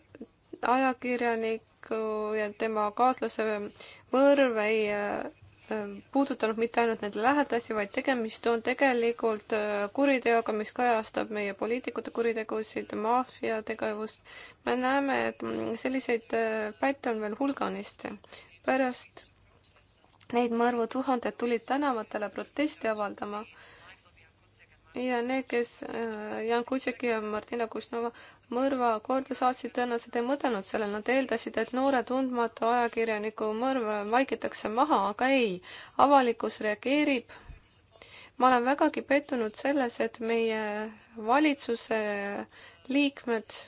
ajakirjaniku ja tema kaaslase mõrv ei äh, puudutanud mitte ainult nende lähedasi, vaid tegemist on tegelikult äh, kuriteoga, mis kajastab meie poliitikute kuritegusid, maffia tegevust. me näeme, et selliseid pätte on veel hulganisti. pärast Neid, ma arvan, tuhanded tulid tänavatele protesti avaldama. ja need, kes äh, Jan Kutšeki ja Martina Kusnova mõrva korda saatsid, tõenäoliselt ei mõtelnud sellele, nad eeldasid, et noore tundmatu ajakirjaniku mõrv vaikitakse maha, aga ei, avalikkus reageerib. ma olen vägagi pettunud selles, et meie valitsuse liikmed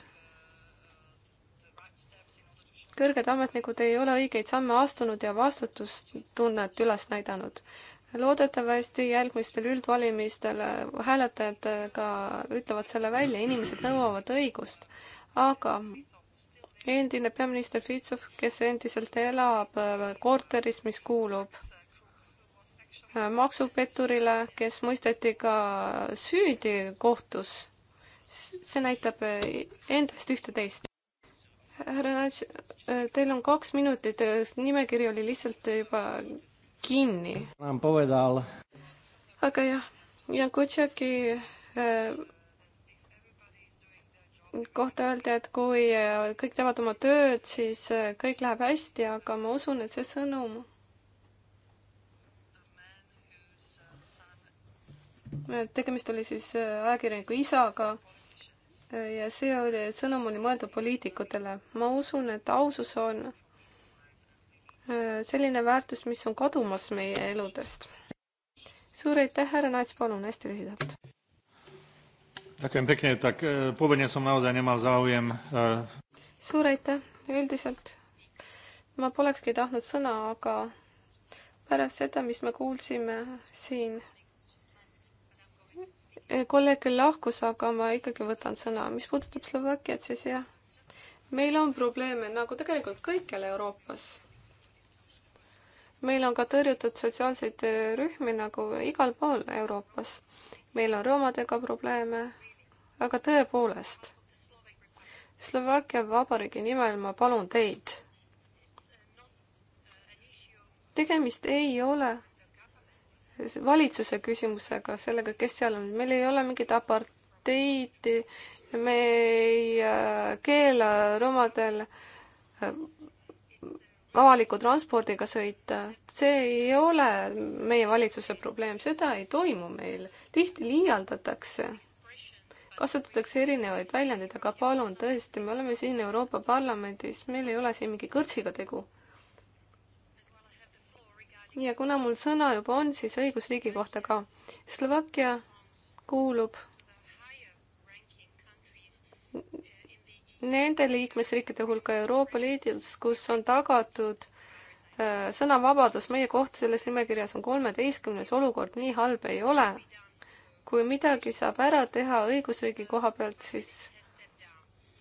kõrged ametnikud ei ole õigeid samme astunud ja vastutustunnet üles näidanud. loodetavasti järgmistel üldvalimistel hääletajad ka ütlevad selle välja, inimesed nõuavad õigust, aga endine peaminister Fitsov, kes endiselt elab korteris, mis kuulub maksupetturile, kes mõisteti ka süüdi kohtus, see näitab endast ühte teist härra Nats, äh, teil on kaks minutit, äh, nimekiri oli lihtsalt juba kinni. aga jah, ja Kutšaki äh, kohta öelda, et kui kõik teevad oma tööd, siis kõik läheb hästi, aga ma usun, et see sõnum tegemist oli siis ajakirjaniku isaga ja see oli, sõnum oli mõeldud poliitikutele. ma usun, et ausus on äh, selline väärtus, mis on kadumas meie eludest. suur aitäh, härra Nats, palun hästi lühidalt. E, e, suur aitäh, üldiselt ma polekski tahtnud sõna, aga pärast seda, mis me kuulsime siin kolleeg küll lahkus, aga ma ikkagi võtan sõna. mis puudutab Slovakkiat, siis jah, meil on probleeme nagu tegelikult kõikjal Euroopas. meil on ka tõrjutud sotsiaalseid rühmi nagu igal pool Euroopas. meil on romadega probleeme, aga tõepoolest, Slovakkia Vabariigi nimel ma palun teid, tegemist ei ole valitsuse küsimusega, sellega, kes seal on. meil ei ole mingit aparteid, me ei äh, keela romadel äh, avaliku transpordiga sõita, see ei ole meie valitsuse probleem, seda ei toimu meil. tihti liialdatakse, kasutatakse erinevaid väljendeid, aga palun tõesti, me oleme siin Euroopa Parlamendis, meil ei ole siin mingi kõrtsiga tegu ja kuna mul sõna juba on, siis õigusriigi kohta ka. Slovakkia kuulub nende liikmesriikide hulka Euroopa Liidus, kus on tagatud äh, sõnavabadus, meie koht selles nimekirjas on kolmeteistkümnes, olukord nii halb ei ole. kui midagi saab ära teha õigusriigi koha pealt, siis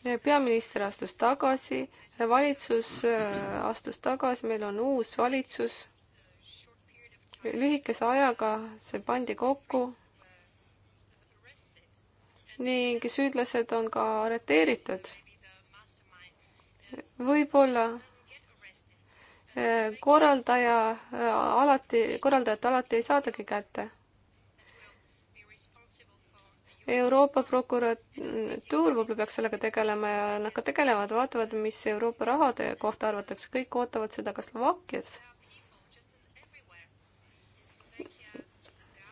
äh, peaminister astus tagasi, valitsus äh, astus tagasi, meil on uus valitsus lühikese ajaga see pandi kokku ning süüdlased on ka arreteeritud. võib-olla eh, korraldaja eh, alati, korraldajat alati ei saadagi kätte. Euroopa prokuratuur võib-olla peaks sellega tegelema ja nad ka tegelevad, vaatavad, mis Euroopa rahade kohta arvatakse, kõik ootavad seda ka Slovakkias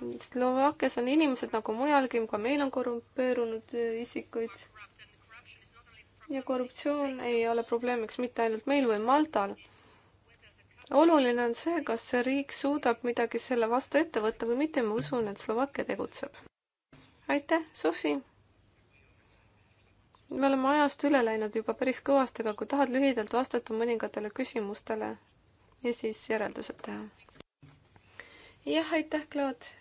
Slovakkias on inimesed nagu mujalgi, ka meil on korrumpeerunud isikuid. ja korruptsioon ei ole probleemiks mitte ainult meil või Maltal. oluline on see, kas see riik suudab midagi selle vastu ette võtta või mitte, ma usun, et Slovakkia tegutseb. aitäh, Sofi! me oleme ajast üle läinud juba päris kõvasti, aga kui tahad lühidalt vastata mõningatele küsimustele ja siis järeldused teha. jah, aitäh, Claude!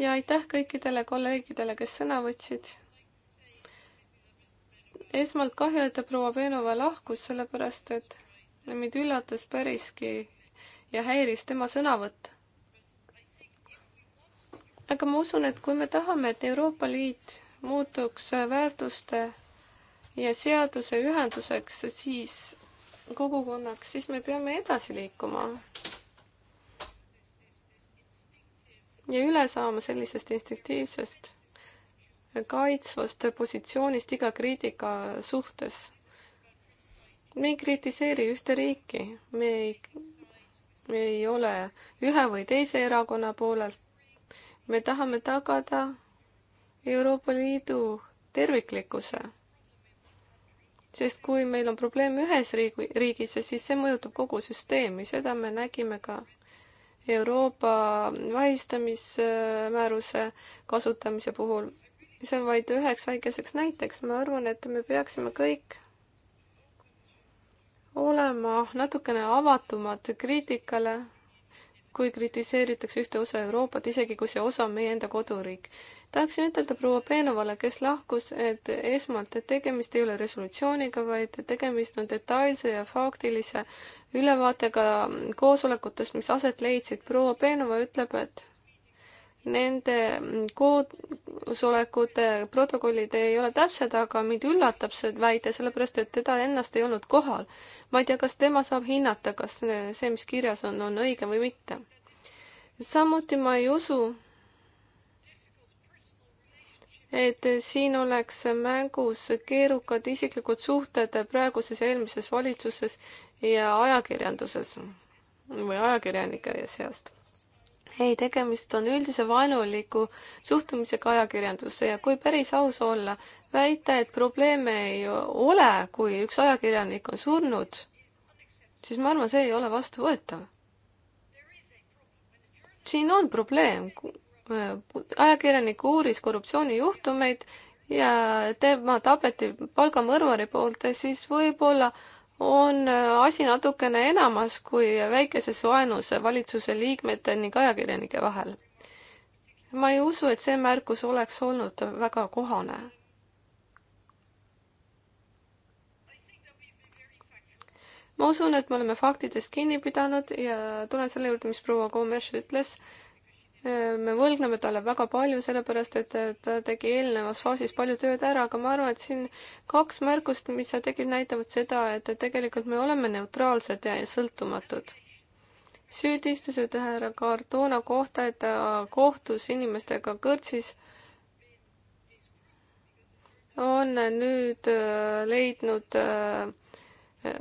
ja aitäh kõikidele kolleegidele, kes sõna võtsid. esmalt kahju, et proua Peenova lahkus, sellepärast et mind üllatas päriski ja häiris tema sõnavõtt. aga ma usun, et kui me tahame, et Euroopa Liit muutuks väärtuste ja seaduse ühenduseks, siis kogukonnaks, siis me peame edasi liikuma ja üle saama sellisest instinktiivsest kaitsvast positsioonist iga kriitika suhtes. me ei kritiseeri ühte riiki, me ei, me ei ole ühe või teise erakonna poolelt. me tahame tagada Euroopa Liidu terviklikkuse. sest kui meil on probleem ühes riigi, riigis, siis see mõjutab kogu süsteemi, seda me nägime ka Euroopa vahistamismääruse kasutamise puhul. see on vaid üheks väikeseks näiteks, ma arvan, et me peaksime kõik olema natukene avatumad kriitikale kui kritiseeritakse ühte osa Euroopat, isegi kui see osa on meie enda koduriik. tahaksin ütelda proua Peenovale, kes lahkus, et esmalt, et tegemist ei ole resolutsiooniga, vaid tegemist on detailse ja faktilise ülevaatega koosolekutest, mis aset leidsid. proua Peenova ütleb, et Nende mm, koosolekute protokollid ei ole täpsed, aga mind üllatab see väide, sellepärast et teda ennast ei olnud kohal. ma ei tea, kas tema saab hinnata, kas see, mis kirjas on, on õige või mitte. samuti ma ei usu, et siin oleks mängus keerukad isiklikud suhted praeguses ja eelmises valitsuses ja ajakirjanduses või ajakirjanike seast ei, tegemist on üldise vaenuliku suhtumisega ajakirjandusse ja kui päris aus olla, väita, et probleeme ei ole, kui üks ajakirjanik on surnud, siis ma arvan, see ei ole vastuvõetav. siin on probleem. ajakirjanik uuris korruptsioonijuhtumeid ja tema tapeti palgamõrvari poolt, siis võib-olla äh, on äh, asi natukene enamas kui väikeses vaenus valitsuse liikmete ning ajakirjanike vahel. ma ei usu, et see märkus oleks olnud väga kohane. ma usun, et me oleme faktidest kinni pidanud ja tulen selle juurde, mis proua Gomes ütles me võlgneme talle väga palju, sellepärast et ta tegi eelnevas faasis palju tööd ära, aga ma arvan, et siin kaks märkust, mis sa tegid, näitavad seda, et tegelikult me oleme neutraalsed ja sõltumatud. süüdistused härra Cardona kohta, et ta kohtus inimestega kõrtsis, on nüüd äh, leidnud äh, äh,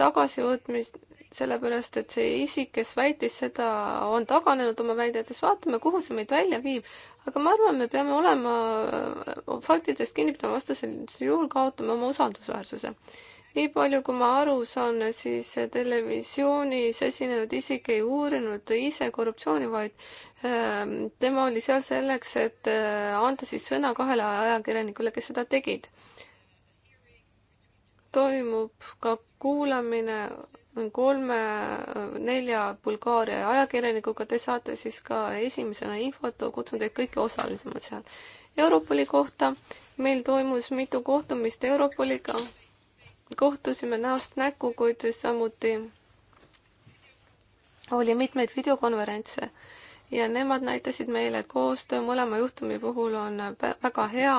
tagasivõtmist sellepärast et see isik, kes väitis seda, on taganenud oma väidetes, vaatame, kuhu see meid välja viib. aga ma arvan, me peame olema äh, faktidest kinni pidama, vastasel juhul kaotame oma usaldusväärsuse. nii palju, kui ma aru saan, siis televisioonis esinenud isik ei uurinud ise korruptsiooni, vaid äh, tema oli seal selleks, et äh, anda siis sõna kahele ajakirjanikule, kes seda tegid. toimub ka kuulamine kolme-nelja Bulgaaria ajakirjanikuga, te saate siis ka esimesena infot, kutsun teid kõiki osalisema seal. Europoli kohta, meil toimus mitu kohtumist Europoliga, kohtusime näost näkku, kuid samuti oli mitmeid videokonverentse ja nemad näitasid meile, et koostöö mõlema juhtumi puhul on väga hea.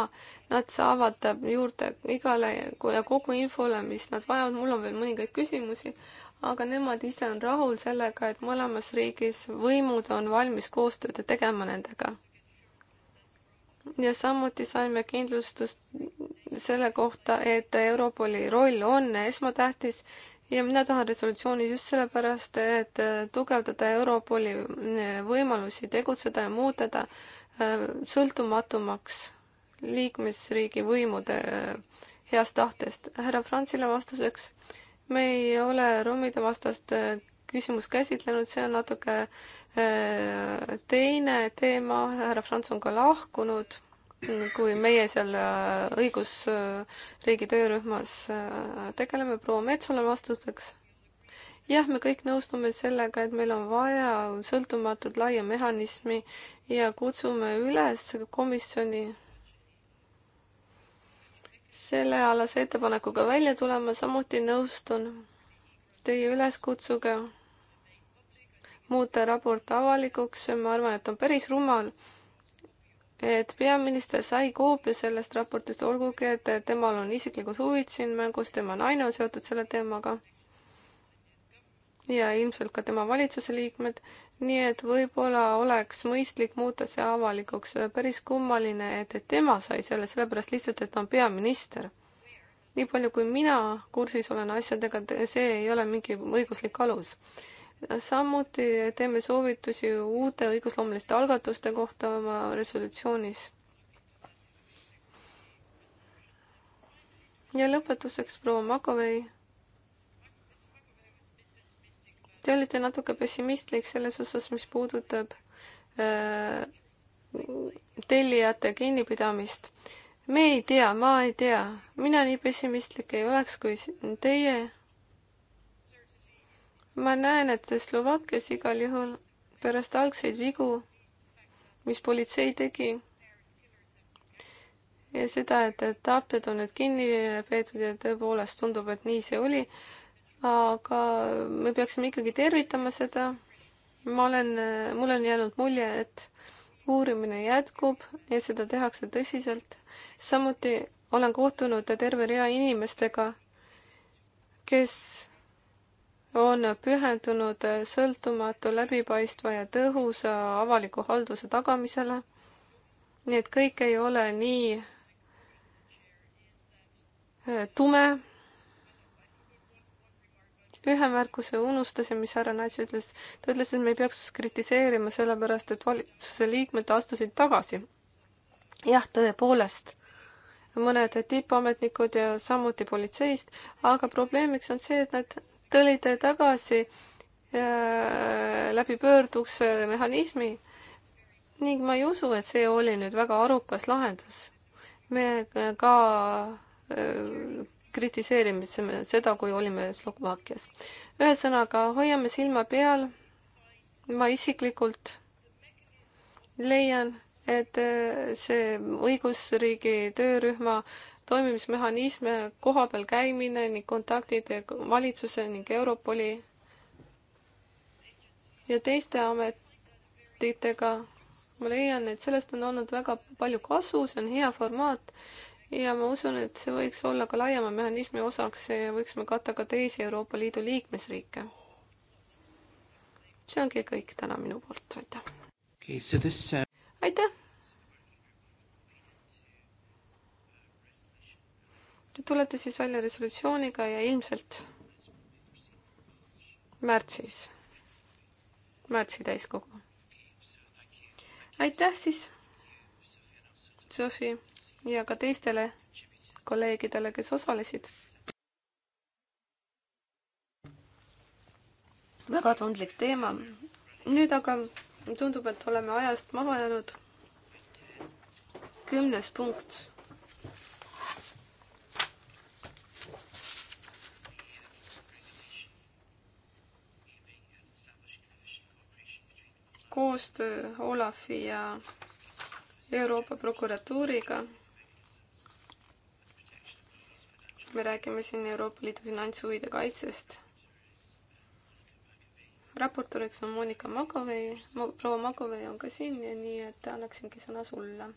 Nad saavad juurde igale ja kogu infole, mis nad vajavad. mul on veel mõningaid küsimusi, aga nemad ise on rahul sellega, et mõlemas riigis võimud on valmis koostööd tegema nendega. ja samuti saime kindlustust selle kohta, et Europoli roll on esmatähtis ja mina tahan resolutsiooni just sellepärast, et tugevdada Europoli võimalusi tegutseda ja muutuda äh, sõltumatumaks liikmesriigi võimude äh, heast tahtest. härra Franzile vastuseks me ei ole romide vastast äh, küsimust käsitlenud, see on natuke äh, teine teema, härra Franz on ka lahkunud, kui meie seal äh, õigusriigi töörühmas tegeleme, proua Metsole vastuseks jah, me kõik nõustume sellega, et meil on vaja sõltumatut laia mehhanismi ja kutsume üles komisjoni sellealase ettepanekuga välja tulema, samuti nõustun teie üleskutsuga muuta raport avalikuks, ma arvan, et on päris rumal, et peaminister sai koopia sellest raportist, olgugi et temal on isiklikud huvid siin mängus, tema naine on seotud selle teemaga ja ilmselt ka tema valitsuse liikmed nii et võib-olla oleks mõistlik muuta see avalikuks. päris kummaline, et, et tema sai selle, sellepärast lihtsalt, et ta on peaminister. nii palju, kui mina kursis olen asjadega, see ei ole mingi õiguslik alus. samuti teeme soovitusi uute õigusloomuliste algatuste kohta oma resolutsioonis. ja lõpetuseks proua Makovei Te olite natuke pessimistlik selles osas, mis puudutab äh, tellijate kinnipidamist. me ei tea, ma ei tea, mina nii pessimistlik ei oleks, kui teie. ma näen, et Slovakkias igal juhul pärast algseid vigu, mis politsei tegi ja seda, et, et tapjad on nüüd kinni peetud ja tõepoolest tundub, et nii see oli, aga me peaksime ikkagi tervitama seda. ma olen, mul on jäänud mulje, et uurimine jätkub ja seda tehakse tõsiselt. samuti olen kohtunud terve rea inimestega, kes on pühendunud sõltumatu, läbipaistva ja tõhusa avaliku halduse tagamisele. nii et kõik ei ole nii tume ühe märkuse unustasin, mis härra Nats ütles. ta ütles, et me ei peaks kritiseerima sellepärast, et valitsuse liikmed astusid tagasi. jah, tõepoolest, mõned tippametnikud ja samuti politseist, aga probleemiks on see, et nad tõlid tagasi äh, läbi pöördukse mehhanismi ning ma ei usu, et see oli nüüd väga arukas lahendus. me ka äh, kritiseerimisime seda, kui olime Slovakkias. ühesõnaga, hoiame silma peal. ma isiklikult leian, et eh, see õigusriigi töörühma toimimismehhanism, kohapeal käimine ning kontaktid valitsuse ning Europoli ja teiste ametitega, ma leian, et sellest on olnud väga palju kasu, see on hea formaat ja ma usun, et see võiks olla ka laiema mehhanismi osaks ja võiksime katta ka teisi Euroopa Liidu liikmesriike. see ongi kõik täna minu poolt, aitäh okay,. This... Uh, aitäh. Te tulete siis välja resolutsiooniga ja ilmselt märtsis, märtsi täiskogu. aitäh siis, Sofi ja ka teistele kolleegidele, kes osalesid. väga tundlik teema. nüüd aga tundub, et oleme ajast maha jäänud. kümnes punkt koostöö Olafi ja Euroopa prokuratuuriga me räägime siin Euroopa Liidu finantshuvide kaitsest. raportööriks on Monika Makovei, proua Makovei on ka siin ja nii, et annaksingi sõna sulle.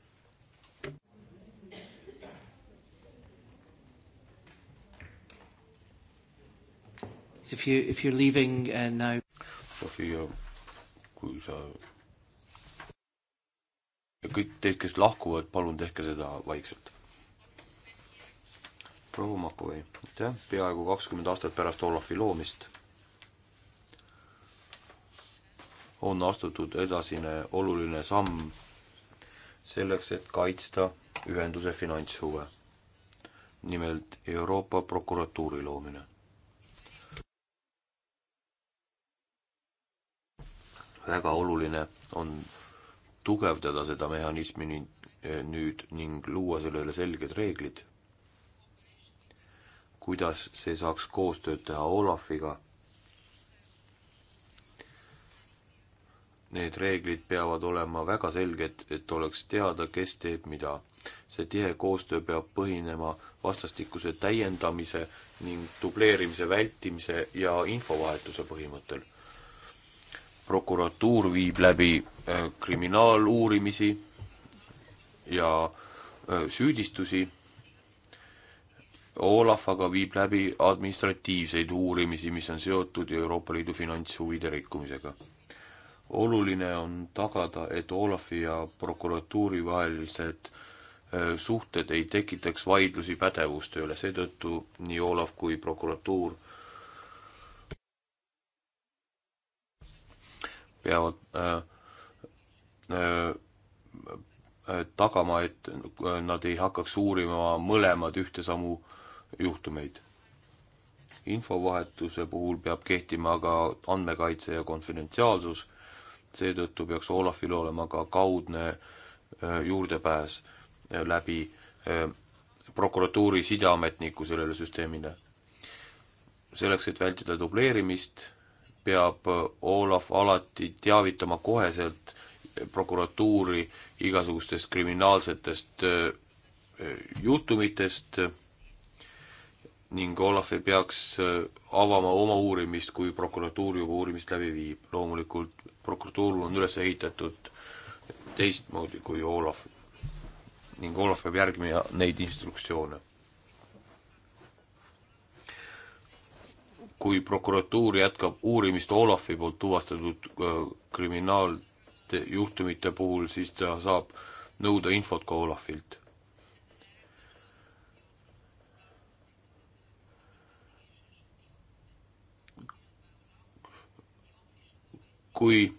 If you, if you are leaving uh, now. Sofia, kui sa kõik teid, kes lahkuvad, palun tehke seda vaikselt proua Makovei, aitäh, peaaegu kakskümmend aastat pärast Olafi loomist on astutud edasine oluline samm selleks, et kaitsta ühenduse finantshuve. nimelt Euroopa prokuratuuri loomine. väga oluline on tugevdada seda mehhanismi nüüd ning luua sellele selged reeglid kuidas see saaks koostööd teha Olafiga. Need reeglid peavad olema väga selged, et oleks teada, kes teeb mida. see tihe koostöö peab põhinema vastastikuse täiendamise ning dubleerimise vältimise ja infovahetuse põhimõttel. prokuratuur viib läbi äh, kriminaaluurimisi ja äh, süüdistusi Olav aga viib läbi administratiivseid uurimisi, mis on seotud Euroopa Liidu finantshuvide rikkumisega. oluline on tagada, et Olavi ja prokuratuuri vahelised äh, suhted ei tekitaks vaidlusi pädevuste üle, seetõttu nii Olav kui prokuratuur peavad äh, äh, tagama, et äh, nad ei hakkaks uurima mõlemad ühte samu äh, juhtumeid. infovahetuse puhul peab kehtima aga andmekaitse ja konfidentsiaalsus, seetõttu peaks Olafil olema ka kaudne äh, juurdepääs äh, läbi äh, prokuratuuri sideametniku sellele süsteemile. selleks, et vältida dubleerimist, peab Olav alati teavitama koheselt prokuratuuri igasugustest kriminaalsetest juhtumitest ning Olav ei peaks äh, avama oma uurimist, kui prokuratuur juba uurimist läbi viib. loomulikult prokuratuur on üles ehitatud teistmoodi kui Olav ning Olav peab järgima neid instruktsioone. kui prokuratuur jätkab uurimist Olafi poolt tuvastatud äh, kriminaaljuhtumite puhul, siis ta saab nõuda infot ka Olafilt kui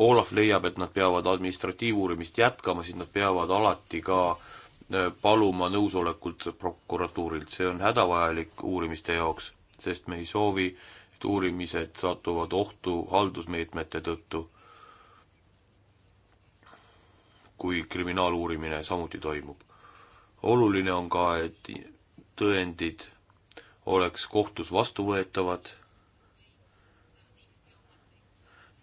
Olav leiab, et nad peavad administratiivuurimist jätkama, siis nad peavad alati ka paluma nõusolekut prokuratuurilt, see on hädavajalik uurimiste jaoks, sest me ei soovi, et uurimised satuvad ohtu haldusmeetmete tõttu, kui kriminaaluurimine samuti toimub. oluline on ka, et tõendid oleks kohtus vastuvõetavad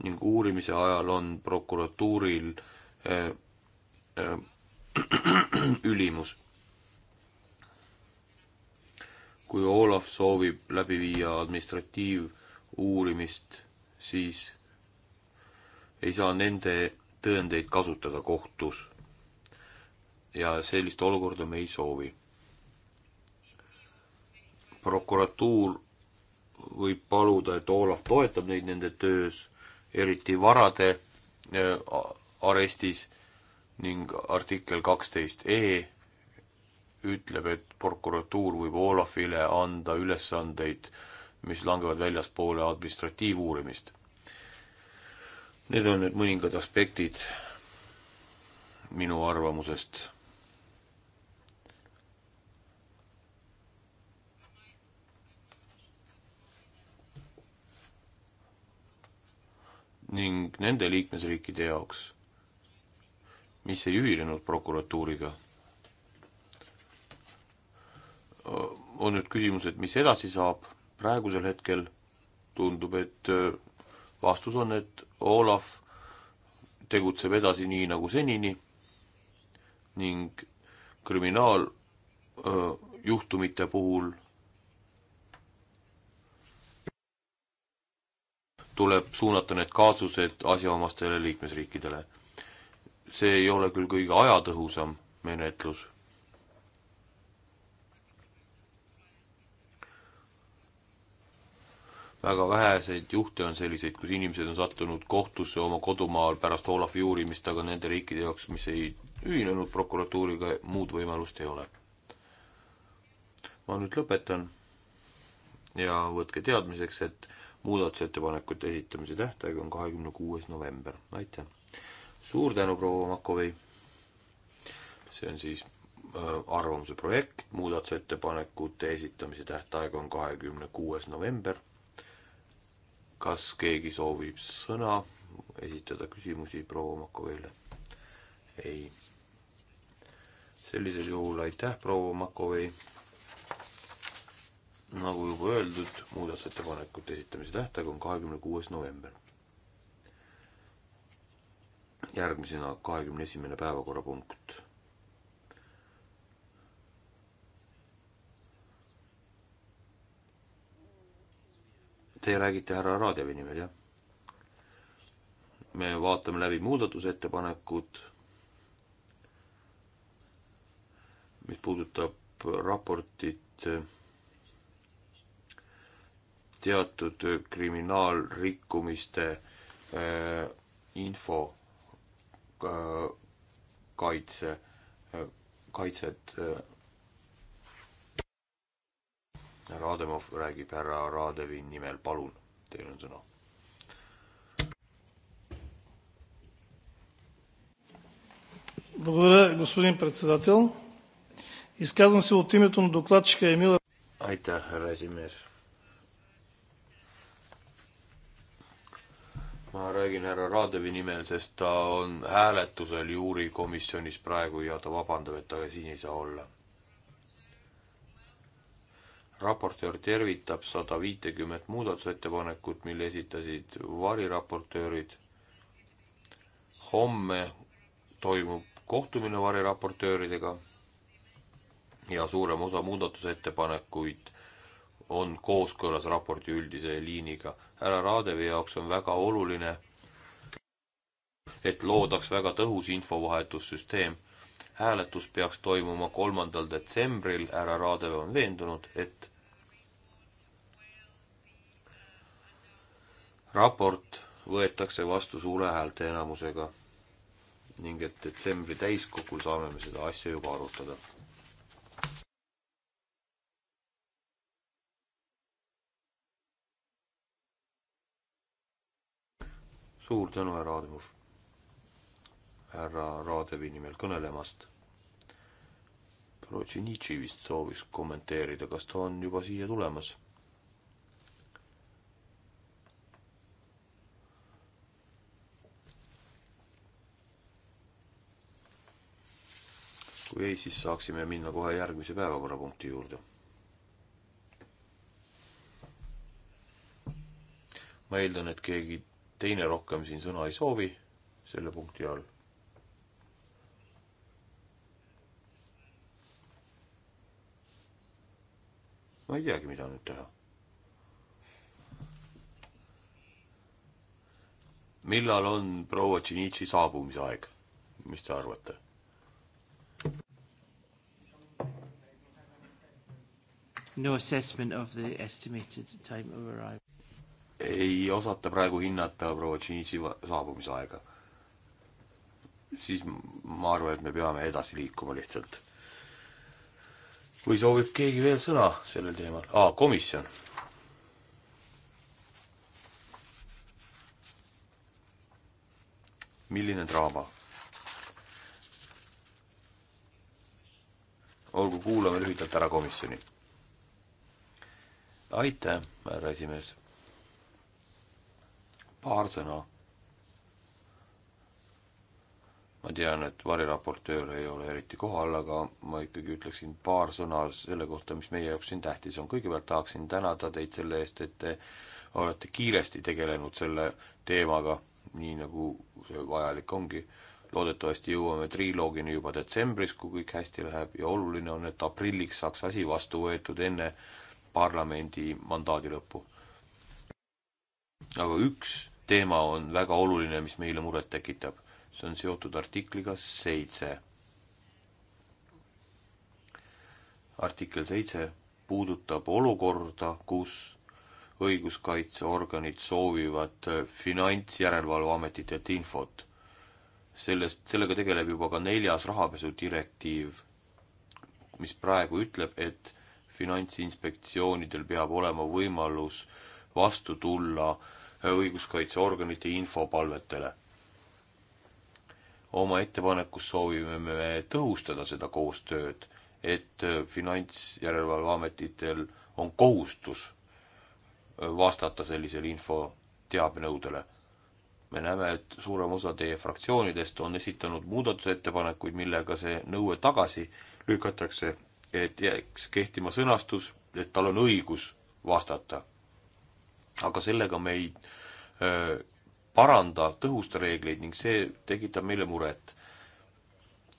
ning uurimise ajal on prokuratuuril äh, äh, ülimus. kui Olav soovib läbi viia administratiivuurimist, siis ei saa nende tõendeid kasutada kohtus. ja sellist olukorda me ei soovi. prokuratuur võib paluda, et Olav toetab neid nende töös eriti varade äh, arestis ning artikkel kaksteist E ütleb, et prokuratuur võib Olafile anda ülesandeid, mis langevad väljaspoole administratiivuurimist. Need on need mõningad aspektid minu arvamusest ning nende liikmesriikide jaoks, mis ei ühinenud prokuratuuriga, on nüüd küsimus, et mis edasi saab, praegusel hetkel tundub, et äh, vastus on, et Olav tegutseb edasi nii nagu senini ning kriminaaljuhtumite äh, puhul tuleb suunata need kaasused asjaomastele liikmesriikidele. see ei ole küll kõige ajatõhusam menetlus. väga väheseid juhte on selliseid, kus inimesed on sattunud kohtusse oma kodumaal pärast Olavi uurimist, aga nende riikide jaoks, mis ei ühinenud prokuratuuriga, muud võimalust ei ole. ma nüüd lõpetan ja võtke teadmiseks, et muudatusettepanekute esitamise tähtaeg on kahekümne kuues november, aitäh. suur tänu, proua Makovei. see on siis äh, arvamuse projekt, muudatusettepanekute esitamise tähtaeg on kahekümne kuues november. kas keegi soovib sõna, esitada küsimusi proua Makoveile? ei. sellisel juhul aitäh, proua Makovei nagu juba öeldud, muudatusettepanekute esitamise tähtaeg on kahekümne kuues november. järgmisena kahekümne esimene päevakorrapunkt. Te räägite härra Raadevi nimel, jah? me vaatame läbi muudatusettepanekud, mis puudutab raportit teatud kriminaalrikkumiste äh, info äh, kaitse äh,, kaitset äh,. härra Adamov räägib härra Raadevi nimel, palun, teil on sõna Благодаря, господин председател. Изказвам се от името на докладчика Емил. Aitäh, härra esimees. ma räägin härra Raadevi nimel, sest ta on hääletusel juurikomisjonis praegu ja ta vabandab, et ta siin ei saa olla. raportöör tervitab sada viitekümmet muudatusettepanekut, mille esitasid variraportöörid. homme toimub kohtumine variraportööridega ja suurem osa muudatusettepanekuid on kooskõlas raporti üldise liiniga. härra Raadevi jaoks on väga oluline, et loodaks väga tõhus infovahetussüsteem. hääletus peaks toimuma kolmandal detsembril, härra Raadev on veendunud, et raport võetakse vastu suure häälteenamusega ning et detsembri täiskogul saame me seda asja juba arutada suur tänu, härra Aademov, härra Raadevi nimel kõnelemast. Protšinitši vist soovis kommenteerida, kas ta on juba siia tulemas? kui ei, siis saaksime minna kohe järgmise päevakorrapunkti juurde. ma eeldan, et keegi teine rohkem siin sõna ei soovi selle punkti all. ma ei teagi, mida nüüd teha. millal on proua Tšinitši saabumise aeg? mis te arvate? no assessment of the estimated time of arrival ei osata praegu hinnata proua Tšinitši saabumise aega. siis ma arvan, et me peame edasi liikuma lihtsalt. või soovib keegi veel sõna sellel teemal? aa, komisjon. milline draama? olgu, kuulame lühidalt ära komisjoni. aitäh, härra esimees paar sõna. ma tean, et variraportöör ei ole eriti kohal, aga ma ikkagi ütleksin paar sõna selle kohta, mis meie jaoks siin tähtis on. kõigepealt tahaksin tänada teid selle eest, et te olete kiiresti tegelenud selle teemaga, nii nagu see vajalik ongi loodetavasti jõuame triloogini juba detsembris, kui kõik hästi läheb ja oluline on, et aprilliks saaks asi vastu võetud enne parlamendi mandaadi lõppu aga üks teema on väga oluline, mis meile muret tekitab. see on seotud artikliga seitse. artikkel seitse puudutab olukorda, kus õiguskaitseorganid soovivad Finantsjärelevalveametitelt infot. sellest, sellega tegeleb juba ka neljas rahapesudirektiiv, mis praegu ütleb, et finantsinspektsioonidel peab olema võimalus vastu tulla äh, õiguskaitseorganite infopalvetele. oma ettepanekus soovime me tõhustada seda koostööd, et Finantsjärelevalveametitel on kohustus vastata sellisele info teabenõudele. me näeme, et suurem osa teie fraktsioonidest on esitanud muudatusettepanekuid, millega see nõue tagasi lükatakse, et jääks kehtima sõnastus, et tal on õigus vastata. aga sellega me ei paranda, tõhusta reegleid ning see tekitab meile muret.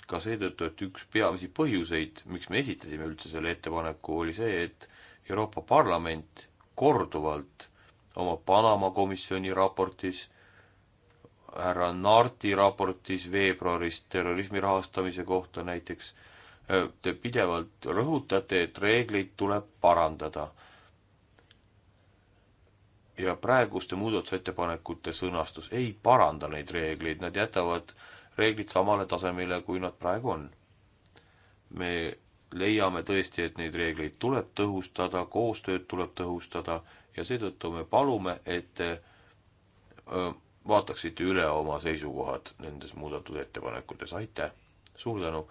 ka seetõttu, et üks peamisi põhjuseid, miks me esitasime üldse selle ettepaneku, oli see, et Euroopa Parlament korduvalt oma Panama komisjoni raportis, härra Naarti raportis veebruarist terrorismi rahastamise kohta näiteks, te pidevalt rõhutate, et reegleid tuleb parandada ja praeguste muudatusettepanekute sõnastus ei paranda neid reegleid, nad jätavad reeglid samale tasemele, kui nad praegu on. me leiame tõesti, et neid reegleid tuleb tõhustada, koostööd tuleb tõhustada ja seetõttu me palume, et te vaataksite üle oma seisukohad nendes muudatud ettepanekutes, aitäh! suur tänu!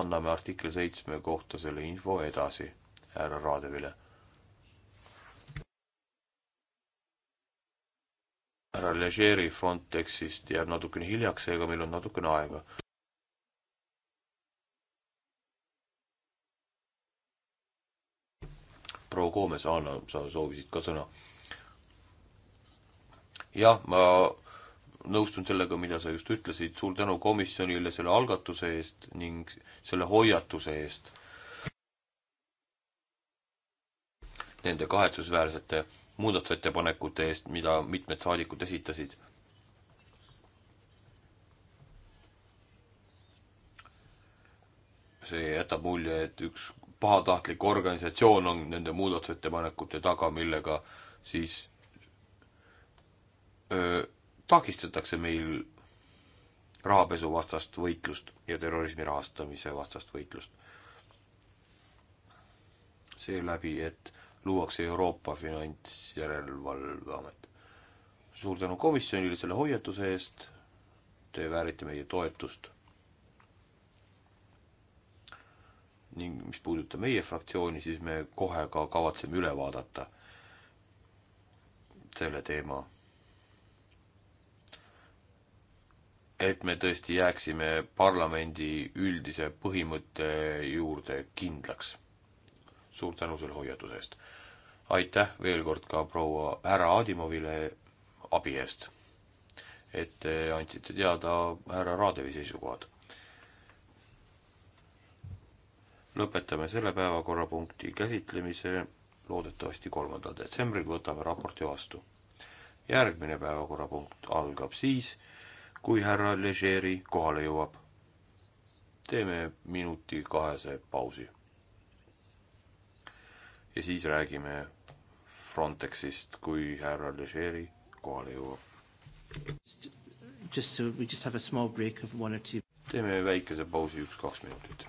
anname artikli seitsme kohta selle info edasi härra Raadevile härra Legeri Frontexist jääb natukene hiljaks, seega meil on natukene aega. proua Koomes, Anna, sa soovisid ka sõna? jah, ma nõustun sellega, mida sa just ütlesid, suur tänu komisjonile selle algatuse eest ning selle hoiatuse eest. Nende kahetsusväärsete muudatusettepanekute eest, mida mitmed saadikud esitasid. see jätab mulje, et üks pahatahtlik organisatsioon on nende muudatusettepanekute taga, millega siis öö, takistatakse meil rahapesuvastast võitlust ja terrorismi rahastamise vastast võitlust. seeläbi, et luuakse Euroopa Finantsjärelevalveamet. suur tänu komisjonile selle hoiatuse eest, te väärite meie toetust. ning mis puudutab meie fraktsiooni, siis me kohe ka kavatseme üle vaadata selle teema. et me tõesti jääksime parlamendi üldise põhimõtte juurde kindlaks. suur tänu selle hoiatuse eest aitäh veel kord ka proua härra Adimovile abi eest, et te andsite teada härra Raadevi seisukohad. lõpetame selle päevakorrapunkti käsitlemise, loodetavasti kolmandal detsembril võtame raporti vastu. järgmine päevakorrapunkt algab siis, kui härra Legeri kohale jõuab. teeme minuti kahese pausi. ja siis räägime Frontexist, kui härra Legeri kohale jõuab. teeme väikese pausi, üks-kaks minutit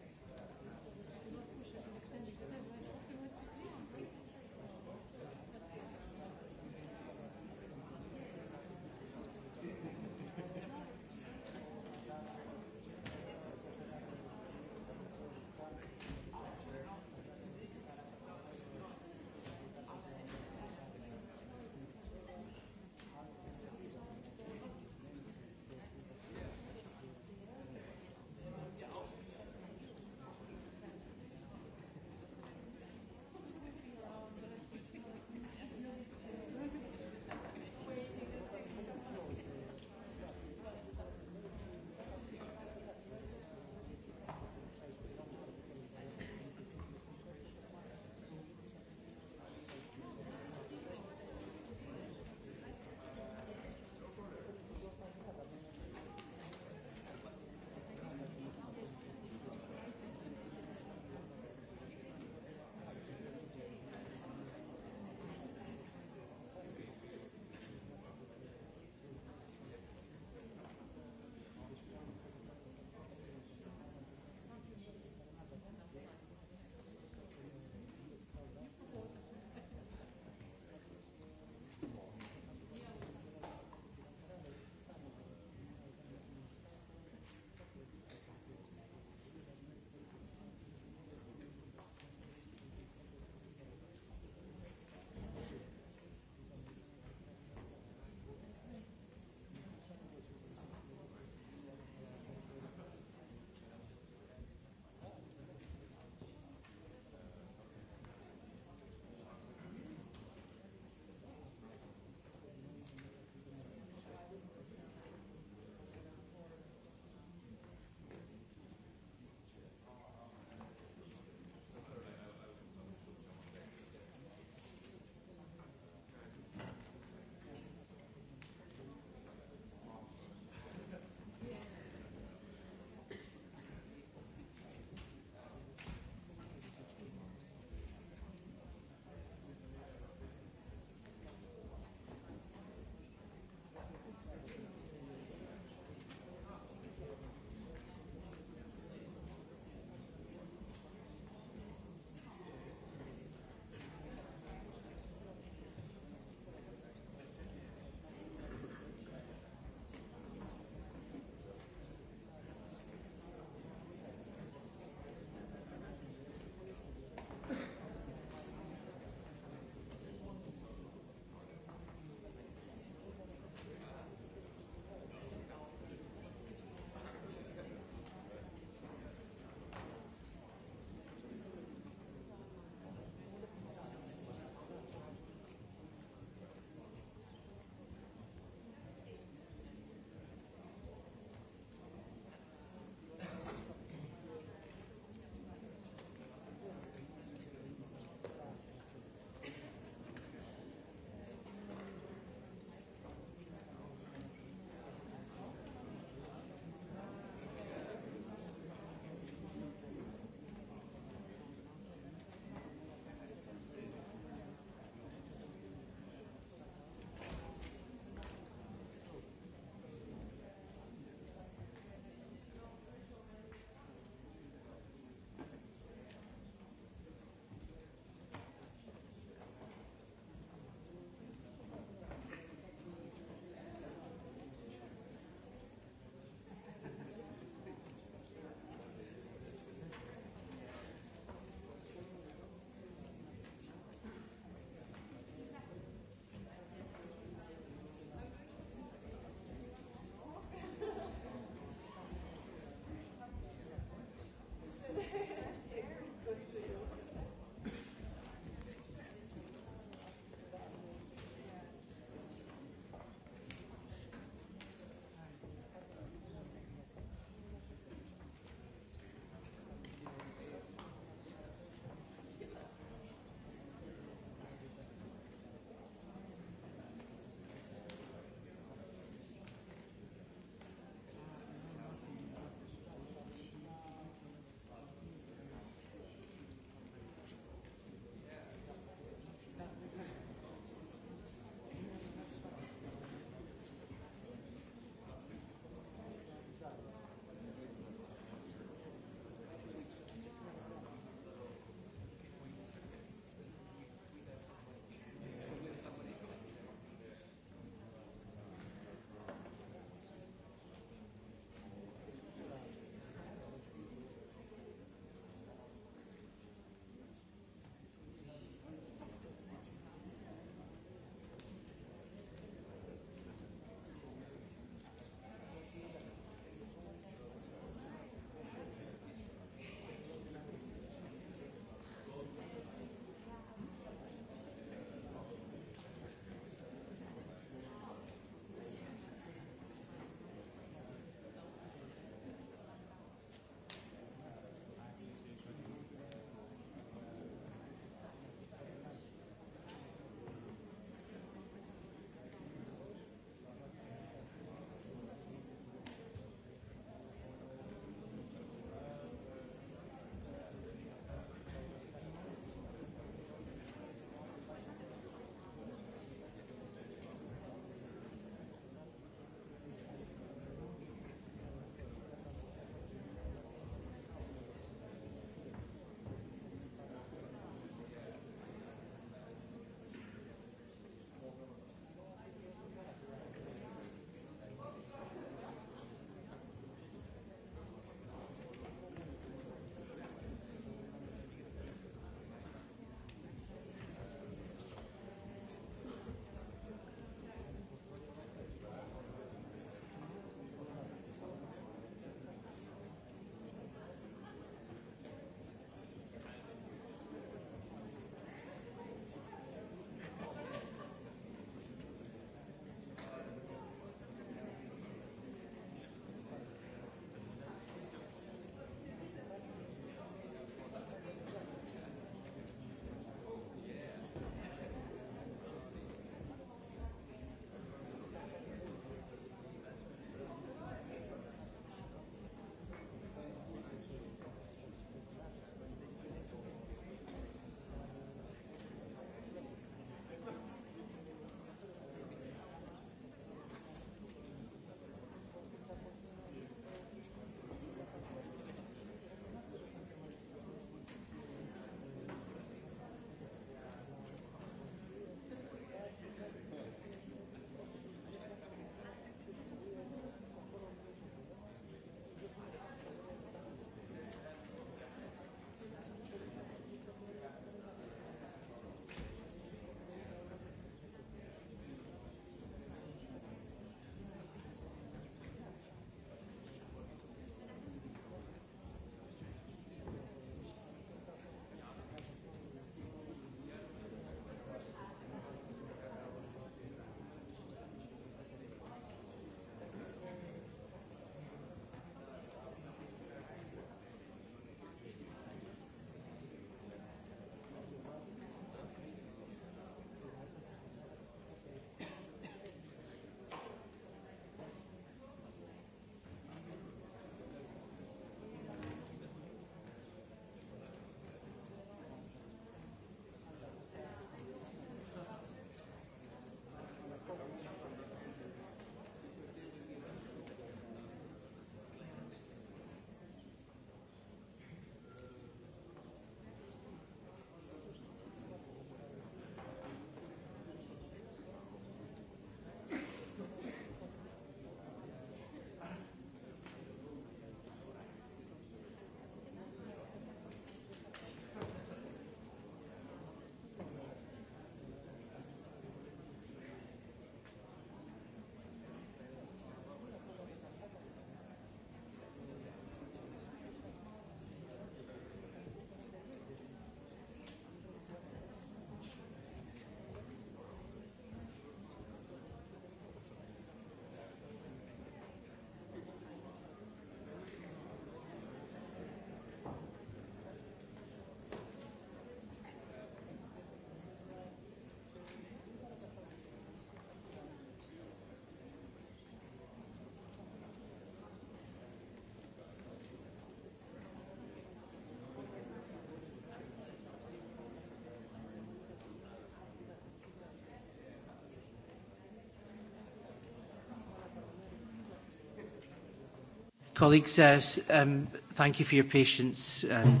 Colleagues, uh, um, thank you for your patience and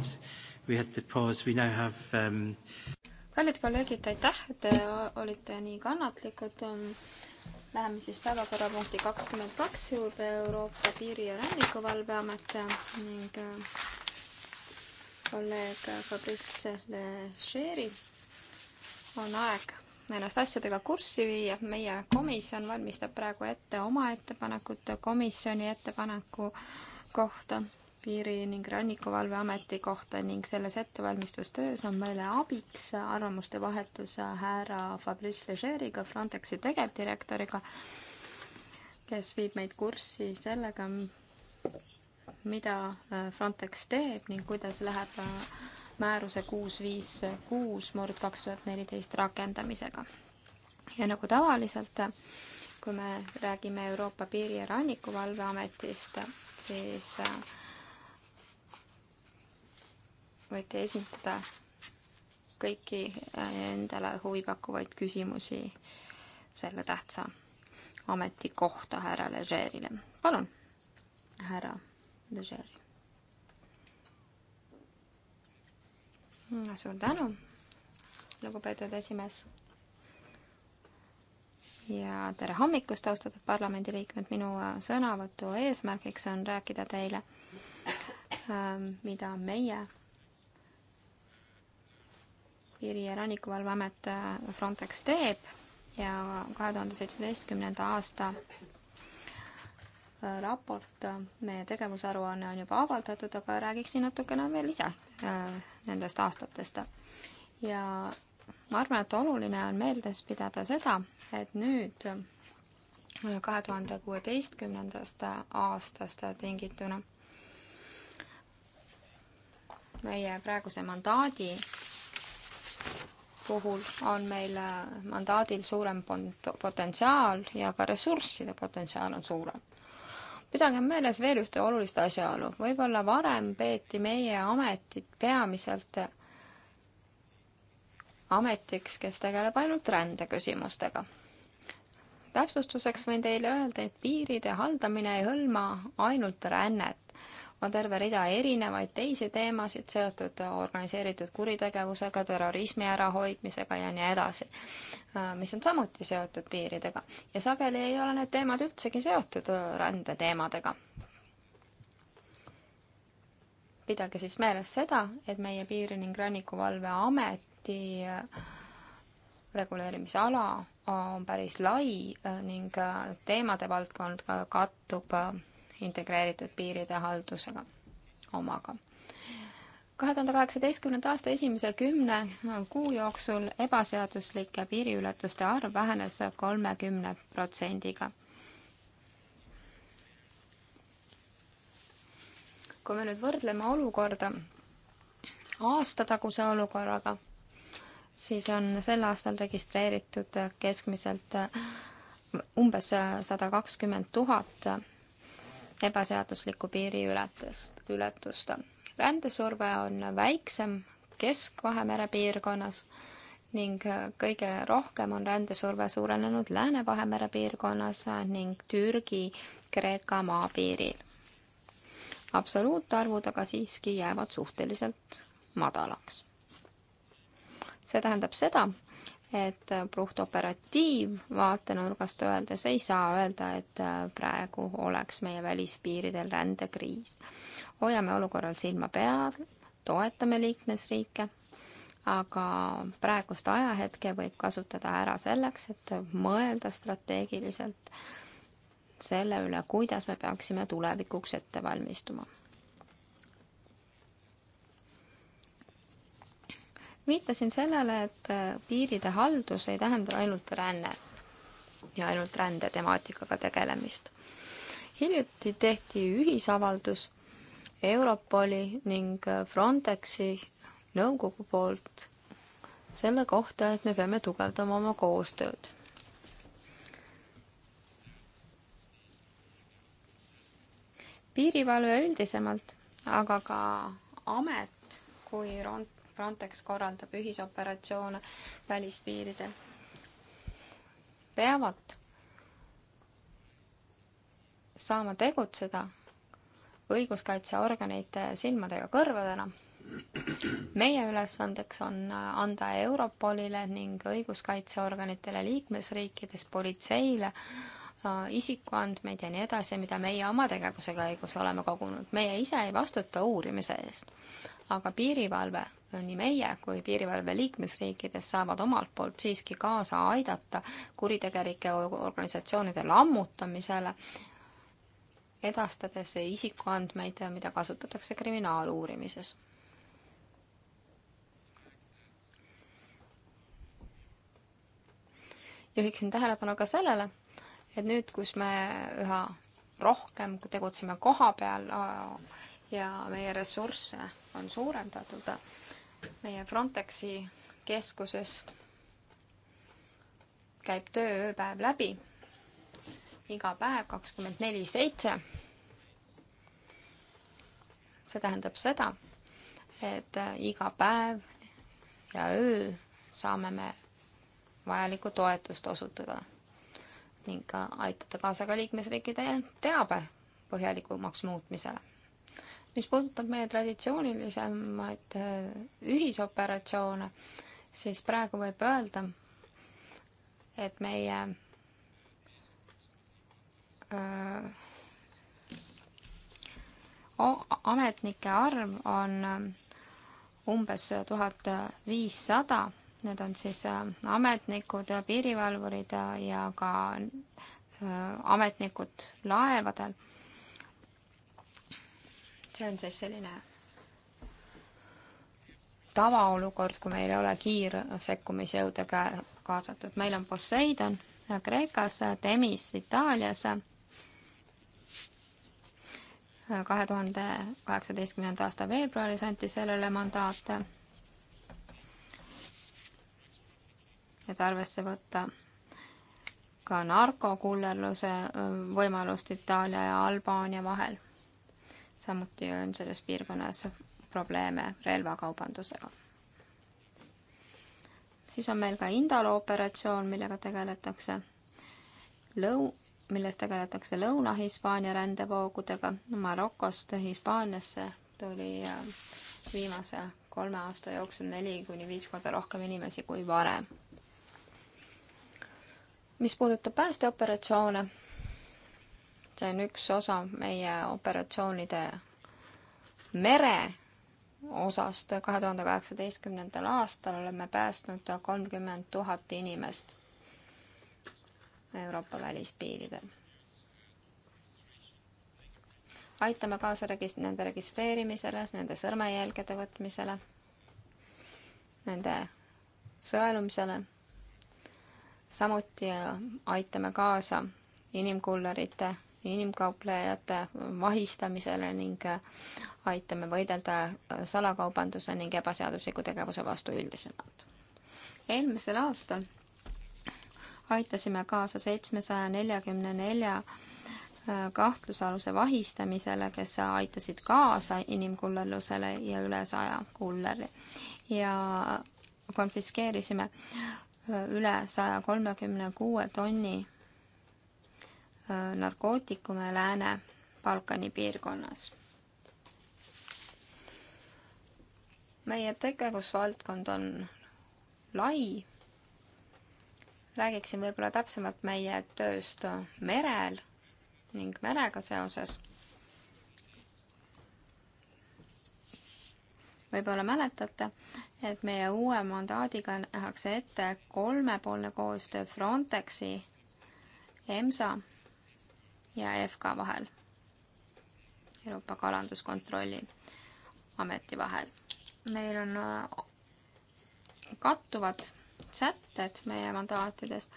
we had to pause. We now have um... kallid kolleegid, aitäh, et te olite nii kannatlikud. Um, läheme siis päevakorrapunkti kakskümmend kaks juurde, Euroopa Piiri- ja Rannikuvalveamet ning uh, kolleeg Fabrice Lecheri on aeg ennast asjadega kurssi viia. meie komisjon valmistab praegu ette oma ettepanekut komisjoni ettepaneku kohta piiri- ning rannikuvalveameti kohta ning selles ettevalmistustöös on meile abiks arvamuste vahetus härra Fabrice Legeriga, Frontexi tegevdirektoriga, kes viib meid kurssi sellega, mida Frontex teeb ning kuidas läheb määruse kuus viis kuus murd kaks tuhat neliteist rakendamisega. ja nagu tavaliselt, kui me räägime Euroopa Piiri- ja Rannikuvalveametist, siis äh, võite esitada kõiki äh, endale huvipakkuvaid küsimusi selle tähtsa ameti kohta härra Legeerile. palun, härra Legeer. Mm, suur tänu, lugupeetud esimees. ja tere hommikust, austatud parlamendiliikmed, minu äh, sõnavõtu eesmärgiks on rääkida teile, ähm, mida meie Piiri- ja Rannikuvalveamet äh, Frontex teeb ja kahe tuhande seitsmeteistkümnenda aasta Äh, raport, äh, meie tegevusaruanne on juba avaldatud, aga räägiksin natukene veel ise äh, nendest aastatest. ja ma arvan, et oluline on meeldes pidada seda, et nüüd kahe tuhande kuueteistkümnendast aastast tingituna meie praeguse mandaadi puhul on meil mandaadil suurem pot-, potentsiaal ja ka ressursside potentsiaal on suurem pidagem meeles veel ühte olulist asjaolu. võib-olla varem peeti meie ametit peamiselt ametiks, kes tegeleb ainult rändeküsimustega. täpsustuseks võin teile öelda, et piiride haldamine ei hõlma ainult rännet on terve rida erinevaid teisi teemasid seotud organiseeritud kuritegevusega, terrorismi ärahoidmisega ja nii edasi, äh, mis on samuti seotud piiridega. ja sageli ei ole need teemad üldsegi seotud äh, rändeteemadega. pidage siis meeles seda, et meie Piiri- ning Rannikuvalveameti äh, reguleerimisala on päris lai ning teemade valdkond kattub integreeritud piiride haldusega omaga. kahe tuhande kaheksateistkümnenda aasta esimese kümne kuu jooksul ebaseaduslike piiriületuste arv vähenes kolmekümne protsendiga kui me nüüd võrdleme olukorda aastataguse olukorraga, siis on sel aastal registreeritud keskmiselt umbes sada kakskümmend tuhat ebaseaduslikku piiriületust, ületust. rändesurve on väiksem Kesk-Vahemere piirkonnas ning kõige rohkem on rändesurve suurenenud Lääne-Vahemere piirkonnas ning Türgi-Kreeka maapiiril. absoluutarvud aga siiski jäävad suhteliselt madalaks. see tähendab seda, et äh, puhtoperatiivvaatenurgast öeldes ei saa öelda, et äh, praegu oleks meie välispiiridel rändekriis. hoiame olukorral silma peal, toetame liikmesriike, aga praegust ajahetke võib kasutada ära selleks, et mõelda strateegiliselt selle üle, kuidas me peaksime tulevikuks ette valmistuma viitasin sellele, et äh, piiride haldus ei tähenda ainult rännet ja ainult rändetemaatikaga tegelemist. hiljuti tehti ühisavaldus Europoli ning äh, Frontexi nõukogu poolt selle kohta, et me peame tugevdama oma koostööd. piirivalve üldisemalt, aga ka amet kui rond-, Frontex korraldab ühisoperatsioone välispiiridel. peavad saama tegutseda õiguskaitseorganite silmadega kõrvadena. meie ülesandeks on anda Europolile ning õiguskaitseorganitele liikmesriikides, politseile äh, isikuandmeid ja nii edasi, mida meie oma tegevuse käigus oleme kogunud. meie ise ei vastuta uurimise eest, aga piirivalve nii meie kui piirivalve liikmesriikides saavad omalt poolt siiski kaasa aidata kuritegelike organisatsioonide lammutamisele, edastades isikuandmeid, mida kasutatakse kriminaaluurimises. juhiksin tähelepanu ka sellele, et nüüd, kus me üha rohkem tegutseme koha peal ja meie ressursse on suurendatud, meie Frontexi keskuses käib töö ööpäev läbi, iga päev kakskümmend neli seitse. see tähendab seda, et äh, iga päev ja öö saame me vajalikku toetust osutada ning ka aidata kaasa ka liikmesriikide teabe põhjalikumaks muutmisele mis puudutab meie traditsioonilisemaid äh, ühisoperatsioone, siis praegu võib öelda, et meie öö, äh, ametnike arv on äh, umbes tuhat viissada, need on siis ametnikud, piirivalvurid ja ka öö, ametnikud laevadel see on siis selline tavaolukord, kui meil ei ole kiirsekkumisjõude kaasatud. meil on Poseidon Kreekas, Temis Itaalias kahe tuhande kaheksateistkümnenda aasta veebruaris anti sellele mandaat, et arvesse võtta ka narkokullerluse võimalust Itaalia ja Albaania vahel samuti on selles piirkonnas probleeme relvakaubandusega. siis on meil ka Indalo operatsioon, millega tegeletakse lõu-, milles tegeletakse Lõuna-Hispaania rändevoogudega Marokost Hispaaniasse tuli äh, viimase kolme aasta jooksul neli kuni viis korda rohkem inimesi kui varem. mis puudutab päästeoperatsioone, see on üks osa meie operatsioonide mere osast. kahe tuhande kaheksateistkümnendal aastal oleme päästnud kolmkümmend tuhat inimest Euroopa välispiiridel. aitame kaasa regist-, nende registreerimisele, nende sõrmejälgede võtmisele, nende sõelumisele. samuti aitame kaasa inimkullerite inimkauplejate vahistamisele ning aitame võidelda salakaubanduse ning ebaseadusliku tegevuse vastu üldisemalt. eelmisel aastal aitasime kaasa seitsmesaja neljakümne nelja äh, kahtlusaluse vahistamisele, kes aitasid kaasa inimkullerlusele ja üle saja kulleri. ja konfiskeerisime äh, üle saja kolmekümne kuue tonni Äh, narkootikume Lääne-Balkani piirkonnas. meie tegevusvaldkond on lai. räägiksin võib-olla täpsemalt meie tööst merel ning merega seoses. võib-olla mäletate, et meie uue mandaadiga nähakse ette kolmepoolne koostöö Frontexi, EMSA ja EFK vahel, Euroopa Kalanduskontrolli Ameti vahel. Neil on äh, kattuvad sätted meie mandaatides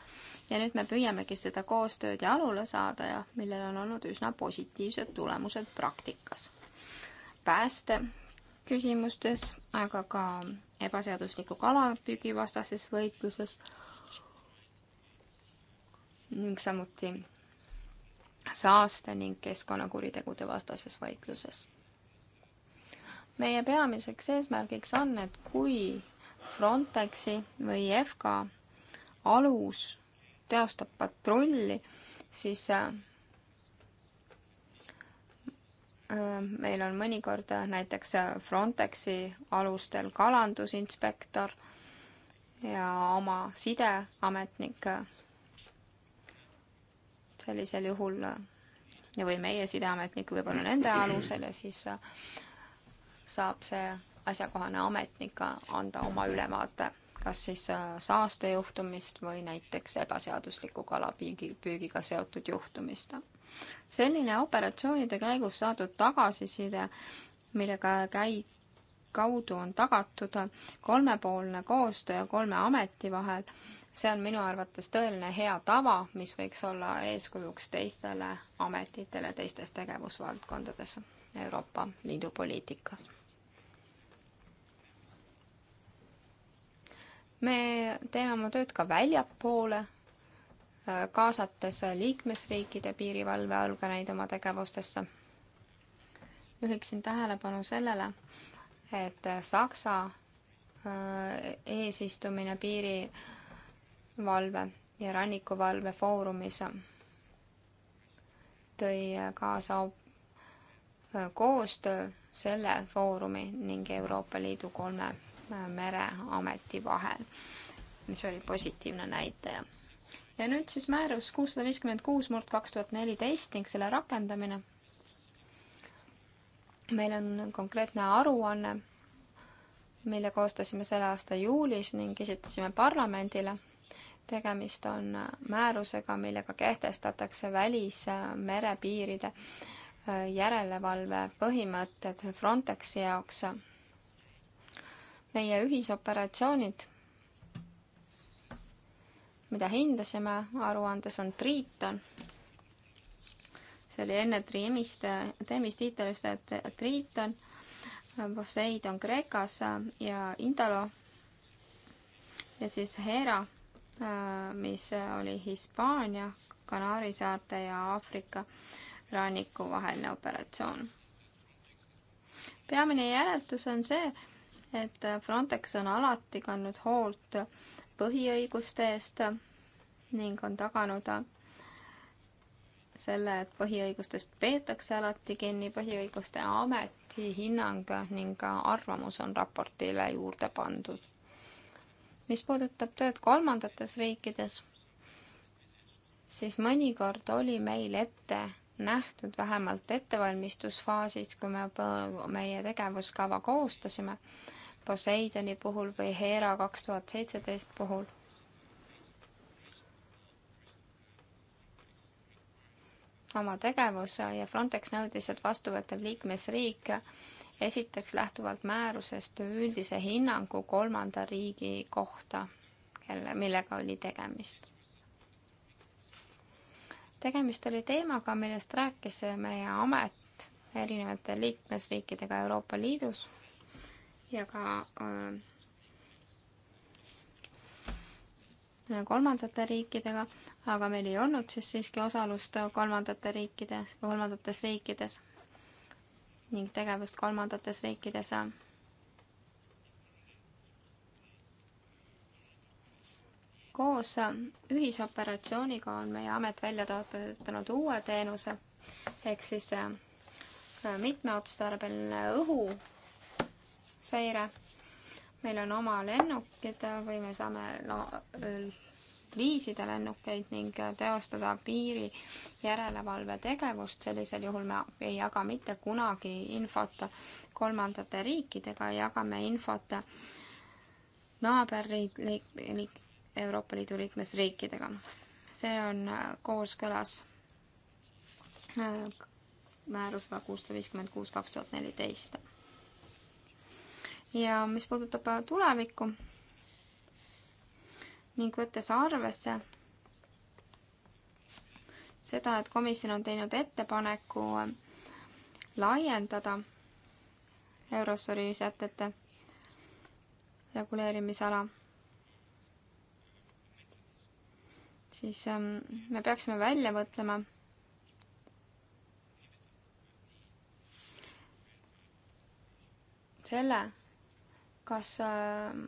ja nüüd me püüamegi seda koostööd jalule saada ja millel on olnud üsna positiivsed tulemused praktikas. pääste küsimustes, aga ka ebaseadusliku kalapüügi vastases võitluses ning samuti saaste ning keskkonnakuritegude vastases võitluses. meie peamiseks eesmärgiks on, et kui Frontexi või EFKA alus teostab patrulli, siis äh, meil on mõnikord näiteks Frontexi alustel kalandusinspektor ja oma sideametnik sellisel juhul või meie sideametnik võib-olla nende alusel ja siis äh, saab see asjakohane ametnik anda oma ülevaate kas siis äh, saastejuhtumist või näiteks ebaseadusliku kalapüügi, püügiga seotud juhtumist. selline operatsioonide käigus saadud tagasiside, millega käi-, kaudu on tagatud kolmepoolne koostöö kolme ameti vahel, see on minu arvates tõeline hea tava, mis võiks olla eeskujuks teistele ametitele teistes tegevusvaldkondades Euroopa Liidu poliitikas. me teeme oma tööd ka väljapoole, kaasates liikmesriikide piirivalveorganeid oma tegevustesse. juhiksin tähelepanu sellele, et Saksa äh, eesistumine piiri valve ja rannikuvalve foorumis tõi kaasa koostöö selle foorumi ning Euroopa Liidu kolme mereameti vahel, mis oli positiivne näitaja. ja nüüd siis määrus kuussada viiskümmend kuus murd kaks tuhat neliteist ning selle rakendamine. meil on konkreetne aruanne, mille koostasime selle aasta juulis ning esitasime parlamendile tegemist on määrusega, millega kehtestatakse välismerepiiride äh, järelevalve põhimõtted Frontexi jaoks. meie ühisoperatsioonid, mida hindasime aruandes, on Triiton, see oli enne Triimist, Teemist Iitalist, et Triiton, Poseidon Kreekas ja Indalo ja siis Hera Äh, mis oli Hispaania, Kanaari saarte ja Aafrika ranniku vaheline operatsioon. peamine järeldus on see, et Frontex on alati kandnud hoolt põhiõiguste eest ning on taganud selle, et põhiõigustest peetakse alati kinni, põhiõiguste ameti hinnang ning arvamus on raportile juurde pandud mis puudutab tööd kolmandates riikides, siis mõnikord oli meil ette nähtud vähemalt ettevalmistusfaasis, kui me meie tegevuskava koostasime, Poseidoni puhul või Hera kaks tuhat seitseteist puhul. oma tegevuse ja Frontex nõudis, et vastuvõttev liikmesriik esiteks lähtuvalt määrusest üldise hinnangu kolmanda riigi kohta, kelle, millega oli tegemist. tegemist oli teemaga, millest rääkis meie amet erinevate liikmesriikidega Euroopa Liidus ja ka öö, äh, kolmandate riikidega, aga meil ei olnud siis siiski osalust kolmandate riikide, kolmandates riikides ning tegevust kolmandates riikides. koos ühisoperatsiooniga on meie amet välja töötanud uue teenuse ehk siis äh, mitmeotstarbeline õhuseire. meil on oma lennukid või me saame liisida lennukeid ning äh, teostada piiri järelevalve tegevust, sellisel juhul me ei jaga mitte kunagi infot kolmandate riikidega, jagame infot naaberriik, Euroopa Liidu liikmesriikidega. see on äh, kooskõlas äh, määrusega kuussada viiskümmend kuus kaks tuhat neliteist. ja mis puudutab tulevikku, ning võttes arvesse seda, et komisjon on teinud ettepaneku laiendada Eurosori sätete reguleerimisala, siis ähm, me peaksime välja mõtlema selle, kas ähm,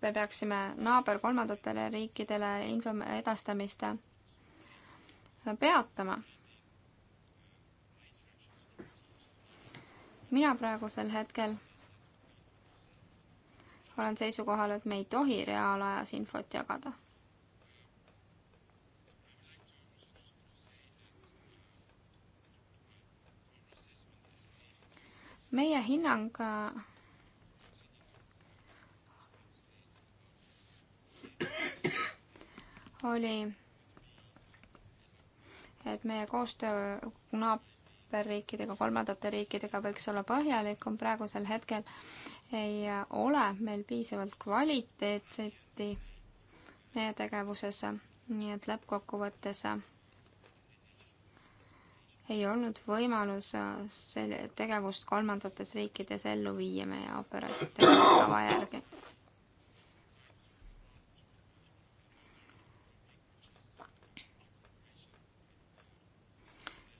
me peaksime naaber kolmandatele riikidele info edastamist peatama. mina praegusel hetkel olen seisukohal, et me ei tohi reaalajas infot jagada. meie hinnang oli, et meie koostöö naaberriikidega, kolmandate riikidega võiks olla põhjalikum, praegusel hetkel ei ole meil piisavalt kvaliteetseti meie tegevuses, nii et lõppkokkuvõttes ei olnud võimalus selle tegevust kolmandates riikides ellu viia meie operatiivtegevuskava järgi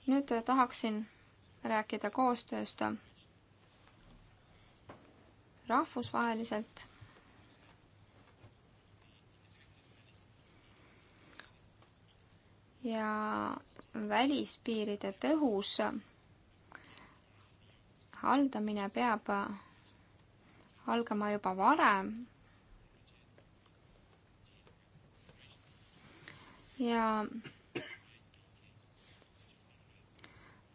nüüd tahaksin rääkida koostööst rahvusvaheliselt. ja välispiiride tõhus haldamine peab algama juba varem. ja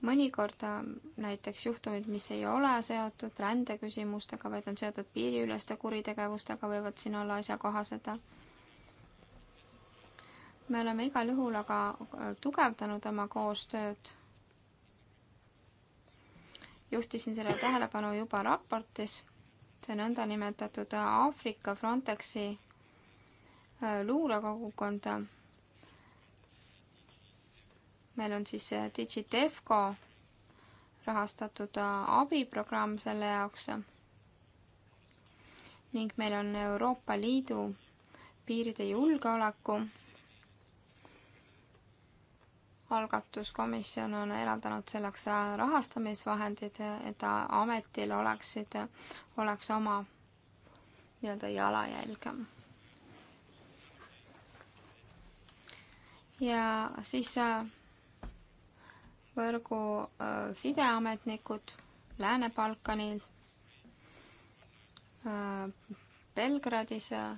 mõnikord äh, näiteks juhtumid, mis ei ole seotud rändeküsimustega, vaid on seotud piiriüleste kuritegevustega, võivad siin olla asjakohased. me oleme igal juhul aga äh, tugevdanud oma koostööd. juhtisin sellele tähelepanu juba raportis, see nõndanimetatud Aafrika Frontexi äh, luurekogukonda meil on siis äh, Digitefco rahastatud äh, abiprogramm selle jaoks ning meil on Euroopa Liidu piiride julgeoleku algatuskomisjon on eraldanud selleks äh, rahastamisvahendid, et ametil oleksid, oleks oma nii-öelda jalajälg. ja siis võrgu äh, sideametnikud Lääne-Balkanil, äh, Belgradis äh,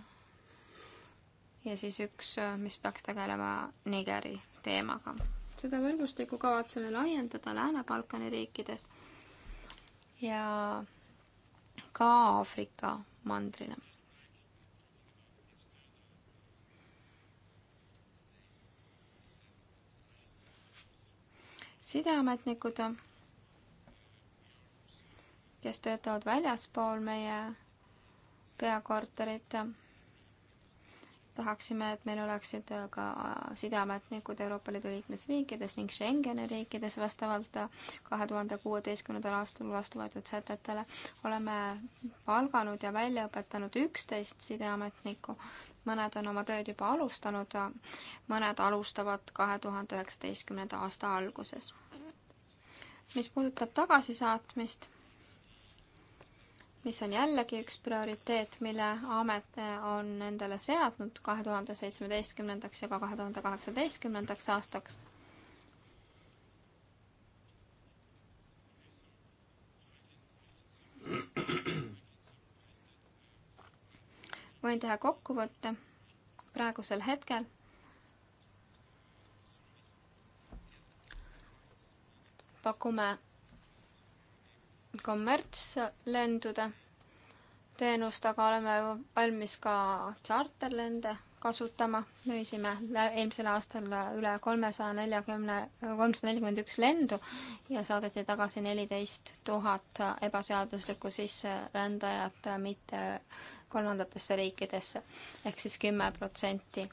ja siis üks, mis peaks tegelema Nigeri teemaga. seda võrgustikku kavatseme laiendada Lääne-Balkani riikides ja ka Aafrika mandrile sideametnikud, kes töötavad väljaspool meie peakorterit. tahaksime, et meil oleksid ka sideametnikud Euroopa Liidu liikmesriikides ning Schengeni riikides vastavalt kahe tuhande kuueteistkümnendal aastal vastu võetud sätetele. oleme palganud ja välja õpetanud üksteist sideametnikku, mõned on oma tööd juba alustanud, mõned alustavad kahe tuhande üheksateistkümnenda aasta alguses mis puudutab tagasisaatmist, mis on jällegi üks prioriteet, mille amet on endale seadnud kahe tuhande seitsmeteistkümnendaks ja ka kahe tuhande kaheksateistkümnendaks aastaks. võin teha kokkuvõtte praegusel hetkel pakume kommertslendude teenust, aga oleme valmis ka tšarterlende kasutama. müüsime eelmisel aastal üle kolmesaja neljakümne, kolmsada nelikümmend üks lendu ja saadeti tagasi neliteist tuhat ebaseaduslikku sisserändajat mitte kolmandatesse riikidesse ehk siis kümme protsenti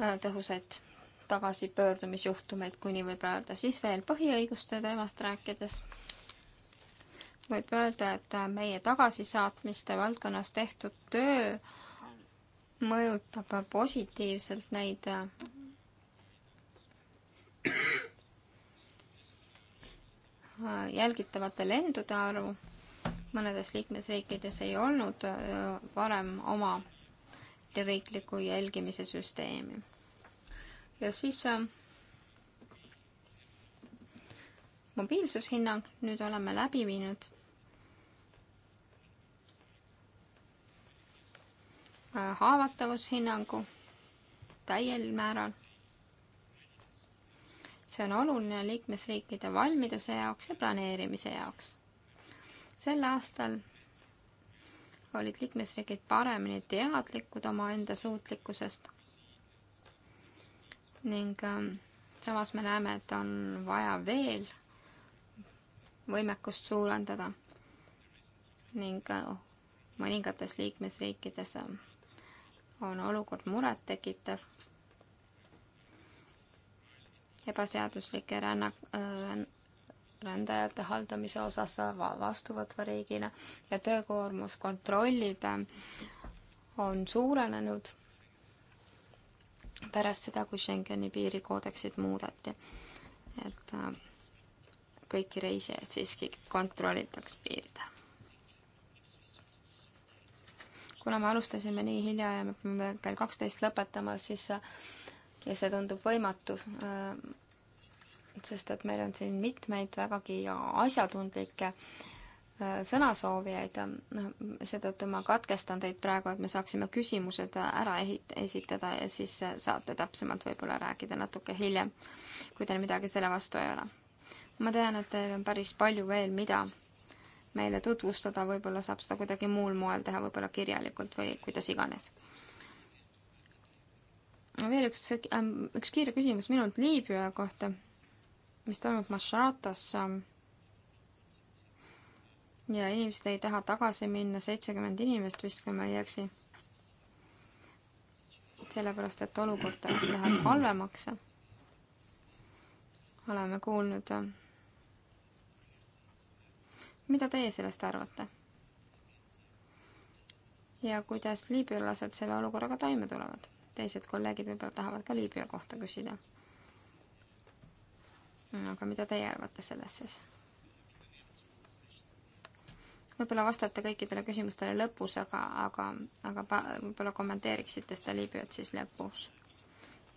tõhusaid tagasipöördumisjuhtumeid, kui nii võib öelda, siis veel põhiõiguste teemast rääkides võib öelda, et meie tagasisaatmiste valdkonnas tehtud töö mõjutab positiivselt neid jälgitavate lendude arvu. mõnedes liikmesriikides ei olnud varem oma riiklikku jälgimise süsteemi ja siis äh, mobiilsushinnang, nüüd oleme läbi viinud äh, haavatavushinnangu täiel määral. see on oluline liikmesriikide valmiduse jaoks ja planeerimise jaoks. sel aastal olid liikmesriigid paremini teadlikud omaenda suutlikkusest ning ähm, samas me näeme, et on vaja veel võimekust suurendada ning äh, oh, mõningates liikmesriikides ähm, on olukord murettekitav. ebaseaduslike rännak- rän,, rändajate haldamise osas äh, vastuvõtva riigina ja töökoormus kontrollida on suurenenud pärast seda, kui Schengeni piirikoodeksit muudeti. et äh, kõiki reisijaid siiski kontrollitaks piiridel. kuna me alustasime nii hilja ja me peame kell kaksteist lõpetama, siis ja see tundub võimatu, äh, sest et meil on siin mitmeid vägagi asjatundlikke sõnasoovijaid, noh, seetõttu ma katkestan teid praegu, et me saaksime küsimused ära ehit-, esitada ja siis saate täpsemalt võib-olla rääkida natuke hiljem, kui teil midagi selle vastu ei ole. ma tean, et teil on päris palju veel, mida meile tutvustada, võib-olla saab seda kuidagi muul moel teha, võib-olla kirjalikult või kuidas iganes. veel üks, ähm, üks kiire küsimus minult Liibüa kohta, mis toimub Mašratas ähm, ja inimesed ei taha tagasi minna, seitsekümmend inimest vist, kui ma ei eksi. sellepärast, et olukord läheb halvemaks. oleme kuulnud. mida teie sellest arvate? ja kuidas liibüalased selle olukorraga toime tulevad? teised kolleegid võib-olla tahavad ka Liibüa kohta küsida. aga mida teie arvate sellest siis? võib-olla vastate kõikidele küsimustele lõpus, aga, aga, aga võib-olla kommenteeriksite seda Liibüat siis lõpus.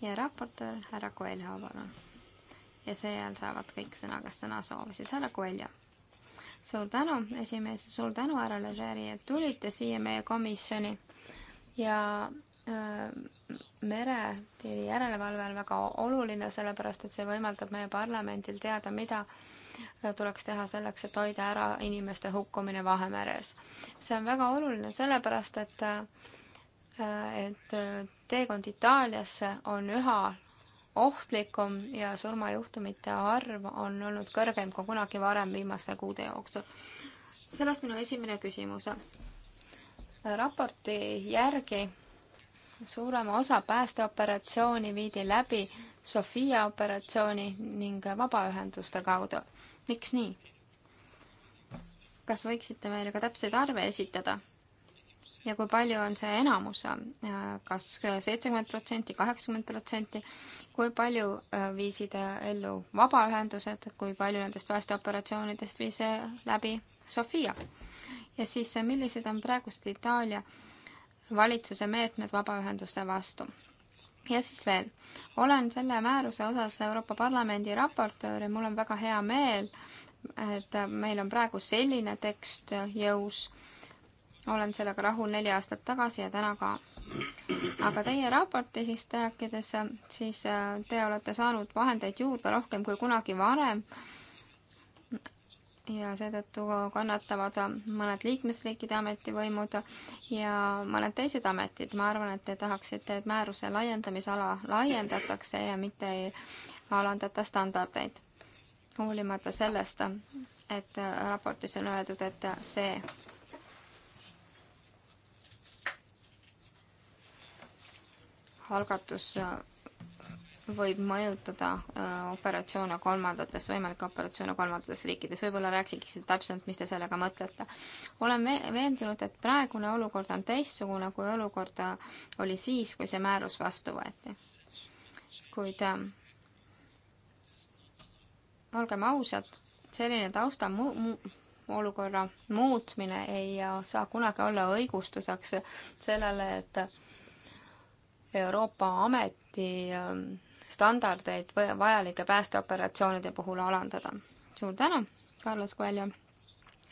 ja raportöör härra Coelho, palun. ja seejärel saavad kõik sõna, kes sõna soovisid. härra Coelho. suur tänu, esimees, suur tänu, härra Legeri, et tulite siia meie komisjoni ja äh, merepiiri järelevalve on väga oluline, sellepärast et see võimaldab meie parlamendil teada, mida äh, tuleks teha selleks, et hoida ära inimeste hukkumine Vahemeres. see on väga oluline sellepärast, et, äh, et teekond Itaaliasse on üha ohtlikum ja surmajuhtumite arv on olnud kõrgem kui kunagi varem viimaste kuude jooksul. sellest minu esimene küsimus. raporti järgi suurema osa päästeoperatsiooni viidi läbi Sofia operatsiooni ning vabaühenduste kaudu. miks nii? kas võiksite meile ka täpseid arve esitada? ja kui palju on see enamus kas, äh, kas seitsekümmend protsenti, kaheksakümmend protsenti, kui palju äh, viisid äh, ellu vabaühendused, kui palju nendest päästeoperatsioonidest viis läbi Sofia? ja siis, millised on praegused Itaalia valitsuse meetmed vabaühenduste vastu? ja siis veel. olen selle määruse osas Euroopa Parlamendi raportöör ja mul on väga hea meel, et meil on praegu selline tekst jõus. olen sellega rahul neli aastat tagasi ja täna ka. aga teie raportist rääkides, siis te olete saanud vahendeid juurde rohkem kui kunagi varem ja seetõttu kannatavad mõned liikmesriikide ametivõimud ja mõned teised ametid. ma arvan, et te tahaksite, et määruse laiendamisala laiendatakse ja mitte ei alandata standardeid. hoolimata sellest, et raportis on öeldud, et see algatus võib mõjutada äh, operatsioone kolmandates, võimalikke operatsioone kolmandates riikides, võib-olla rääkige täpsemalt, mis te sellega mõtlete. olen veendunud, et praegune olukord on teistsugune, kui olukord äh, oli siis, kui see määrus vastu võeti. kuid äh, olgem ausad, selline tausta mu-, mu-, olukorra muutmine ei äh, saa kunagi olla õigustuseks sellele, et Euroopa Ameti äh, standardeid vajalike päästeoperatsioonide puhul alandada. suur tänu, Carlos Coelho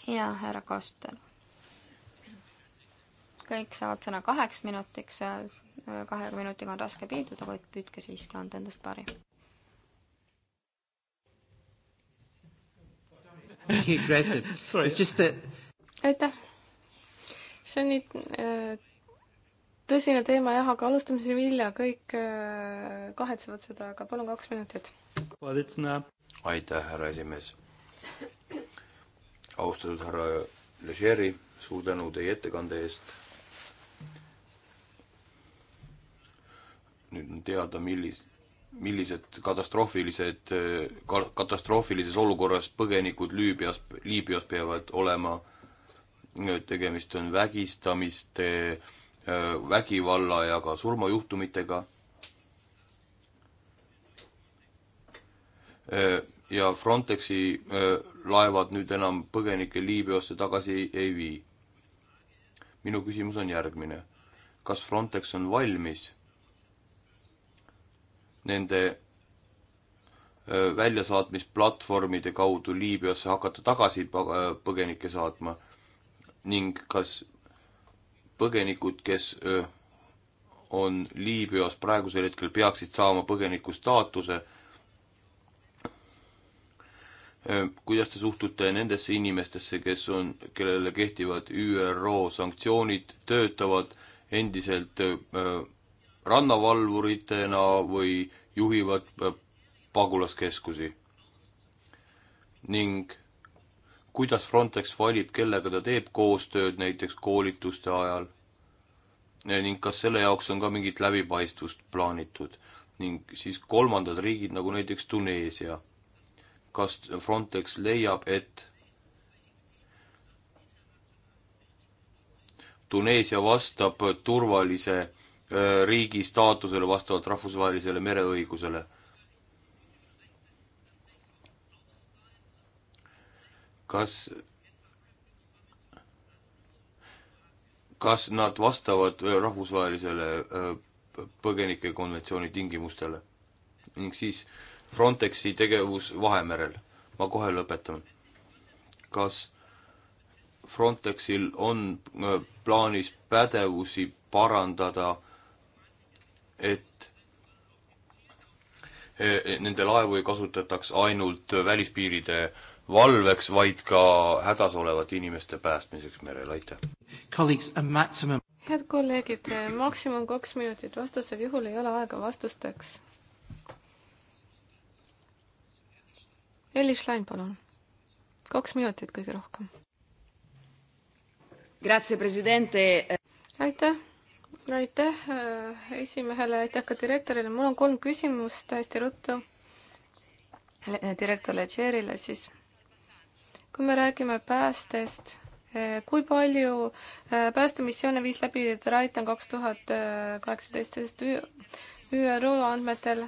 ja härra Koster. kõik saavad sõna kaheks minutiks, kahe minutiga on raske piirduda, kuid püüdke siiski anda endast parim. aitäh! see on nii äh, tõsine teema jah, aga alustame siis hilja, kõik äh, kahetsevad seda, aga palun kaks minutit. aitäh, härra esimees. austatud härra Legeri, suur tänu teie ettekande eest. nüüd on teada, millis-, millised katastroofilised, katastroofilises olukorras põgenikud Lüübias, Liibüas peavad olema. tegemist on vägistamiste äh, Äh, vägivalla ja ka surmajuhtumitega. Äh, ja Frontexi äh, laevad nüüd enam põgenikke Liibüasse tagasi ei vii. minu küsimus on järgmine. kas Frontex on valmis nende väljasaatmisplatvormide kaudu Liibüasse hakata tagasi põgenikke saatma ning kas põgenikud, kes on Liibüas praegusel hetkel, peaksid saama põgeniku staatuse. kuidas te suhtute nendesse inimestesse, kes on, kellele kehtivad ÜRO sanktsioonid, töötavad endiselt rannavalvuritena või juhivad pagulaskeskusi? ning kuidas Frontex valib, kellega ta teeb koostööd näiteks koolituste ajal ning kas selle jaoks on ka mingit läbipaistvust plaanitud ning siis kolmandad riigid, nagu näiteks Tuneesia. kas Frontex leiab, et Tuneesia vastab turvalise äh, riigi staatusele vastavalt rahvusvahelisele mereõigusele kas, kas nad vastavad rahvusvahelisele äh, põgenikekonventsiooni tingimustele ning siis Frontexi tegevus Vahemerel. ma kohe lõpetan. kas Frontexil on äh, plaanis pädevusi parandada, et äh, nende laevu ei kasutataks ainult välispiiride valveks, vaid ka hädas olevate inimeste päästmiseks merel, aitäh! head kolleegid, maksimum kaks minutit, vastasel juhul ei ole aega vastusteks. Elli Schlein, palun. kaks minutit kõige rohkem. aitäh, aitäh äh, esimehele, aitäh ka direktorile, mul on kolm küsimust hästi ruttu. direktor Legerile siis kui me räägime päästest, eh, kui palju eh, päästemissioone viis läbi Triton kaks tuhat kaheksateist, sest ÜRO andmetel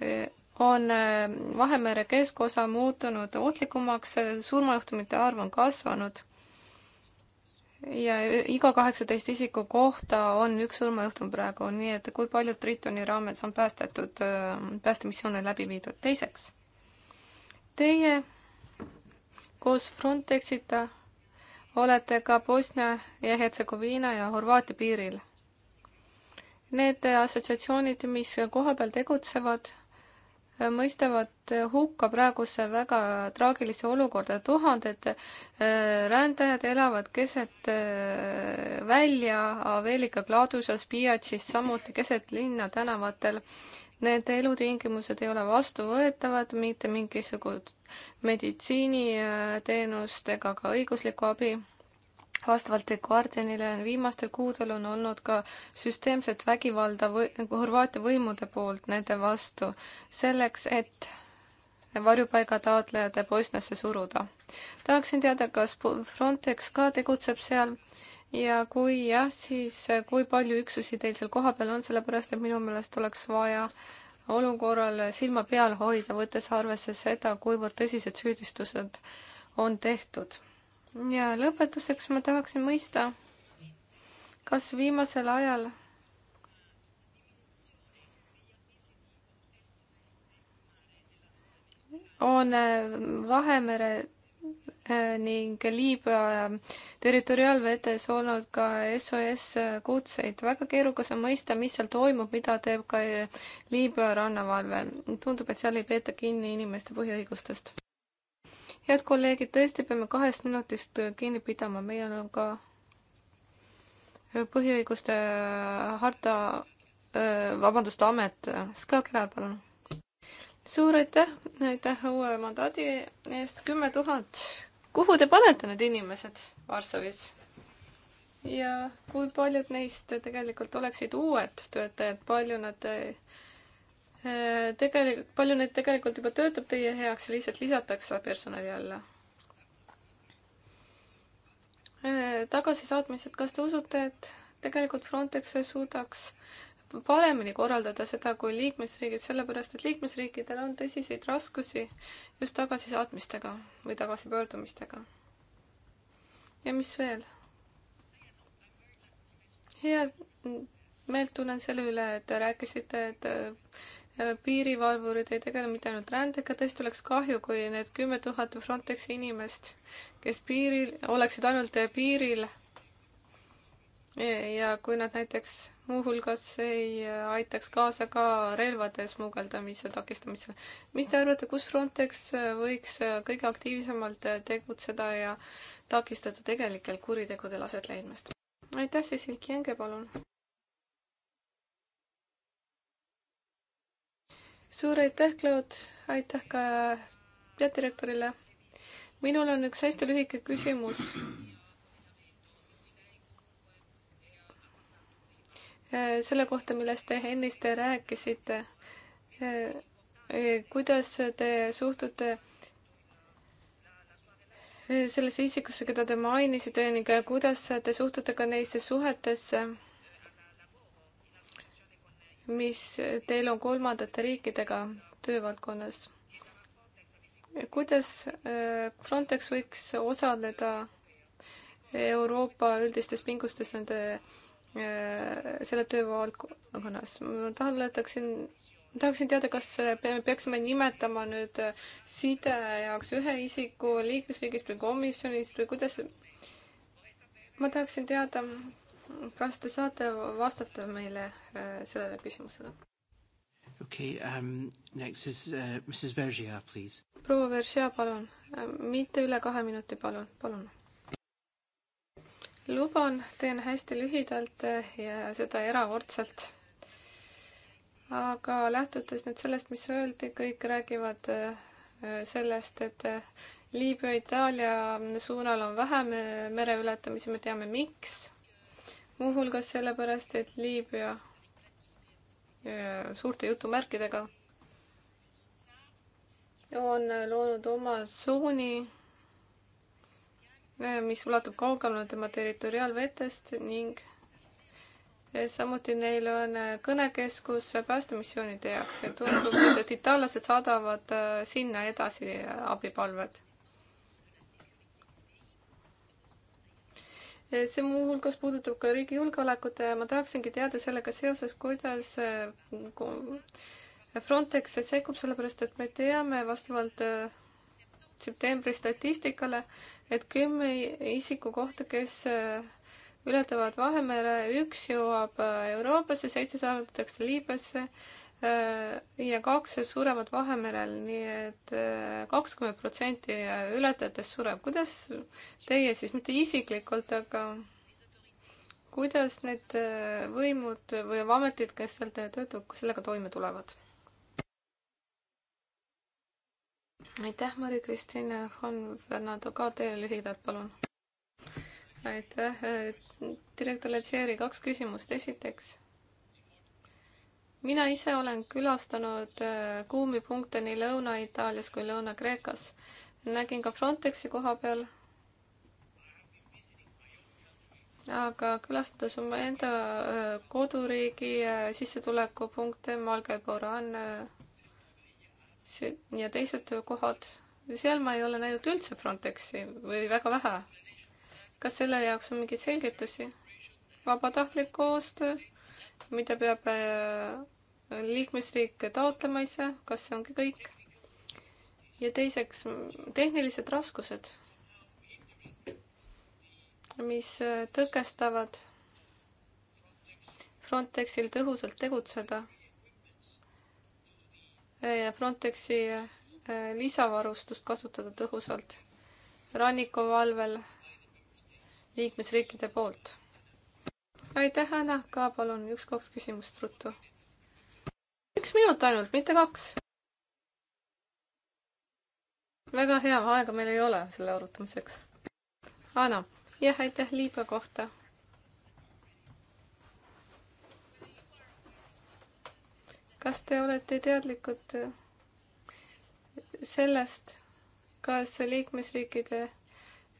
eh, on Vahemere keskosa muutunud ohtlikumaks, surmajuhtumite arv on kasvanud ja iga kaheksateist isiku kohta on üks surmajuhtum praegu, nii et kui paljud Tritoni raames on päästetud, päästemissioone läbi viidud. teiseks, teie koos Frontexita olete ka Bosnia ja Hertsegoviina ja Horvaatia piiril. Need assotsiatsioonid, mis kohapeal tegutsevad, mõistavad hukka praeguse väga traagilise olukorda. tuhanded äh, rändajad elavad keset äh, välja Avelika Gladusas, Piatšis, samuti keset linna tänavatel Need elutingimused ei ole vastuvõetavad mitte mingisugust meditsiiniteenust ega ka õiguslikku abi. vastavalt The Guardianile on viimastel kuudel on olnud ka süsteemset vägivalda või, Horvaatia võimude poolt nende vastu selleks, et varjupaigataotlejate Bosniasse suruda. tahaksin teada, kas Frontex ka tegutseb seal ja kui jah, siis äh, kui palju üksusi teil seal kohapeal on, sellepärast et minu meelest oleks vaja olukorral silma peal hoida, võttes arvesse seda, kuivõrd tõsised süüdistused on tehtud. ja lõpetuseks ma tahaksin mõista, kas viimasel ajal on äh, Vahemere ning Liibüa territoriaalvetes olnud ka SOS kutseid. väga keerukas on mõista, mis seal toimub, mida teeb ka Liibüa rannavalve. tundub, et seal ei peeta kinni inimeste põhiõigustest. head kolleegid, tõesti peame kahest minutist kinni pidama, meil on ka põhiõiguste harta, vabandust, amet, Ska Kela, palun. suur aitäh, aitäh uue mandaadi eest, kümme tuhat kuhu te panete need inimesed Varssavis? ja kui paljud neist tegelikult oleksid uued töötajad, palju nad eh, tegelikult, palju neid tegelikult juba töötab teie heaks ja lihtsalt lisatakse personali alla? Eh, tagasisaatmised, kas te usute, et tegelikult Frontex suudaks paremini korraldada seda kui liikmesriigid, sellepärast et liikmesriikidel on tõsiseid raskusi just tagasisaatmistega või tagasipöördumistega. ja mis veel? hea meelt tunnen selle üle, et te rääkisite, et äh, piirivalvurid ei tegele mitte ainult rändega, tõesti oleks kahju, kui need kümme tuhat Frontexi inimest, kes piiril, oleksid ainult piiril ja kui nad näiteks muuhulgas ei äh, aitaks kaasa ka relvade smugeldamise takistamisele. mis te arvate, kus Frontex äh, võiks äh, kõige aktiivsemalt tegutseda ja takistada tegelikel kuritegudel aset leidmast? aitäh, Cecil Kienge, palun. suur aitäh, Claude, aitäh ka peadirektorile. minul on üks hästi lühike küsimus Äh, selle kohta, millest te ennist rääkisite. Äh, äh, kuidas te suhtute sellesse isikusse, keda te mainisite ning kuidas te suhtute ka neisse suhetesse, mis teil on kolmandate riikidega töövaldkonnas? kuidas Frontex võiks osaleda Euroopa üldistes pingustes nende Äh, selle töövaldkonnas. ma tahletaksin, tahaksin teada, kas äh, peaksime nimetama nüüd äh, side jaoks ühe isiku liikmesriigist või komisjonist või kuidas. ma tahaksin teada, kas te saate vastata meile sellele küsimusele? okei okay, um,, next is uh, Mrs Vergia, please. proua Vergia, palun, mitte üle kahe minuti, palun, palun luban, teen hästi lühidalt ja seda erakordselt. aga lähtudes nüüd sellest, mis öeldi, kõik räägivad äh, sellest, et äh, Liibüa, Itaalia suunal on vähem äh, mere ületamisi, me teame miks. muuhulgas sellepärast, et Liibüa suurte jutumärkidega on loonud oma tsooni mis ulatub kaugemale tema territoriaalvetest ning samuti neil on kõnekeskus päästemissioonide jaoks ja tundub, et itaallased saadavad äh, sinna edasi abipalved. see muuhulgas puudutab ka riigi julgeolekut ja ma tahaksingi teada sellega seoses, kuidas äh, Frontex sekkub, sellepärast et me teame vastavalt äh, septembri statistikale, et kümme isiku kohta, kes äh, ületavad Vahemere, üks jõuab äh, Euroopasse, seitse saadetakse Liibüasse äh, ja kaks surevad Vahemerel, nii et kakskümmend protsenti ületajatest sureb. kuidas teie siis, mitte isiklikult, aga kuidas need võimud või ametid, kes seal töötavad, sellega toime tulevad? aitäh, Mari-Kristina Juan Fernando, ka teile lühidalt, palun. aitäh, direktor Legieri, kaks küsimust, esiteks. mina ise olen külastanud äh, kuumi punkte nii Lõuna-Itaalias kui Lõuna-Kreekas. nägin ka Frontexi koha peal. aga külastades oma enda äh, koduriigi äh, sissetulekupunkte, Malgai Boran see ja teised töökohad, seal ma ei ole näinud üldse Frontexi või väga vähe. kas selle jaoks on mingeid selgitusi? vabatahtlik koostöö, mida peab äh, liikmesriik taotlema ise, kas see ongi kõik? ja teiseks, tehnilised raskused, mis äh, tõkestavad Frontexil tõhusalt tegutseda Äh, Frontexi äh, lisavarustust kasutada tõhusalt rannikuvalvel liikmesriikide poolt. aitäh, Anna, ka palun üks-kaks küsimust ruttu. üks minut ainult, mitte kaks. väga hea, aega meil ei ole selle arutamiseks. Anna, jah, aitäh Liibüa kohta kas te olete teadlikud äh, sellest, kas liikmesriikide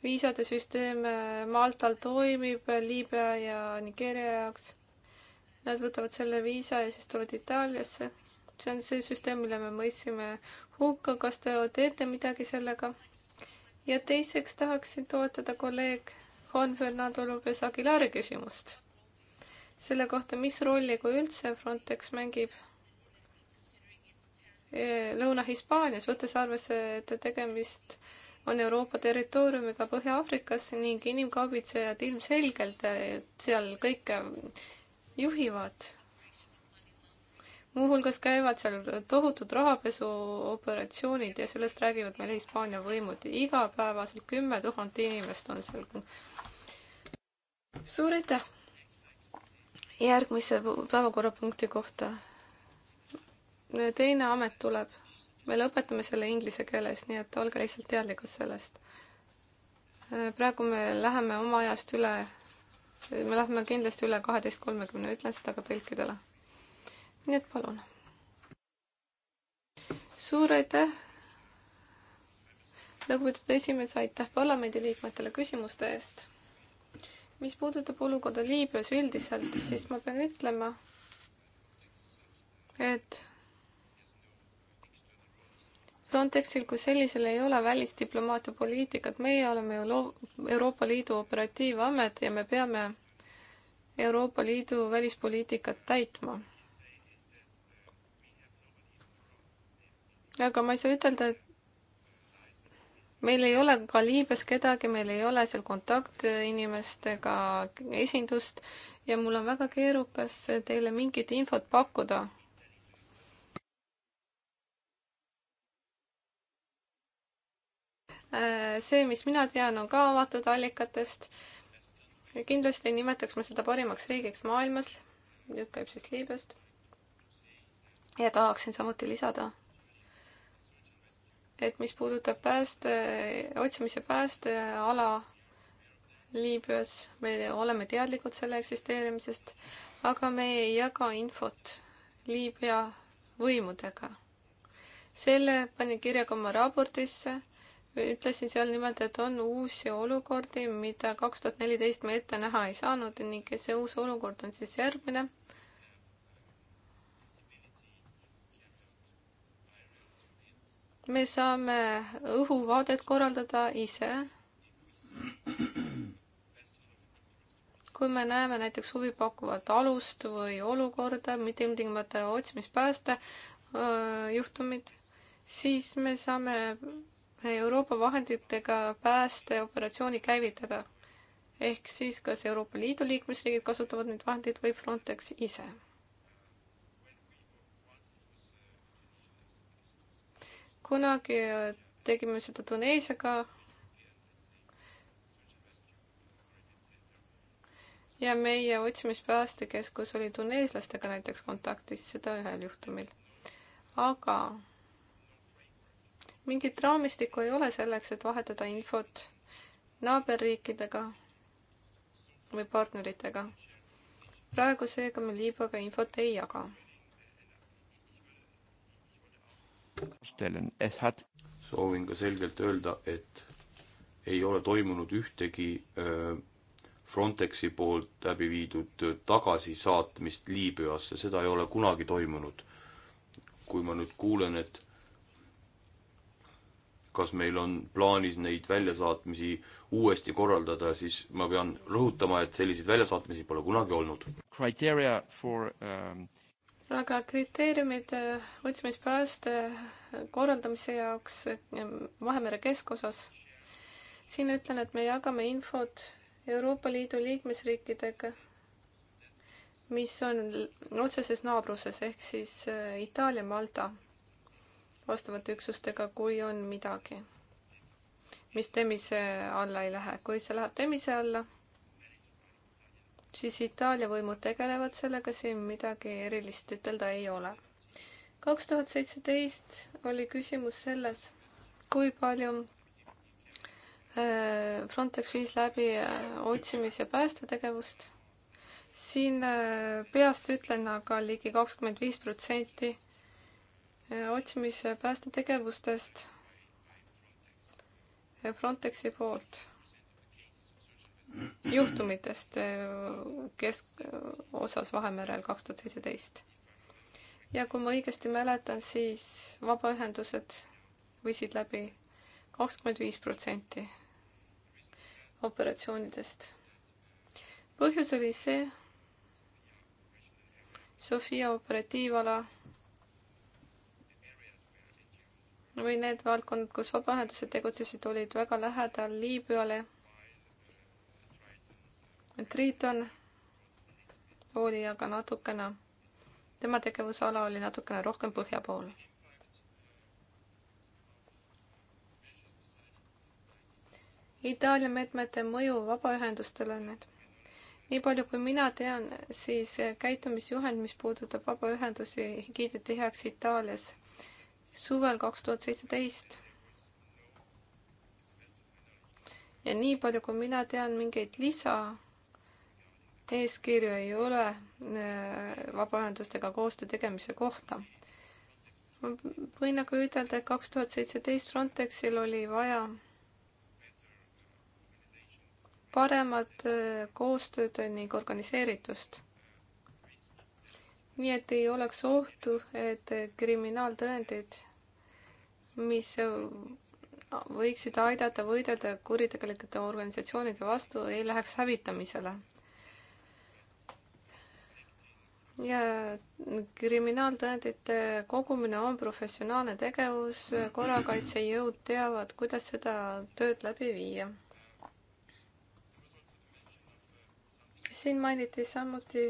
viisade süsteem äh, Maltal toimib äh, Liibüa ja Nigeeria jaoks? Nad võtavad selle viisa ja siis tulevad Itaaliasse. see on see süsteem, mille me mõistsime hukka. kas te teete midagi sellega? ja teiseks tahaksin toetada kolleeg Juan Fernando Lopez Aguilari küsimust selle kohta, mis rolli, kui üldse Frontex mängib Eh, Lõuna-Hispaanias, võttes arvesse, et tegemist on Euroopa territooriumiga Põhja-Aafrikas ning inimkaubitsejad ilmselgelt seal kõike juhivad. muuhulgas käivad seal tohutud rahapesuoperatsioonid ja sellest räägivad meile Hispaania võimud. igapäevaselt kümme tuhat inimest on seal. suur aitäh! järgmise päevakorrapunkti kohta teine amet tuleb. me lõpetame selle inglise keeles, nii et olge lihtsalt teadlikud sellest. Äh, praegu me läheme oma ajast üle, me lähme kindlasti üle kaheteist kolmekümne, ütlen seda ka tõlkidele. nii et palun. suur aitäh, lugupeetud esimees, aitäh parlamendiliikmetele küsimuste eest. mis puudutab olukorda Liibüas üldiselt, siis ma pean ütlema, et Frontexil kui sellisel ei ole välisdiplomaatia poliitikat, meie oleme ju loo-, Euroopa Liidu operatiivamet ja me peame Euroopa Liidu välispoliitikat täitma. aga ma ei saa ütelda, et meil ei ole ka Liibüas kedagi, meil ei ole seal kontaktinimestega esindust ja mul on väga keerukas teile mingit infot pakkuda Äh, see, mis mina tean, on ka avatud allikatest. kindlasti nimetaks ma seda parimaks riigiks maailmas. jutt käib siis Liibüast. ja tahaksin samuti lisada, et mis puudutab pääste, otsimise päästeala Liibüas, me oleme teadlikud selle eksisteerimisest, aga me ei jaga infot Liibüa võimudega. selle panin kirja ka oma raportisse ütlesin seal nimelt, et on uusi olukordi, mida kaks tuhat neliteist me ette näha ei saanud ning see uus olukord on siis järgmine. me saame õhuvaadet korraldada ise. kui me näeme näiteks huvipakkuvat alust või olukorda, mitte ilmtingimata otsimispääste juhtumit, siis me saame Euroopa vahenditega päästeoperatsiooni käivitada. ehk siis, kas Euroopa Liidu liikmesriigid kasutavad neid vahendeid või Frontex ise. kunagi tegime seda Tuneesiaga. ja meie otsimispäästekeskus oli tuneeslastega näiteks kontaktis, seda ühel juhtumil. aga mingit raamistikku ei ole selleks, et vahetada infot naaberriikidega või partneritega. praegu seega me Liibüaga infot ei jaga. soovin ka selgelt öelda, et ei ole toimunud ühtegi Frontexi poolt läbi viidud tagasisaatmist Liibüasse, seda ei ole kunagi toimunud. kui ma nüüd kuulen, et kas meil on plaanis neid väljasaatmisi uuesti korraldada, siis ma pean rõhutama, et selliseid väljasaatmisi pole kunagi olnud. Um... aga kriteeriumid otsimispääste äh, äh, korraldamise jaoks äh, Vahemere keskosas, siin ütlen, et me jagame infot Euroopa Liidu liikmesriikidega, mis on otseses naabruses, ehk siis Itaalia, Malta vastavate üksustega, kui on midagi, mis temise alla ei lähe. kui see läheb temise alla, siis Itaalia võimud tegelevad sellega, siin midagi erilist ütelda ei ole. kaks tuhat seitseteist oli küsimus selles, kui palju äh, Frontex viis läbi äh, otsimis- ja päästetegevust siin äh, peast ütlen aga ligi kakskümmend viis protsenti Äh, otsimise päästetegevustest äh, Frontexi poolt, juhtumitest äh, keskosas Vahemerel kaks tuhat seitseteist. ja kui ma õigesti mäletan, siis vabaühendused viisid läbi kakskümmend viis protsenti operatsioonidest. põhjus oli see, Sofia operatiivala või need valdkonnad, kus vabaühendused tegutsesid, olid väga lähedal Liibüale. Triiton oli aga natukene, tema tegevusala oli natukene rohkem põhja pool. Itaalia meetmete mõju vabaühendustele on need. nii palju, kui mina tean, siis käitumisjuhend, mis puudutab vabaühendusi, kiideti heaks Itaalias suvel kaks tuhat seitseteist. ja nii palju, kui mina tean, mingeid lisa eeskirju ei ole äh, vabaühendustega koostöö tegemise kohta. ma võin aga ütelda, et kaks tuhat seitseteist Frontexil oli vaja paremat äh, koostööd ning organiseeritust nii et ei oleks ohtu, et kriminaaltõendid, mis võiksid aidata võidelda kuritegelikute organisatsioonide vastu, ei läheks hävitamisele. ja kriminaaltõendite kogumine on professionaalne tegevus, korrakaitsejõud teavad, kuidas seda tööd läbi viia. siin mainiti samuti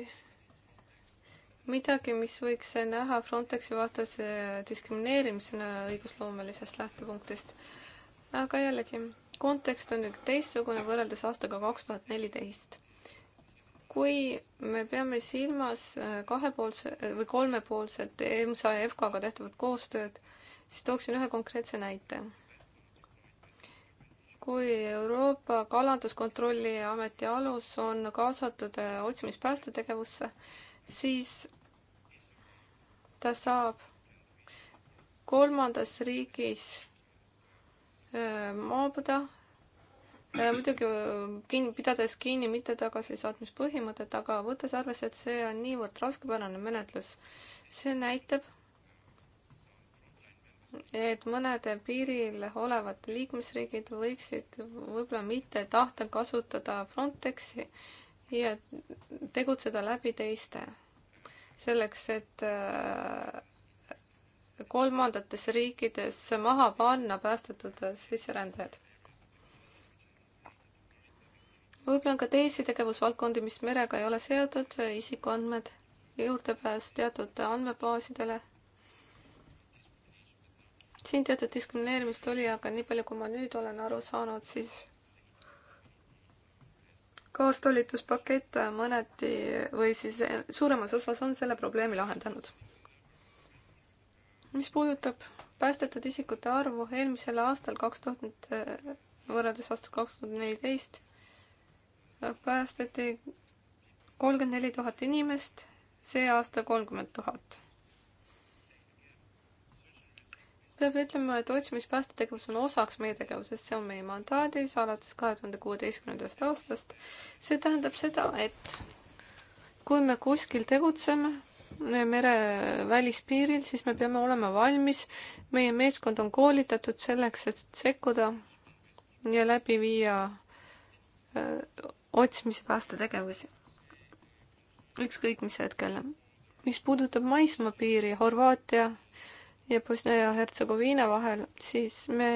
midagi, mis võiks näha Frontexi vastase diskrimineerimisena õigusloomelisest lähtepunktist. aga jällegi, kontekst on nüüd teistsugune võrreldes aastaga kaks tuhat neliteist kui me peame silmas äh, kahepoolse äh, või kolmepoolset EMSA ja EFKA-ga tehtavat koostööd, siis tooksin ühe konkreetse näite. kui Euroopa Kalanduskontrolli Ameti alus on kaasatud äh, otsimis-päästetegevusse, siis ta saab kolmandas riigis äh, maabuda, äh, muidugi äh, kinni, pidades kinni mitte tagasisaatmispõhimõtet, aga võttes arvesse, et see on niivõrd raskepärane menetlus, see näitab, et mõned piiril olevad liikmesriigid võiksid võib-olla mitte tahta kasutada Frontexi ja tegutseda läbi teiste. selleks, et äh, kolmandates riikides maha panna päästetud äh, sisserändajad. võib-olla on ka teisi tegevusvaldkondi, mis merega ei ole seotud, äh, isikuandmed, juurdepääs teatud andmebaasidele siin teatud diskrimineerimist oli, aga nii palju, kui ma nüüd olen aru saanud, siis kaastalituspakett mõneti või siis suuremas osas on selle probleemi lahendanud. mis puudutab päästetud isikute arvu eelmisel aastal kaks tuhat, võrreldes aastast kaks tuhat neliteist, päästeti kolmkümmend neli tuhat inimest, see aasta kolmkümmend tuhat. peab ütlema, et otsimispääste tegevus on osaks meie tegevusest, see on meie mandaadis alates kahe tuhande kuueteistkümnendast aastast. see tähendab seda, et kui me kuskil tegutseme, eh, mere välispiiril, siis me peame olema valmis. meie meeskond on koolitatud selleks, et sekkuda ja läbi viia eh, otsimise päästetegevusi. ükskõik mis hetkel. mis puudutab maismaapiiri, Horvaatia äh, ja Bosnia ja Hertsegoviina vahel, siis me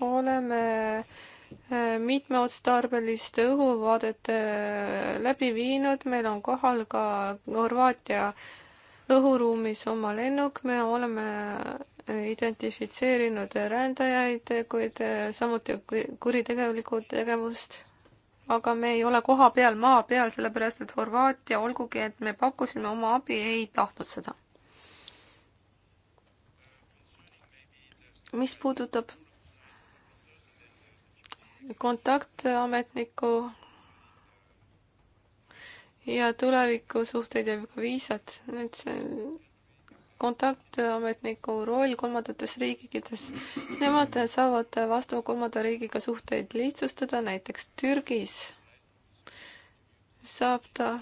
oleme äh, mitmeotstarbeliste õhuvaadete äh, läbi viinud, meil on kohal ka Horvaatia õhuruumis oma lennuk, me oleme äh, identifitseerinud rändajaid, kuid samuti kuritegelikku tegevust. aga me ei ole koha peal, maa peal, sellepärast et Horvaatia, olgugi et me pakkusime oma abi, ei tahtnud seda mis puudutab kontaktametniku ja tulevikusuhteid ja ka viisat, et see kontaktametniku roll kolmandates riikides, nemad saavad vastava kolmanda riigiga suhteid lihtsustada, näiteks Türgis saab ta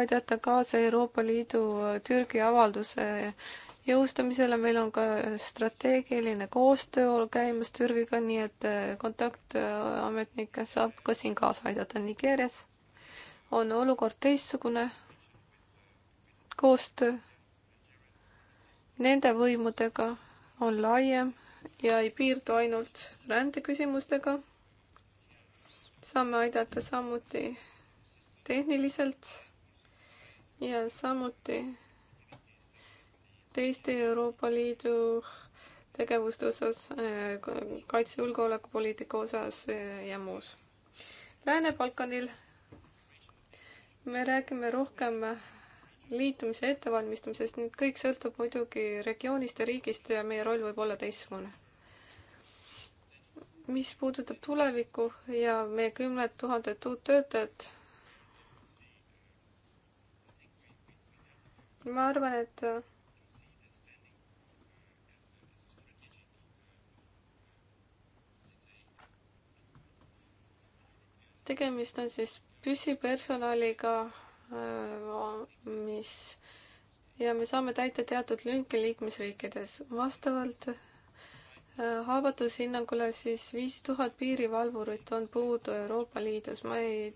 aidata kaasa Euroopa Liidu Türgi avalduse jõustamisele, meil on ka strateegiline koostöö käimas Türgiga, nii et äh, kontaktametnik äh, saab ka siin kaasa aidata. Nigeerias on olukord teistsugune, koostöö nende võimudega on laiem ja ei piirdu ainult rändeküsimustega. saame aidata samuti tehniliselt ja samuti teiste Euroopa Liidu tegevuste osas, kaitse- julgeolekupoliitika osas eh, ja muus. Lääne-Balkanil me räägime rohkem liitumise ettevalmistamisest, nüüd kõik sõltub muidugi regioonist ja riigist ja meie roll võib olla teistsugune. mis puudutab tulevikku ja meie kümned tuhanded uut töötajat, ma arvan, et tegemist on siis püsipersonaliga, äh, mis ja me saame täita teatud lünki liikmesriikides. vastavalt äh, haavatavushinnangule siis viis tuhat piirivalvurit on puudu Euroopa Liidus. ma ei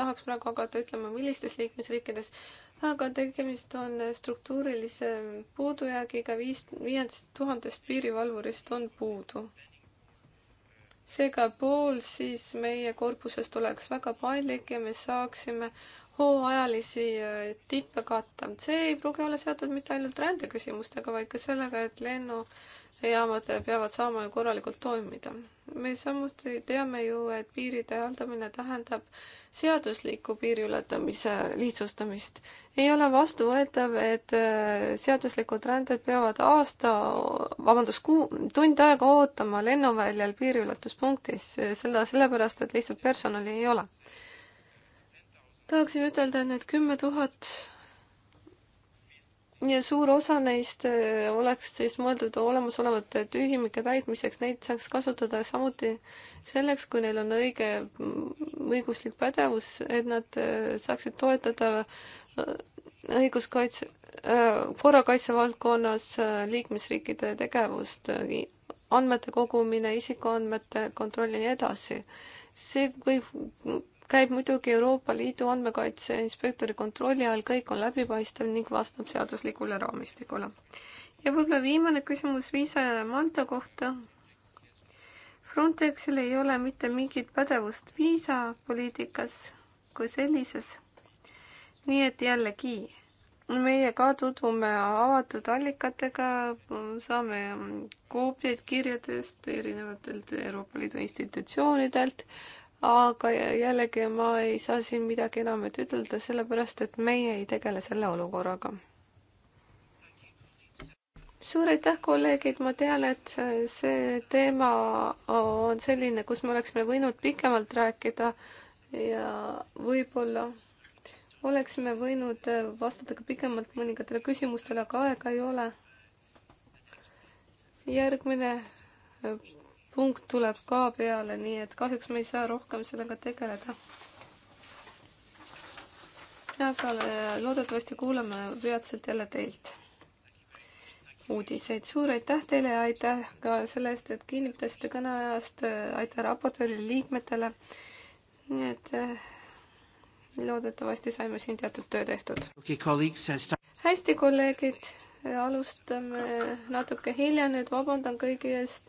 tahaks praegu hakata ütlema, millistes liikmesriikides, aga tegemist on struktuurilise puudujäägiga, viis, viiendast tuhandest piirivalvurist on puudu seega pool siis meie korpusest oleks väga paindlik ja me saaksime hooajalisi äh, tippe katta. see ei pruugi olla seotud mitte ainult rändeküsimustega, vaid ka sellega, et lennu jaamad peavad saama ju korralikult toimida. me samuti teame ju, et piiride haldamine tähendab seadusliku piiri ületamise lihtsustamist. ei ole vastuvõetav, et äh, seaduslikud ränded peavad aasta, vabandust, kuu, tund aega ootama lennuväljal piiriületuspunktis, seda sellepärast, et lihtsalt personali ei ole. tahaksin ütelda, et need kümme tuhat 000 ja suur osa neist äh, oleks siis mõeldud olemasolevate tühimike täitmiseks, neid saaks kasutada samuti selleks, kui neil on õige mm, õiguslik pädevus, et nad äh, saaksid toetada äh, õiguskaitse, korrakaitse valdkonnas liikmesriikide tegevust, andmete kogumine, isikuandmete kontroll ja nii edasi. see võib käib muidugi Euroopa Liidu andmekaitse inspektori kontrolli all, kõik on läbipaistev ning vastab seaduslikule raamistikule. ja võib-olla viimane küsimus viisa ja manta kohta. Frontexil ei ole mitte mingit pädevust viisapoliitikas kui sellises. nii et jällegi, meie ka tutvume avatud allikatega, saame koopiaid kirjadest erinevatelt Euroopa Liidu institutsioonidelt aga jällegi ma ei saa siin midagi enamat ütelda, sellepärast et meie ei tegele selle olukorraga. suur aitäh, kolleegid, ma tean, et see teema on selline, kus me oleksime võinud pikemalt rääkida ja võib-olla oleksime võinud vastata ka pikemalt mõningatele küsimustele, aga aega ei ole. järgmine punkt tuleb ka peale, nii et kahjuks me ei saa rohkem sellega tegeleda. aga äh, loodetavasti kuuleme peatselt jälle teilt uudiseid. suur aitäh teile ja aitäh ka selle eest, et kinni pidasite kõneajast. Äh, aitäh raportöörile, liikmetele. nii et äh, loodetavasti saime siin teatud töö tehtud okay,. hästi, kolleegid, alustame natuke hilja nüüd, vabandan kõigi eest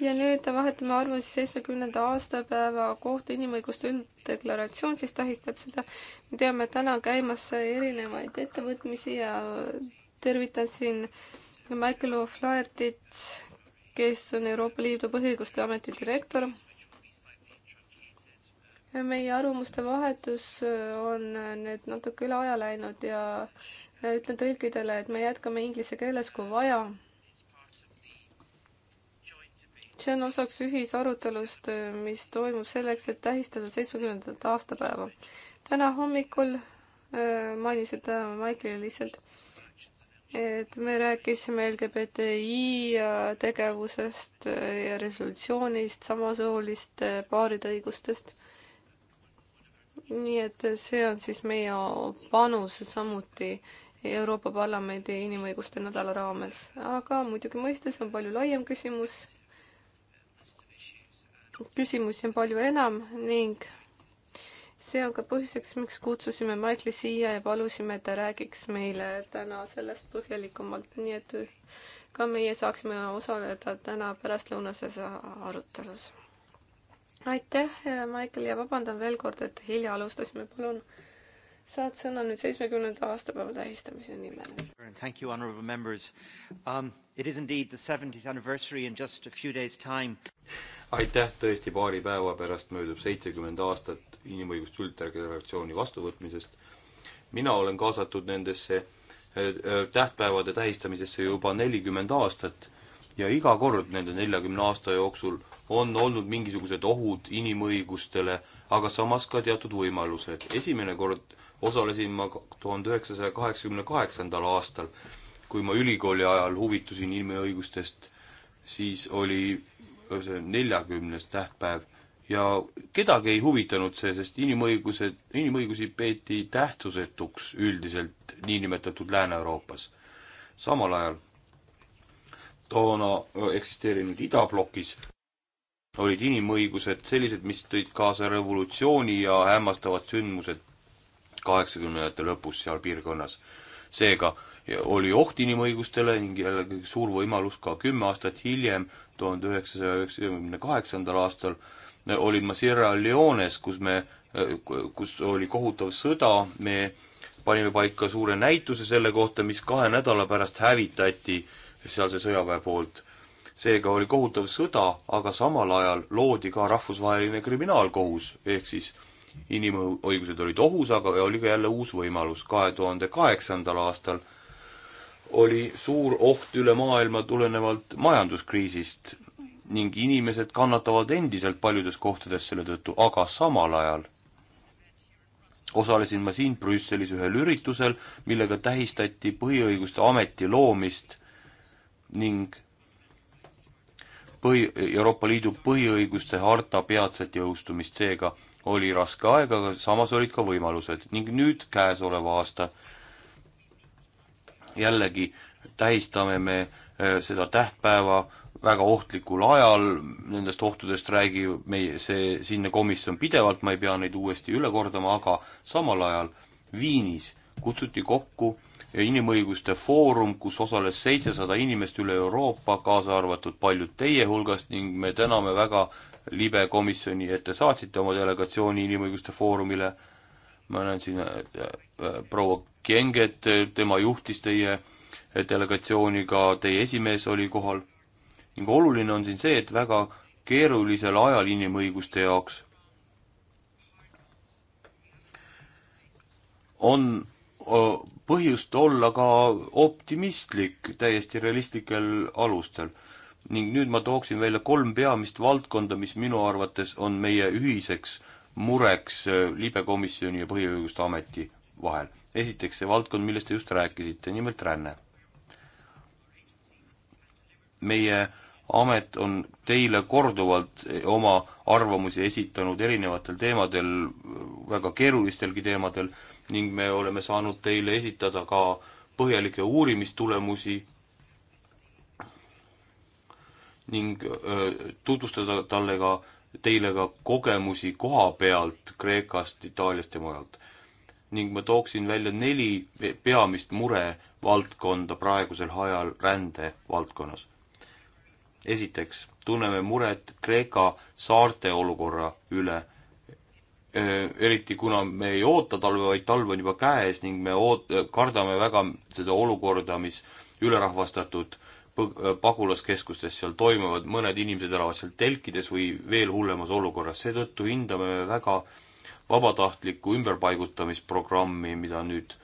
ja nüüd vahetame arvamusi seitsmekümnenda aastapäeva kohta inimõiguste ülddeklaratsioon siis tähistab seda. me teame, et täna on käimas erinevaid ettevõtmisi ja tervitan siin Michael O'Flahertit, kes on Euroopa Liidu põhiõiguste ameti direktor. meie arvamuste vahetus on nüüd natuke üle aja läinud ja ütlen tõlkidele, et me jätkame inglise keeles, kui vaja see on osaks ühisarutelust, mis toimub selleks, et tähistada seitsmekümnendat aastapäeva. täna hommikul äh, mainisid äh, Maiklile lihtsalt, et me rääkisime LGBTI tegevusest äh, ja resolutsioonist, samasooliste paaride õigustest. nii et see on siis meie panus samuti Euroopa Parlamendi inimõiguste nädala raames, aga muidugi mõistes on palju laiem küsimus küsimusi on palju enam ning see on ka põhjuseks, miks kutsusime Maikli siia ja palusime, et ta räägiks meile täna sellest põhjalikumalt, nii et ka meie saaksime osaleda täna pärastlõunases arutelus. aitäh, Maikl, ja vabandan veel kord, et hilja alustasime, palun saad sõna nüüd seitsmekümnenda aastapäeva tähistamise nimel. Thank you, honorable members um,. It is indeed the seventieth anniversary in just a few days time. aitäh, tõesti paari päeva pärast möödub seitsekümmend aastat inimõiguste ülddeklaratsiooni vastuvõtmisest. mina olen kaasatud nendesse äh, äh, tähtpäevade tähistamisesse juba nelikümmend aastat ja iga kord nende neljakümne aasta jooksul on olnud mingisugused ohud inimõigustele, aga samas ka teatud võimalused. esimene kord osalesin ma tuhande üheksasaja kaheksakümne kaheksandal aastal. kui ma ülikooli ajal huvitusin inimõigustest, siis oli see neljakümnes tähtpäev ja kedagi ei huvitanud see, sest inimõigused, inimõigusi peeti tähtsusetuks üldiselt niinimetatud Lääne-Euroopas. samal ajal toona äh, eksisteerinud idablokis olid inimõigused sellised, mis tõid kaasa revolutsiooni ja hämmastavad sündmused kaheksakümnendate lõpus seal piirkonnas. seega oli oht inimõigustele ning jällegi suur võimalus ka kümme aastat hiljem, tuhande üheksasaja üheksakümne kaheksandal aastal, olin ma Sierra Leones, kus me, kus oli kohutav sõda, me panime paika suure näituse selle kohta, mis kahe nädala pärast hävitati sealse sõjaväe poolt. seega oli kohutav sõda, aga samal ajal loodi ka rahvusvaheline kriminaalkohus, ehk siis inimõigused olid ohus, aga oli ka jälle uus võimalus. kahe tuhande kaheksandal aastal oli suur oht üle maailma tulenevalt majanduskriisist ning inimesed kannatavad endiselt paljudes kohtades selle tõttu, aga samal ajal osalesin ma siin Brüsselis ühel üritusel, millega tähistati põhiõiguste ameti loomist ning põhi, Euroopa Liidu põhiõiguste harta peatset jõustumist, seega oli raske aeg, aga samas olid ka võimalused ning nüüd käesoleva aasta jällegi tähistame me äh, seda tähtpäeva väga ohtlikul ajal, nendest ohtudest räägib meie see siinne komisjon pidevalt, ma ei pea neid uuesti üle kordama, aga samal ajal Viinis kutsuti kokku inimõiguste foorum, kus osales seitsesada inimest üle Euroopa, kaasa arvatud paljud teie hulgast ning me täname väga libe komisjoni, et te saatsite oma delegatsiooni Inimõiguste Foorumile, ma näen siin äh, äh, proua Kienget, tema juhtis teie delegatsiooni, ka teie esimees oli kohal, ning oluline on siin see, et väga keerulisel ajal inimõiguste jaoks on põhjust olla ka optimistlik täiesti realistlikel alustel ning nüüd ma tooksin välja kolm peamist valdkonda, mis minu arvates on meie ühiseks mureks äh, libekomisjoni ja Põhiõiguste Ameti vahel. esiteks see valdkond, millest te just rääkisite, nimelt ränne. meie amet on teile korduvalt äh, oma arvamusi esitanud erinevatel teemadel, väga keerulistelgi teemadel, ning me oleme saanud teile esitada ka põhjalikke uurimistulemusi ning öö, tutvustada talle ka, teile ka kogemusi koha pealt Kreekast, Itaaliast ja mujalt. ning ma tooksin välja neli peamist murevaldkonda praegusel ajal rände valdkonnas. esiteks tunneme muret Kreeka saarte olukorra üle, eriti kuna me ei oota talve, vaid talv on juba käes ning me oot-, kardame väga seda olukorda, mis ülerahvastatud Äh, pagulaskeskustes seal toimuvad, mõned inimesed elavad seal telkides või veel hullemas olukorras, seetõttu hindame väga vabatahtlikku ümberpaigutamisprogrammi, mida nüüd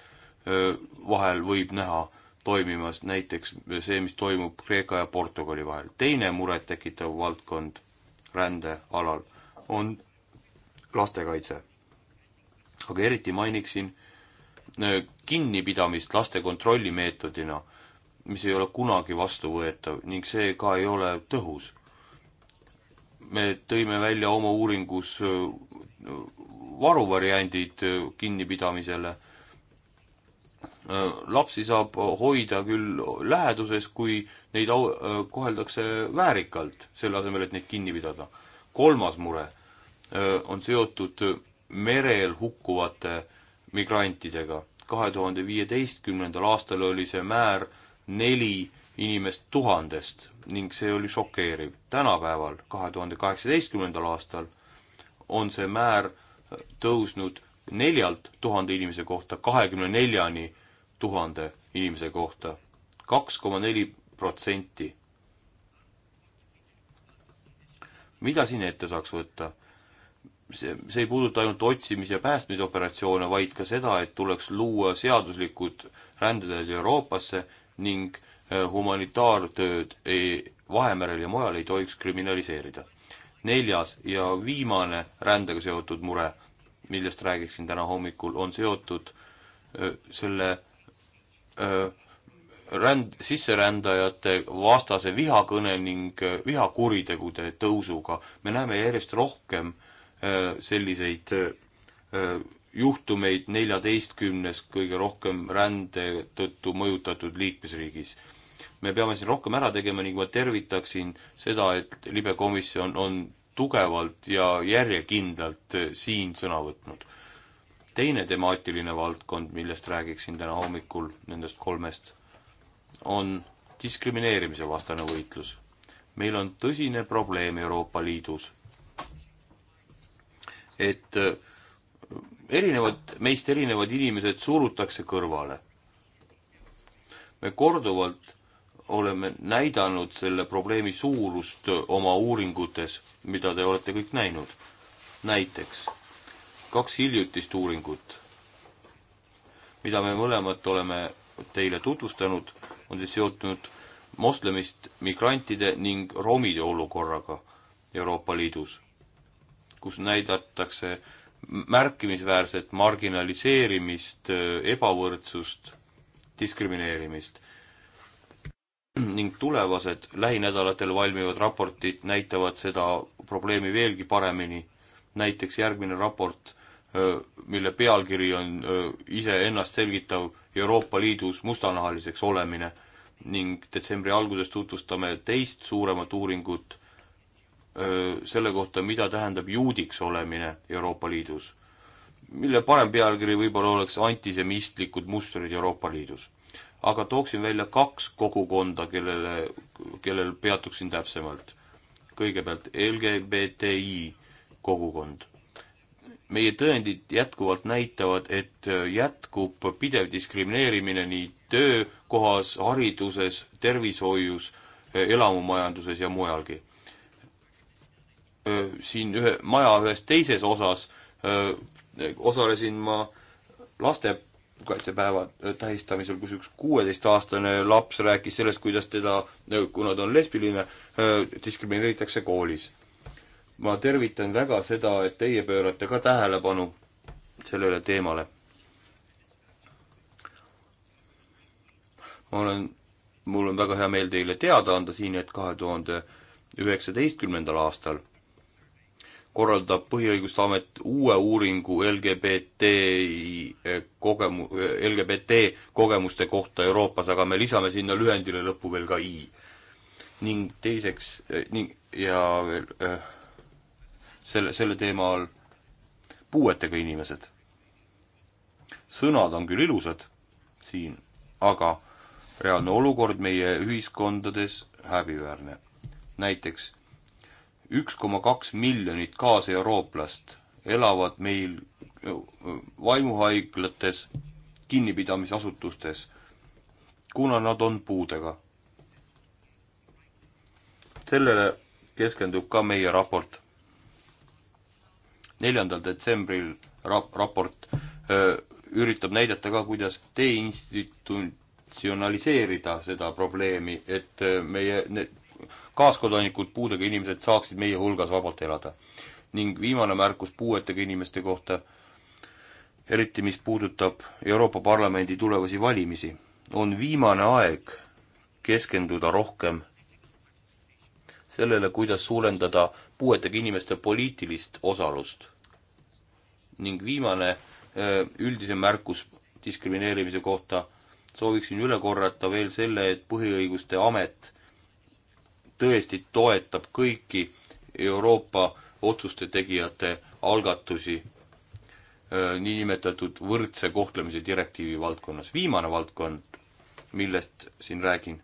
vahel võib näha toimimas, näiteks see, mis toimub Kreeka ja Portugali vahel. teine murettekitav valdkond rändealal on lastekaitse. aga eriti mainiksin kinnipidamist laste kontrollimeetodina mis ei ole kunagi vastuvõetav ning see ka ei ole tõhus. me tõime välja oma uuringus äh, varuvariandid äh, kinnipidamisele. Äh, lapsi saab hoida küll läheduses, kui neid au-, koheldakse väärikalt, selle asemel, et neid kinni pidada. kolmas mure on seotud merel hukkuvate migrantidega. kahe tuhande viieteistkümnendal aastal oli see määr neli inimest tuhandest ning see oli šokeeriv. tänapäeval, kahe tuhande kaheksateistkümnendal aastal, on see määr tõusnud neljalt tuhande inimese kohta kahekümne neljani tuhande inimese kohta. kaks koma neli protsenti. mida siin ette saaks võtta? see, see ei puuduta ainult otsimis- ja päästmisoperatsioone, vaid ka seda, et tuleks luua seaduslikud rändeteed Euroopasse ning äh, humanitaartööd ei, Vahemerel ja mujal ei tohiks kriminaliseerida. neljas ja viimane rändega seotud mure, millest räägiksin täna hommikul, on seotud öö, äh, selle öö, äh, ränd, sisserändajate vastase vihakõne ning vihakuritegude tõusuga. me näeme järjest rohkem öö, selliseid öö, juhtumeid neljateistkümnes kõige rohkem rände tõttu mõjutatud liikmesriigis. me peame siin rohkem ära tegema ning ma tervitaksin seda, et libekomisjon on tugevalt ja järjekindlalt eh, siin sõna võtnud. teine temaatiline valdkond, millest räägiksin täna hommikul nendest kolmest, on diskrimineerimise vastane võitlus. meil on tõsine probleem Euroopa Liidus, et äh, erinevad, meist erinevad inimesed surutakse kõrvale. me korduvalt oleme näidanud selle probleemi suurust oma uuringutes, mida te olete kõik näinud. näiteks kaks hiljutist uuringut, mida me mõlemad oleme teile tutvustanud, on siis seotud moslemist migrantide ning romide olukorraga Euroopa Liidus, kus näidatakse märkimisväärset marginaliseerimist, ebavõrdsust, diskrimineerimist. ning tulevased lähinädalatel valmivad raportid näitavad seda probleemi veelgi paremini. näiteks järgmine raport, mille pealkiri on iseennast selgitav Euroopa Liidus mustanahaliseks olemine ning detsembri alguses tutvustame teist suuremat uuringut selle kohta, mida tähendab juudiks olemine Euroopa Liidus. mille parem pealkiri võib-olla oleks antisemistlikud mustrid Euroopa Liidus. aga tooksin välja kaks kogukonda, kellele, kellel peatuksin täpsemalt. kõigepealt LGBTI kogukond. meie tõendid jätkuvalt näitavad, et jätkub pidev diskrimineerimine nii töökohas, hariduses, tervishoius, elamumajanduses ja mujalgi siin ühe maja ühes teises osas öö, osalesin ma lastekaitsepäeva tähistamisel, kus üks kuueteistaastane laps rääkis sellest, kuidas teda, kuna ta on lesbiline, diskrimineeritakse koolis. ma tervitan väga seda, et teie pöörate ka tähelepanu sellele teemale. ma olen, mul on väga hea meel teile teada anda siin, et kahe tuhande üheksateistkümnendal aastal korraldab Põhiõiguste Amet uue uuringu LGBTI kogemu-, LGBT kogemuste kohta Euroopas, aga me lisame sinna lühendile lõppu veel ka i. ning teiseks, eh, ning, ja veel äh, selle, selle teema all puuetega inimesed. sõnad on küll ilusad siin, aga reaalne olukord meie ühiskondades häbiväärne. näiteks üks koma kaks miljonit kaaseurooplast elavad meil äh, vaimuhaiglates, kinnipidamisasutustes, kuna nad on puudega. sellele keskendub ka meie raport. neljandal detsembril rap-, raport öö, äh, üritab näidata ka, kuidas deinstitutsionaliseerida seda probleemi, et äh, meie need kaaskodanikud, puudega inimesed saaksid meie hulgas vabalt elada. ning viimane märkus puuetega inimeste kohta, eriti mis puudutab Euroopa Parlamendi tulevasi valimisi, on viimane aeg keskenduda rohkem sellele, kuidas suurendada puuetega inimeste poliitilist osalust. ning viimane eh, üldisem märkus diskrimineerimise kohta, sooviksin üle korrata veel selle, et põhiõiguste amet tõesti toetab kõiki Euroopa otsuste tegijate algatusi äh, niinimetatud võrdse kohtlemise direktiivi valdkonnas. viimane valdkond, millest siin räägin,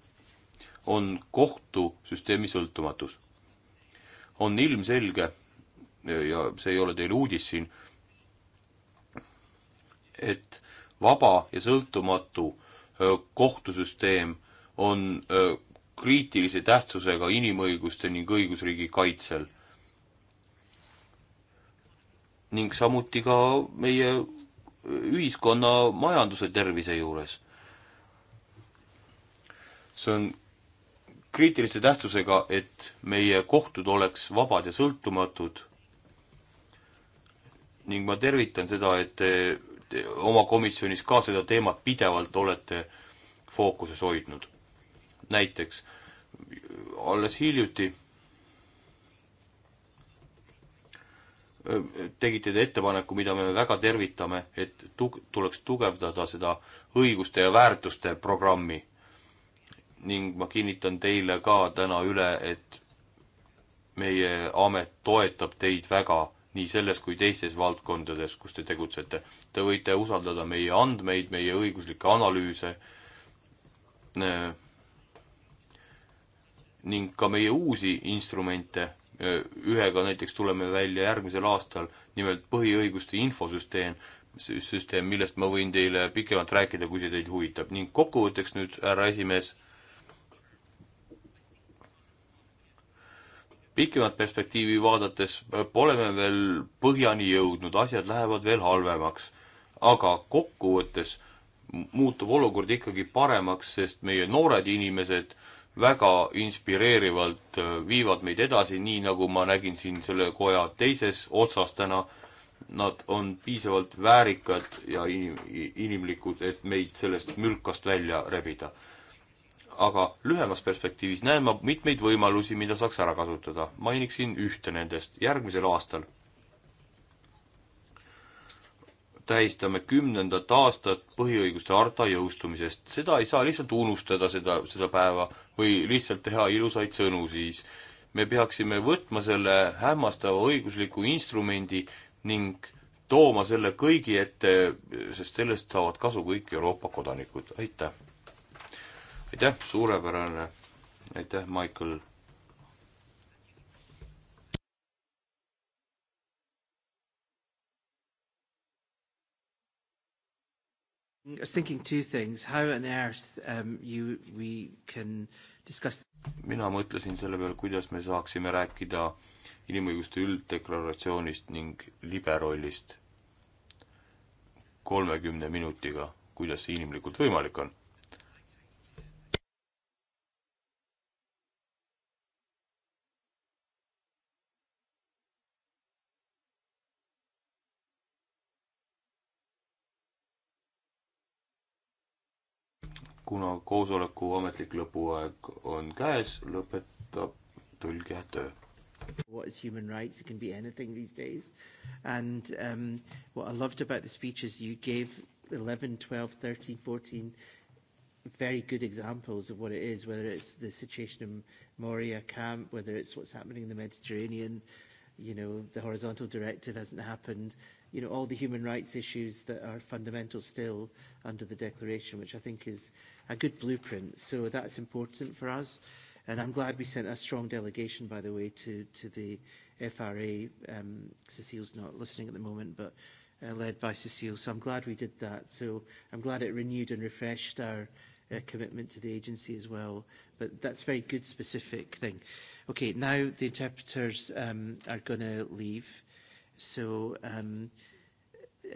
on kohtusüsteemi sõltumatus. on ilmselge äh, ja see ei ole teile uudis siin, et vaba ja sõltumatu äh, kohtusüsteem on kriitilise tähtsusega inimõiguste ning õigusriigi kaitsel. ning samuti ka meie ühiskonna majanduse tervise juures. see on kriitilise tähtsusega, et meie kohtud oleks vabad ja sõltumatud ning ma tervitan seda, et te, te oma komisjonis ka seda teemat pidevalt olete fookuses hoidnud näiteks alles hiljuti tegite te ettepaneku, mida me väga tervitame, et tu-, tuleks tugevdada seda õiguste ja väärtuste programmi. ning ma kinnitan teile ka täna üle, et meie amet toetab teid väga nii selles kui teistes valdkondades, kus te tegutsete. Te võite usaldada meie andmeid, meie õiguslikke analüüse, ning ka meie uusi instrumente, ühega näiteks tuleme välja järgmisel aastal, nimelt põhiõiguste infosüsteem, süsteem, millest ma võin teile pikemalt rääkida, kui see teid huvitab. ning kokkuvõtteks nüüd, härra esimees, pikemat perspektiivi vaadates pole me veel põhjani jõudnud, asjad lähevad veel halvemaks. aga kokkuvõttes muutub olukord ikkagi paremaks, sest meie noored inimesed äh, väga inspireerivalt äh, viivad meid edasi, nii nagu ma nägin siin selle koja teises otsas täna. Nad on piisavalt väärikad ja inim-, inimlikud, et meid sellest mülkast välja rebida. aga lühemas perspektiivis näen ma mitmeid võimalusi, mida saaks ära kasutada. mainiksin ühte nendest järgmisel aastal tähistame kümnendat aastat põhiõiguste harta jõustumisest. seda ei saa lihtsalt unustada, seda, seda päeva, või lihtsalt teha ilusaid sõnu siis. me peaksime võtma selle hämmastava õigusliku instrumendi ning tooma selle kõigi ette, sest sellest saavad kasu kõik Euroopa kodanikud. aitäh! aitäh, suurepärane! aitäh, Michael! I was thinking two things, how on earth um, you, we can discuss mina mõtlesin selle peale, kuidas me saaksime rääkida inimõiguste ülddeklaratsioonist ning liberollist kolmekümne minutiga, kuidas see inimlikult võimalik on. kuna koosoleku ametlik lõpuaeg on käes, lõpetab tõlge töö. What is human rights? It can be anything these days. And um, what I loved about the speeches you gave 11, 12, 13, 14 very good examples of what it is, whether it's the situation in Moria camp, whether it's what's happening in the Mediterranean, you know, the horizontal directive hasn't happened, you know, all the human rights issues that are fundamental still under the declaration, which I think is a good blueprint. So that's important for us. And I'm glad we sent a strong delegation, by the way, to, to the FRA. Um, Cecile's not listening at the moment, but uh, led by Cecile. So I'm glad we did that. So I'm glad it renewed and refreshed our uh, commitment to the agency as well. But that's a very good specific thing. Okay, now the interpreters um, are going to leave. So um,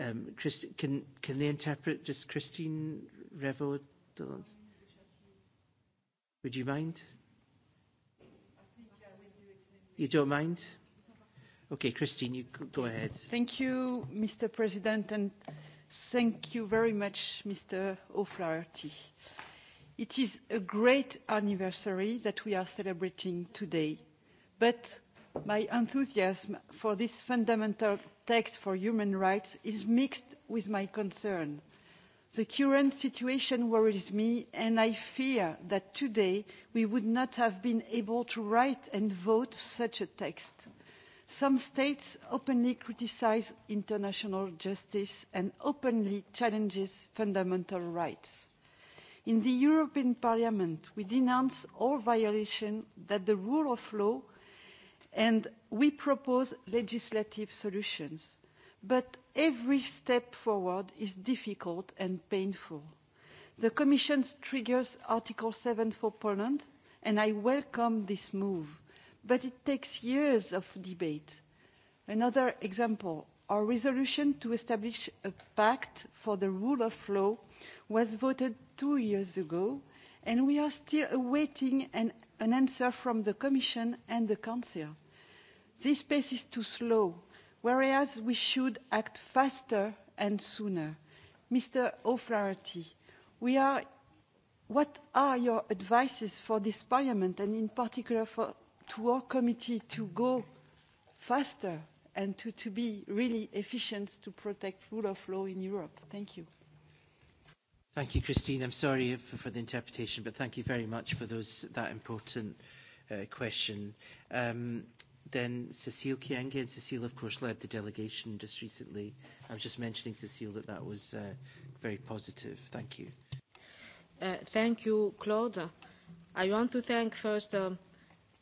um, Christ- can, can they interpret just Christine Revel Don't. Would you mind? You don't mind? Okay, Christine, you go ahead. Thank you, Mr. President, and thank you very much, Mr. O'Flaherty. It is a great anniversary that we are celebrating today, but my enthusiasm for this fundamental text for human rights is mixed with my concern The current situation worries me, and I fear that today we would not have been able to write and vote such a text. Some states openly criticize international justice and openly challenges fundamental rights. In the European Parliament, we denounce all violation that the rule of law and we propose legislative solutions. But Every step forward is difficult and painful. The Commission triggers Article 7 for Poland, and I welcome this move, but it takes years of debate. Another example, our resolution to establish a pact for the rule of law was voted two years ago, and we are still awaiting an, an answer from the Commission and the Council. This pace is too slow, whereas we should act faster and sooner. Mr. O'Flaherty, we are, what are your advices for this Parliament and in particular for, to our committee to go faster and to, to be really efficient to protect rule of law in Europe? Thank you. Thank you, Christine. I'm sorry for, for the interpretation, but thank you very much for those that important uh, question. Um, then Cecile Kienge, and Cecile, of course, led the delegation just recently. I was just mentioning, Cecile, that that was uh, very positive. Thank you. Uh, thank you, Claude. I want to thank first um,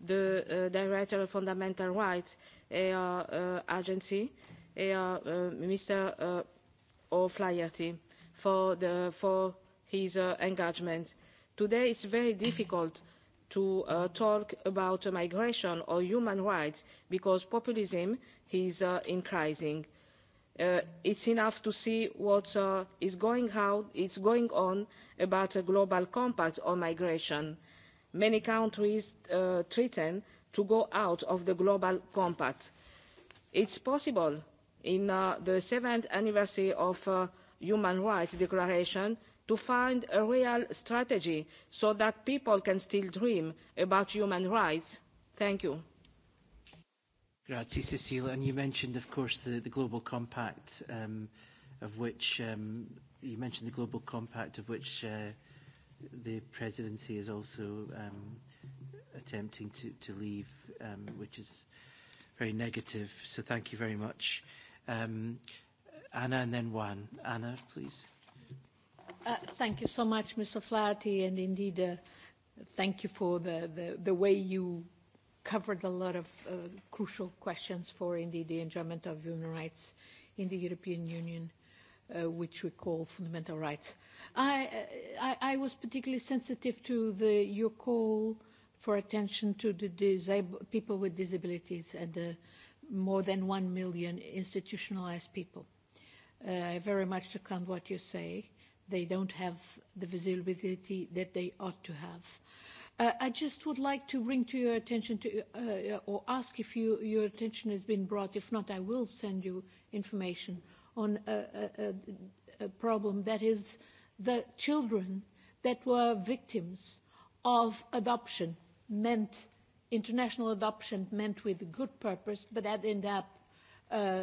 the uh, Director of Fundamental Rights uh, uh, Agency, uh, uh, Mr. Uh, O'Flaherty, for, the, for his uh, engagement. Today it's very difficult uh, to uh, talk about uh, migration or human rights because populism is uh, increasing. Uh, it's enough to see what uh, is going out, it's going on about a global compact on migration. Many countries uh, threaten to go out of the global compact. It's possible in uh, the seventh anniversary of uh, Human Rights Declaration to find a real strategy so that people can still dream about human rights. Thank you. Grazie, Cecilia. And you mentioned, of course, the, the Global Compact, um, of which um, you mentioned the Global Compact, of which uh, the presidency is also um, attempting to, to leave, um, which is very negative. So thank you very much. Um, Anna and then Juan. Anna, please. Uh, thank you so much, Mr. Flaherty, and indeed, uh, thank you for the, the, the way you covered a lot of uh, crucial questions for indeed the enjoyment of human rights in the European Union, uh, which we call fundamental rights. I, uh, I, I was particularly sensitive to the, your call for attention to the disab- people with disabilities and the more than one million institutionalized people. Uh, I very much second what you say. Uh, they don't have the visibility that they ought to have. Uh, I just would like to bring to your attention to, uh, or ask if you, your attention has been brought. If not, I will send you information on a, a, a, a problem that is the children that were victims of adoption meant international adoption meant with good purpose, but that end up uh,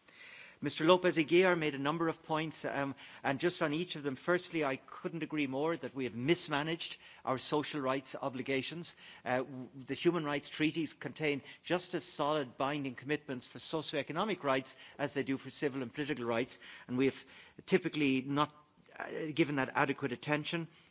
Mr. Lopez Aguiar made a number of points, um, and just on each of them, firstly, I couldn't agree more that we have mismanaged our social rights obligations. Uh, the human rights treaties contain just as solid binding commitments for socioeconomic rights as they do for civil and political rights, and we have typically not uh, given that adequate attention. Uh,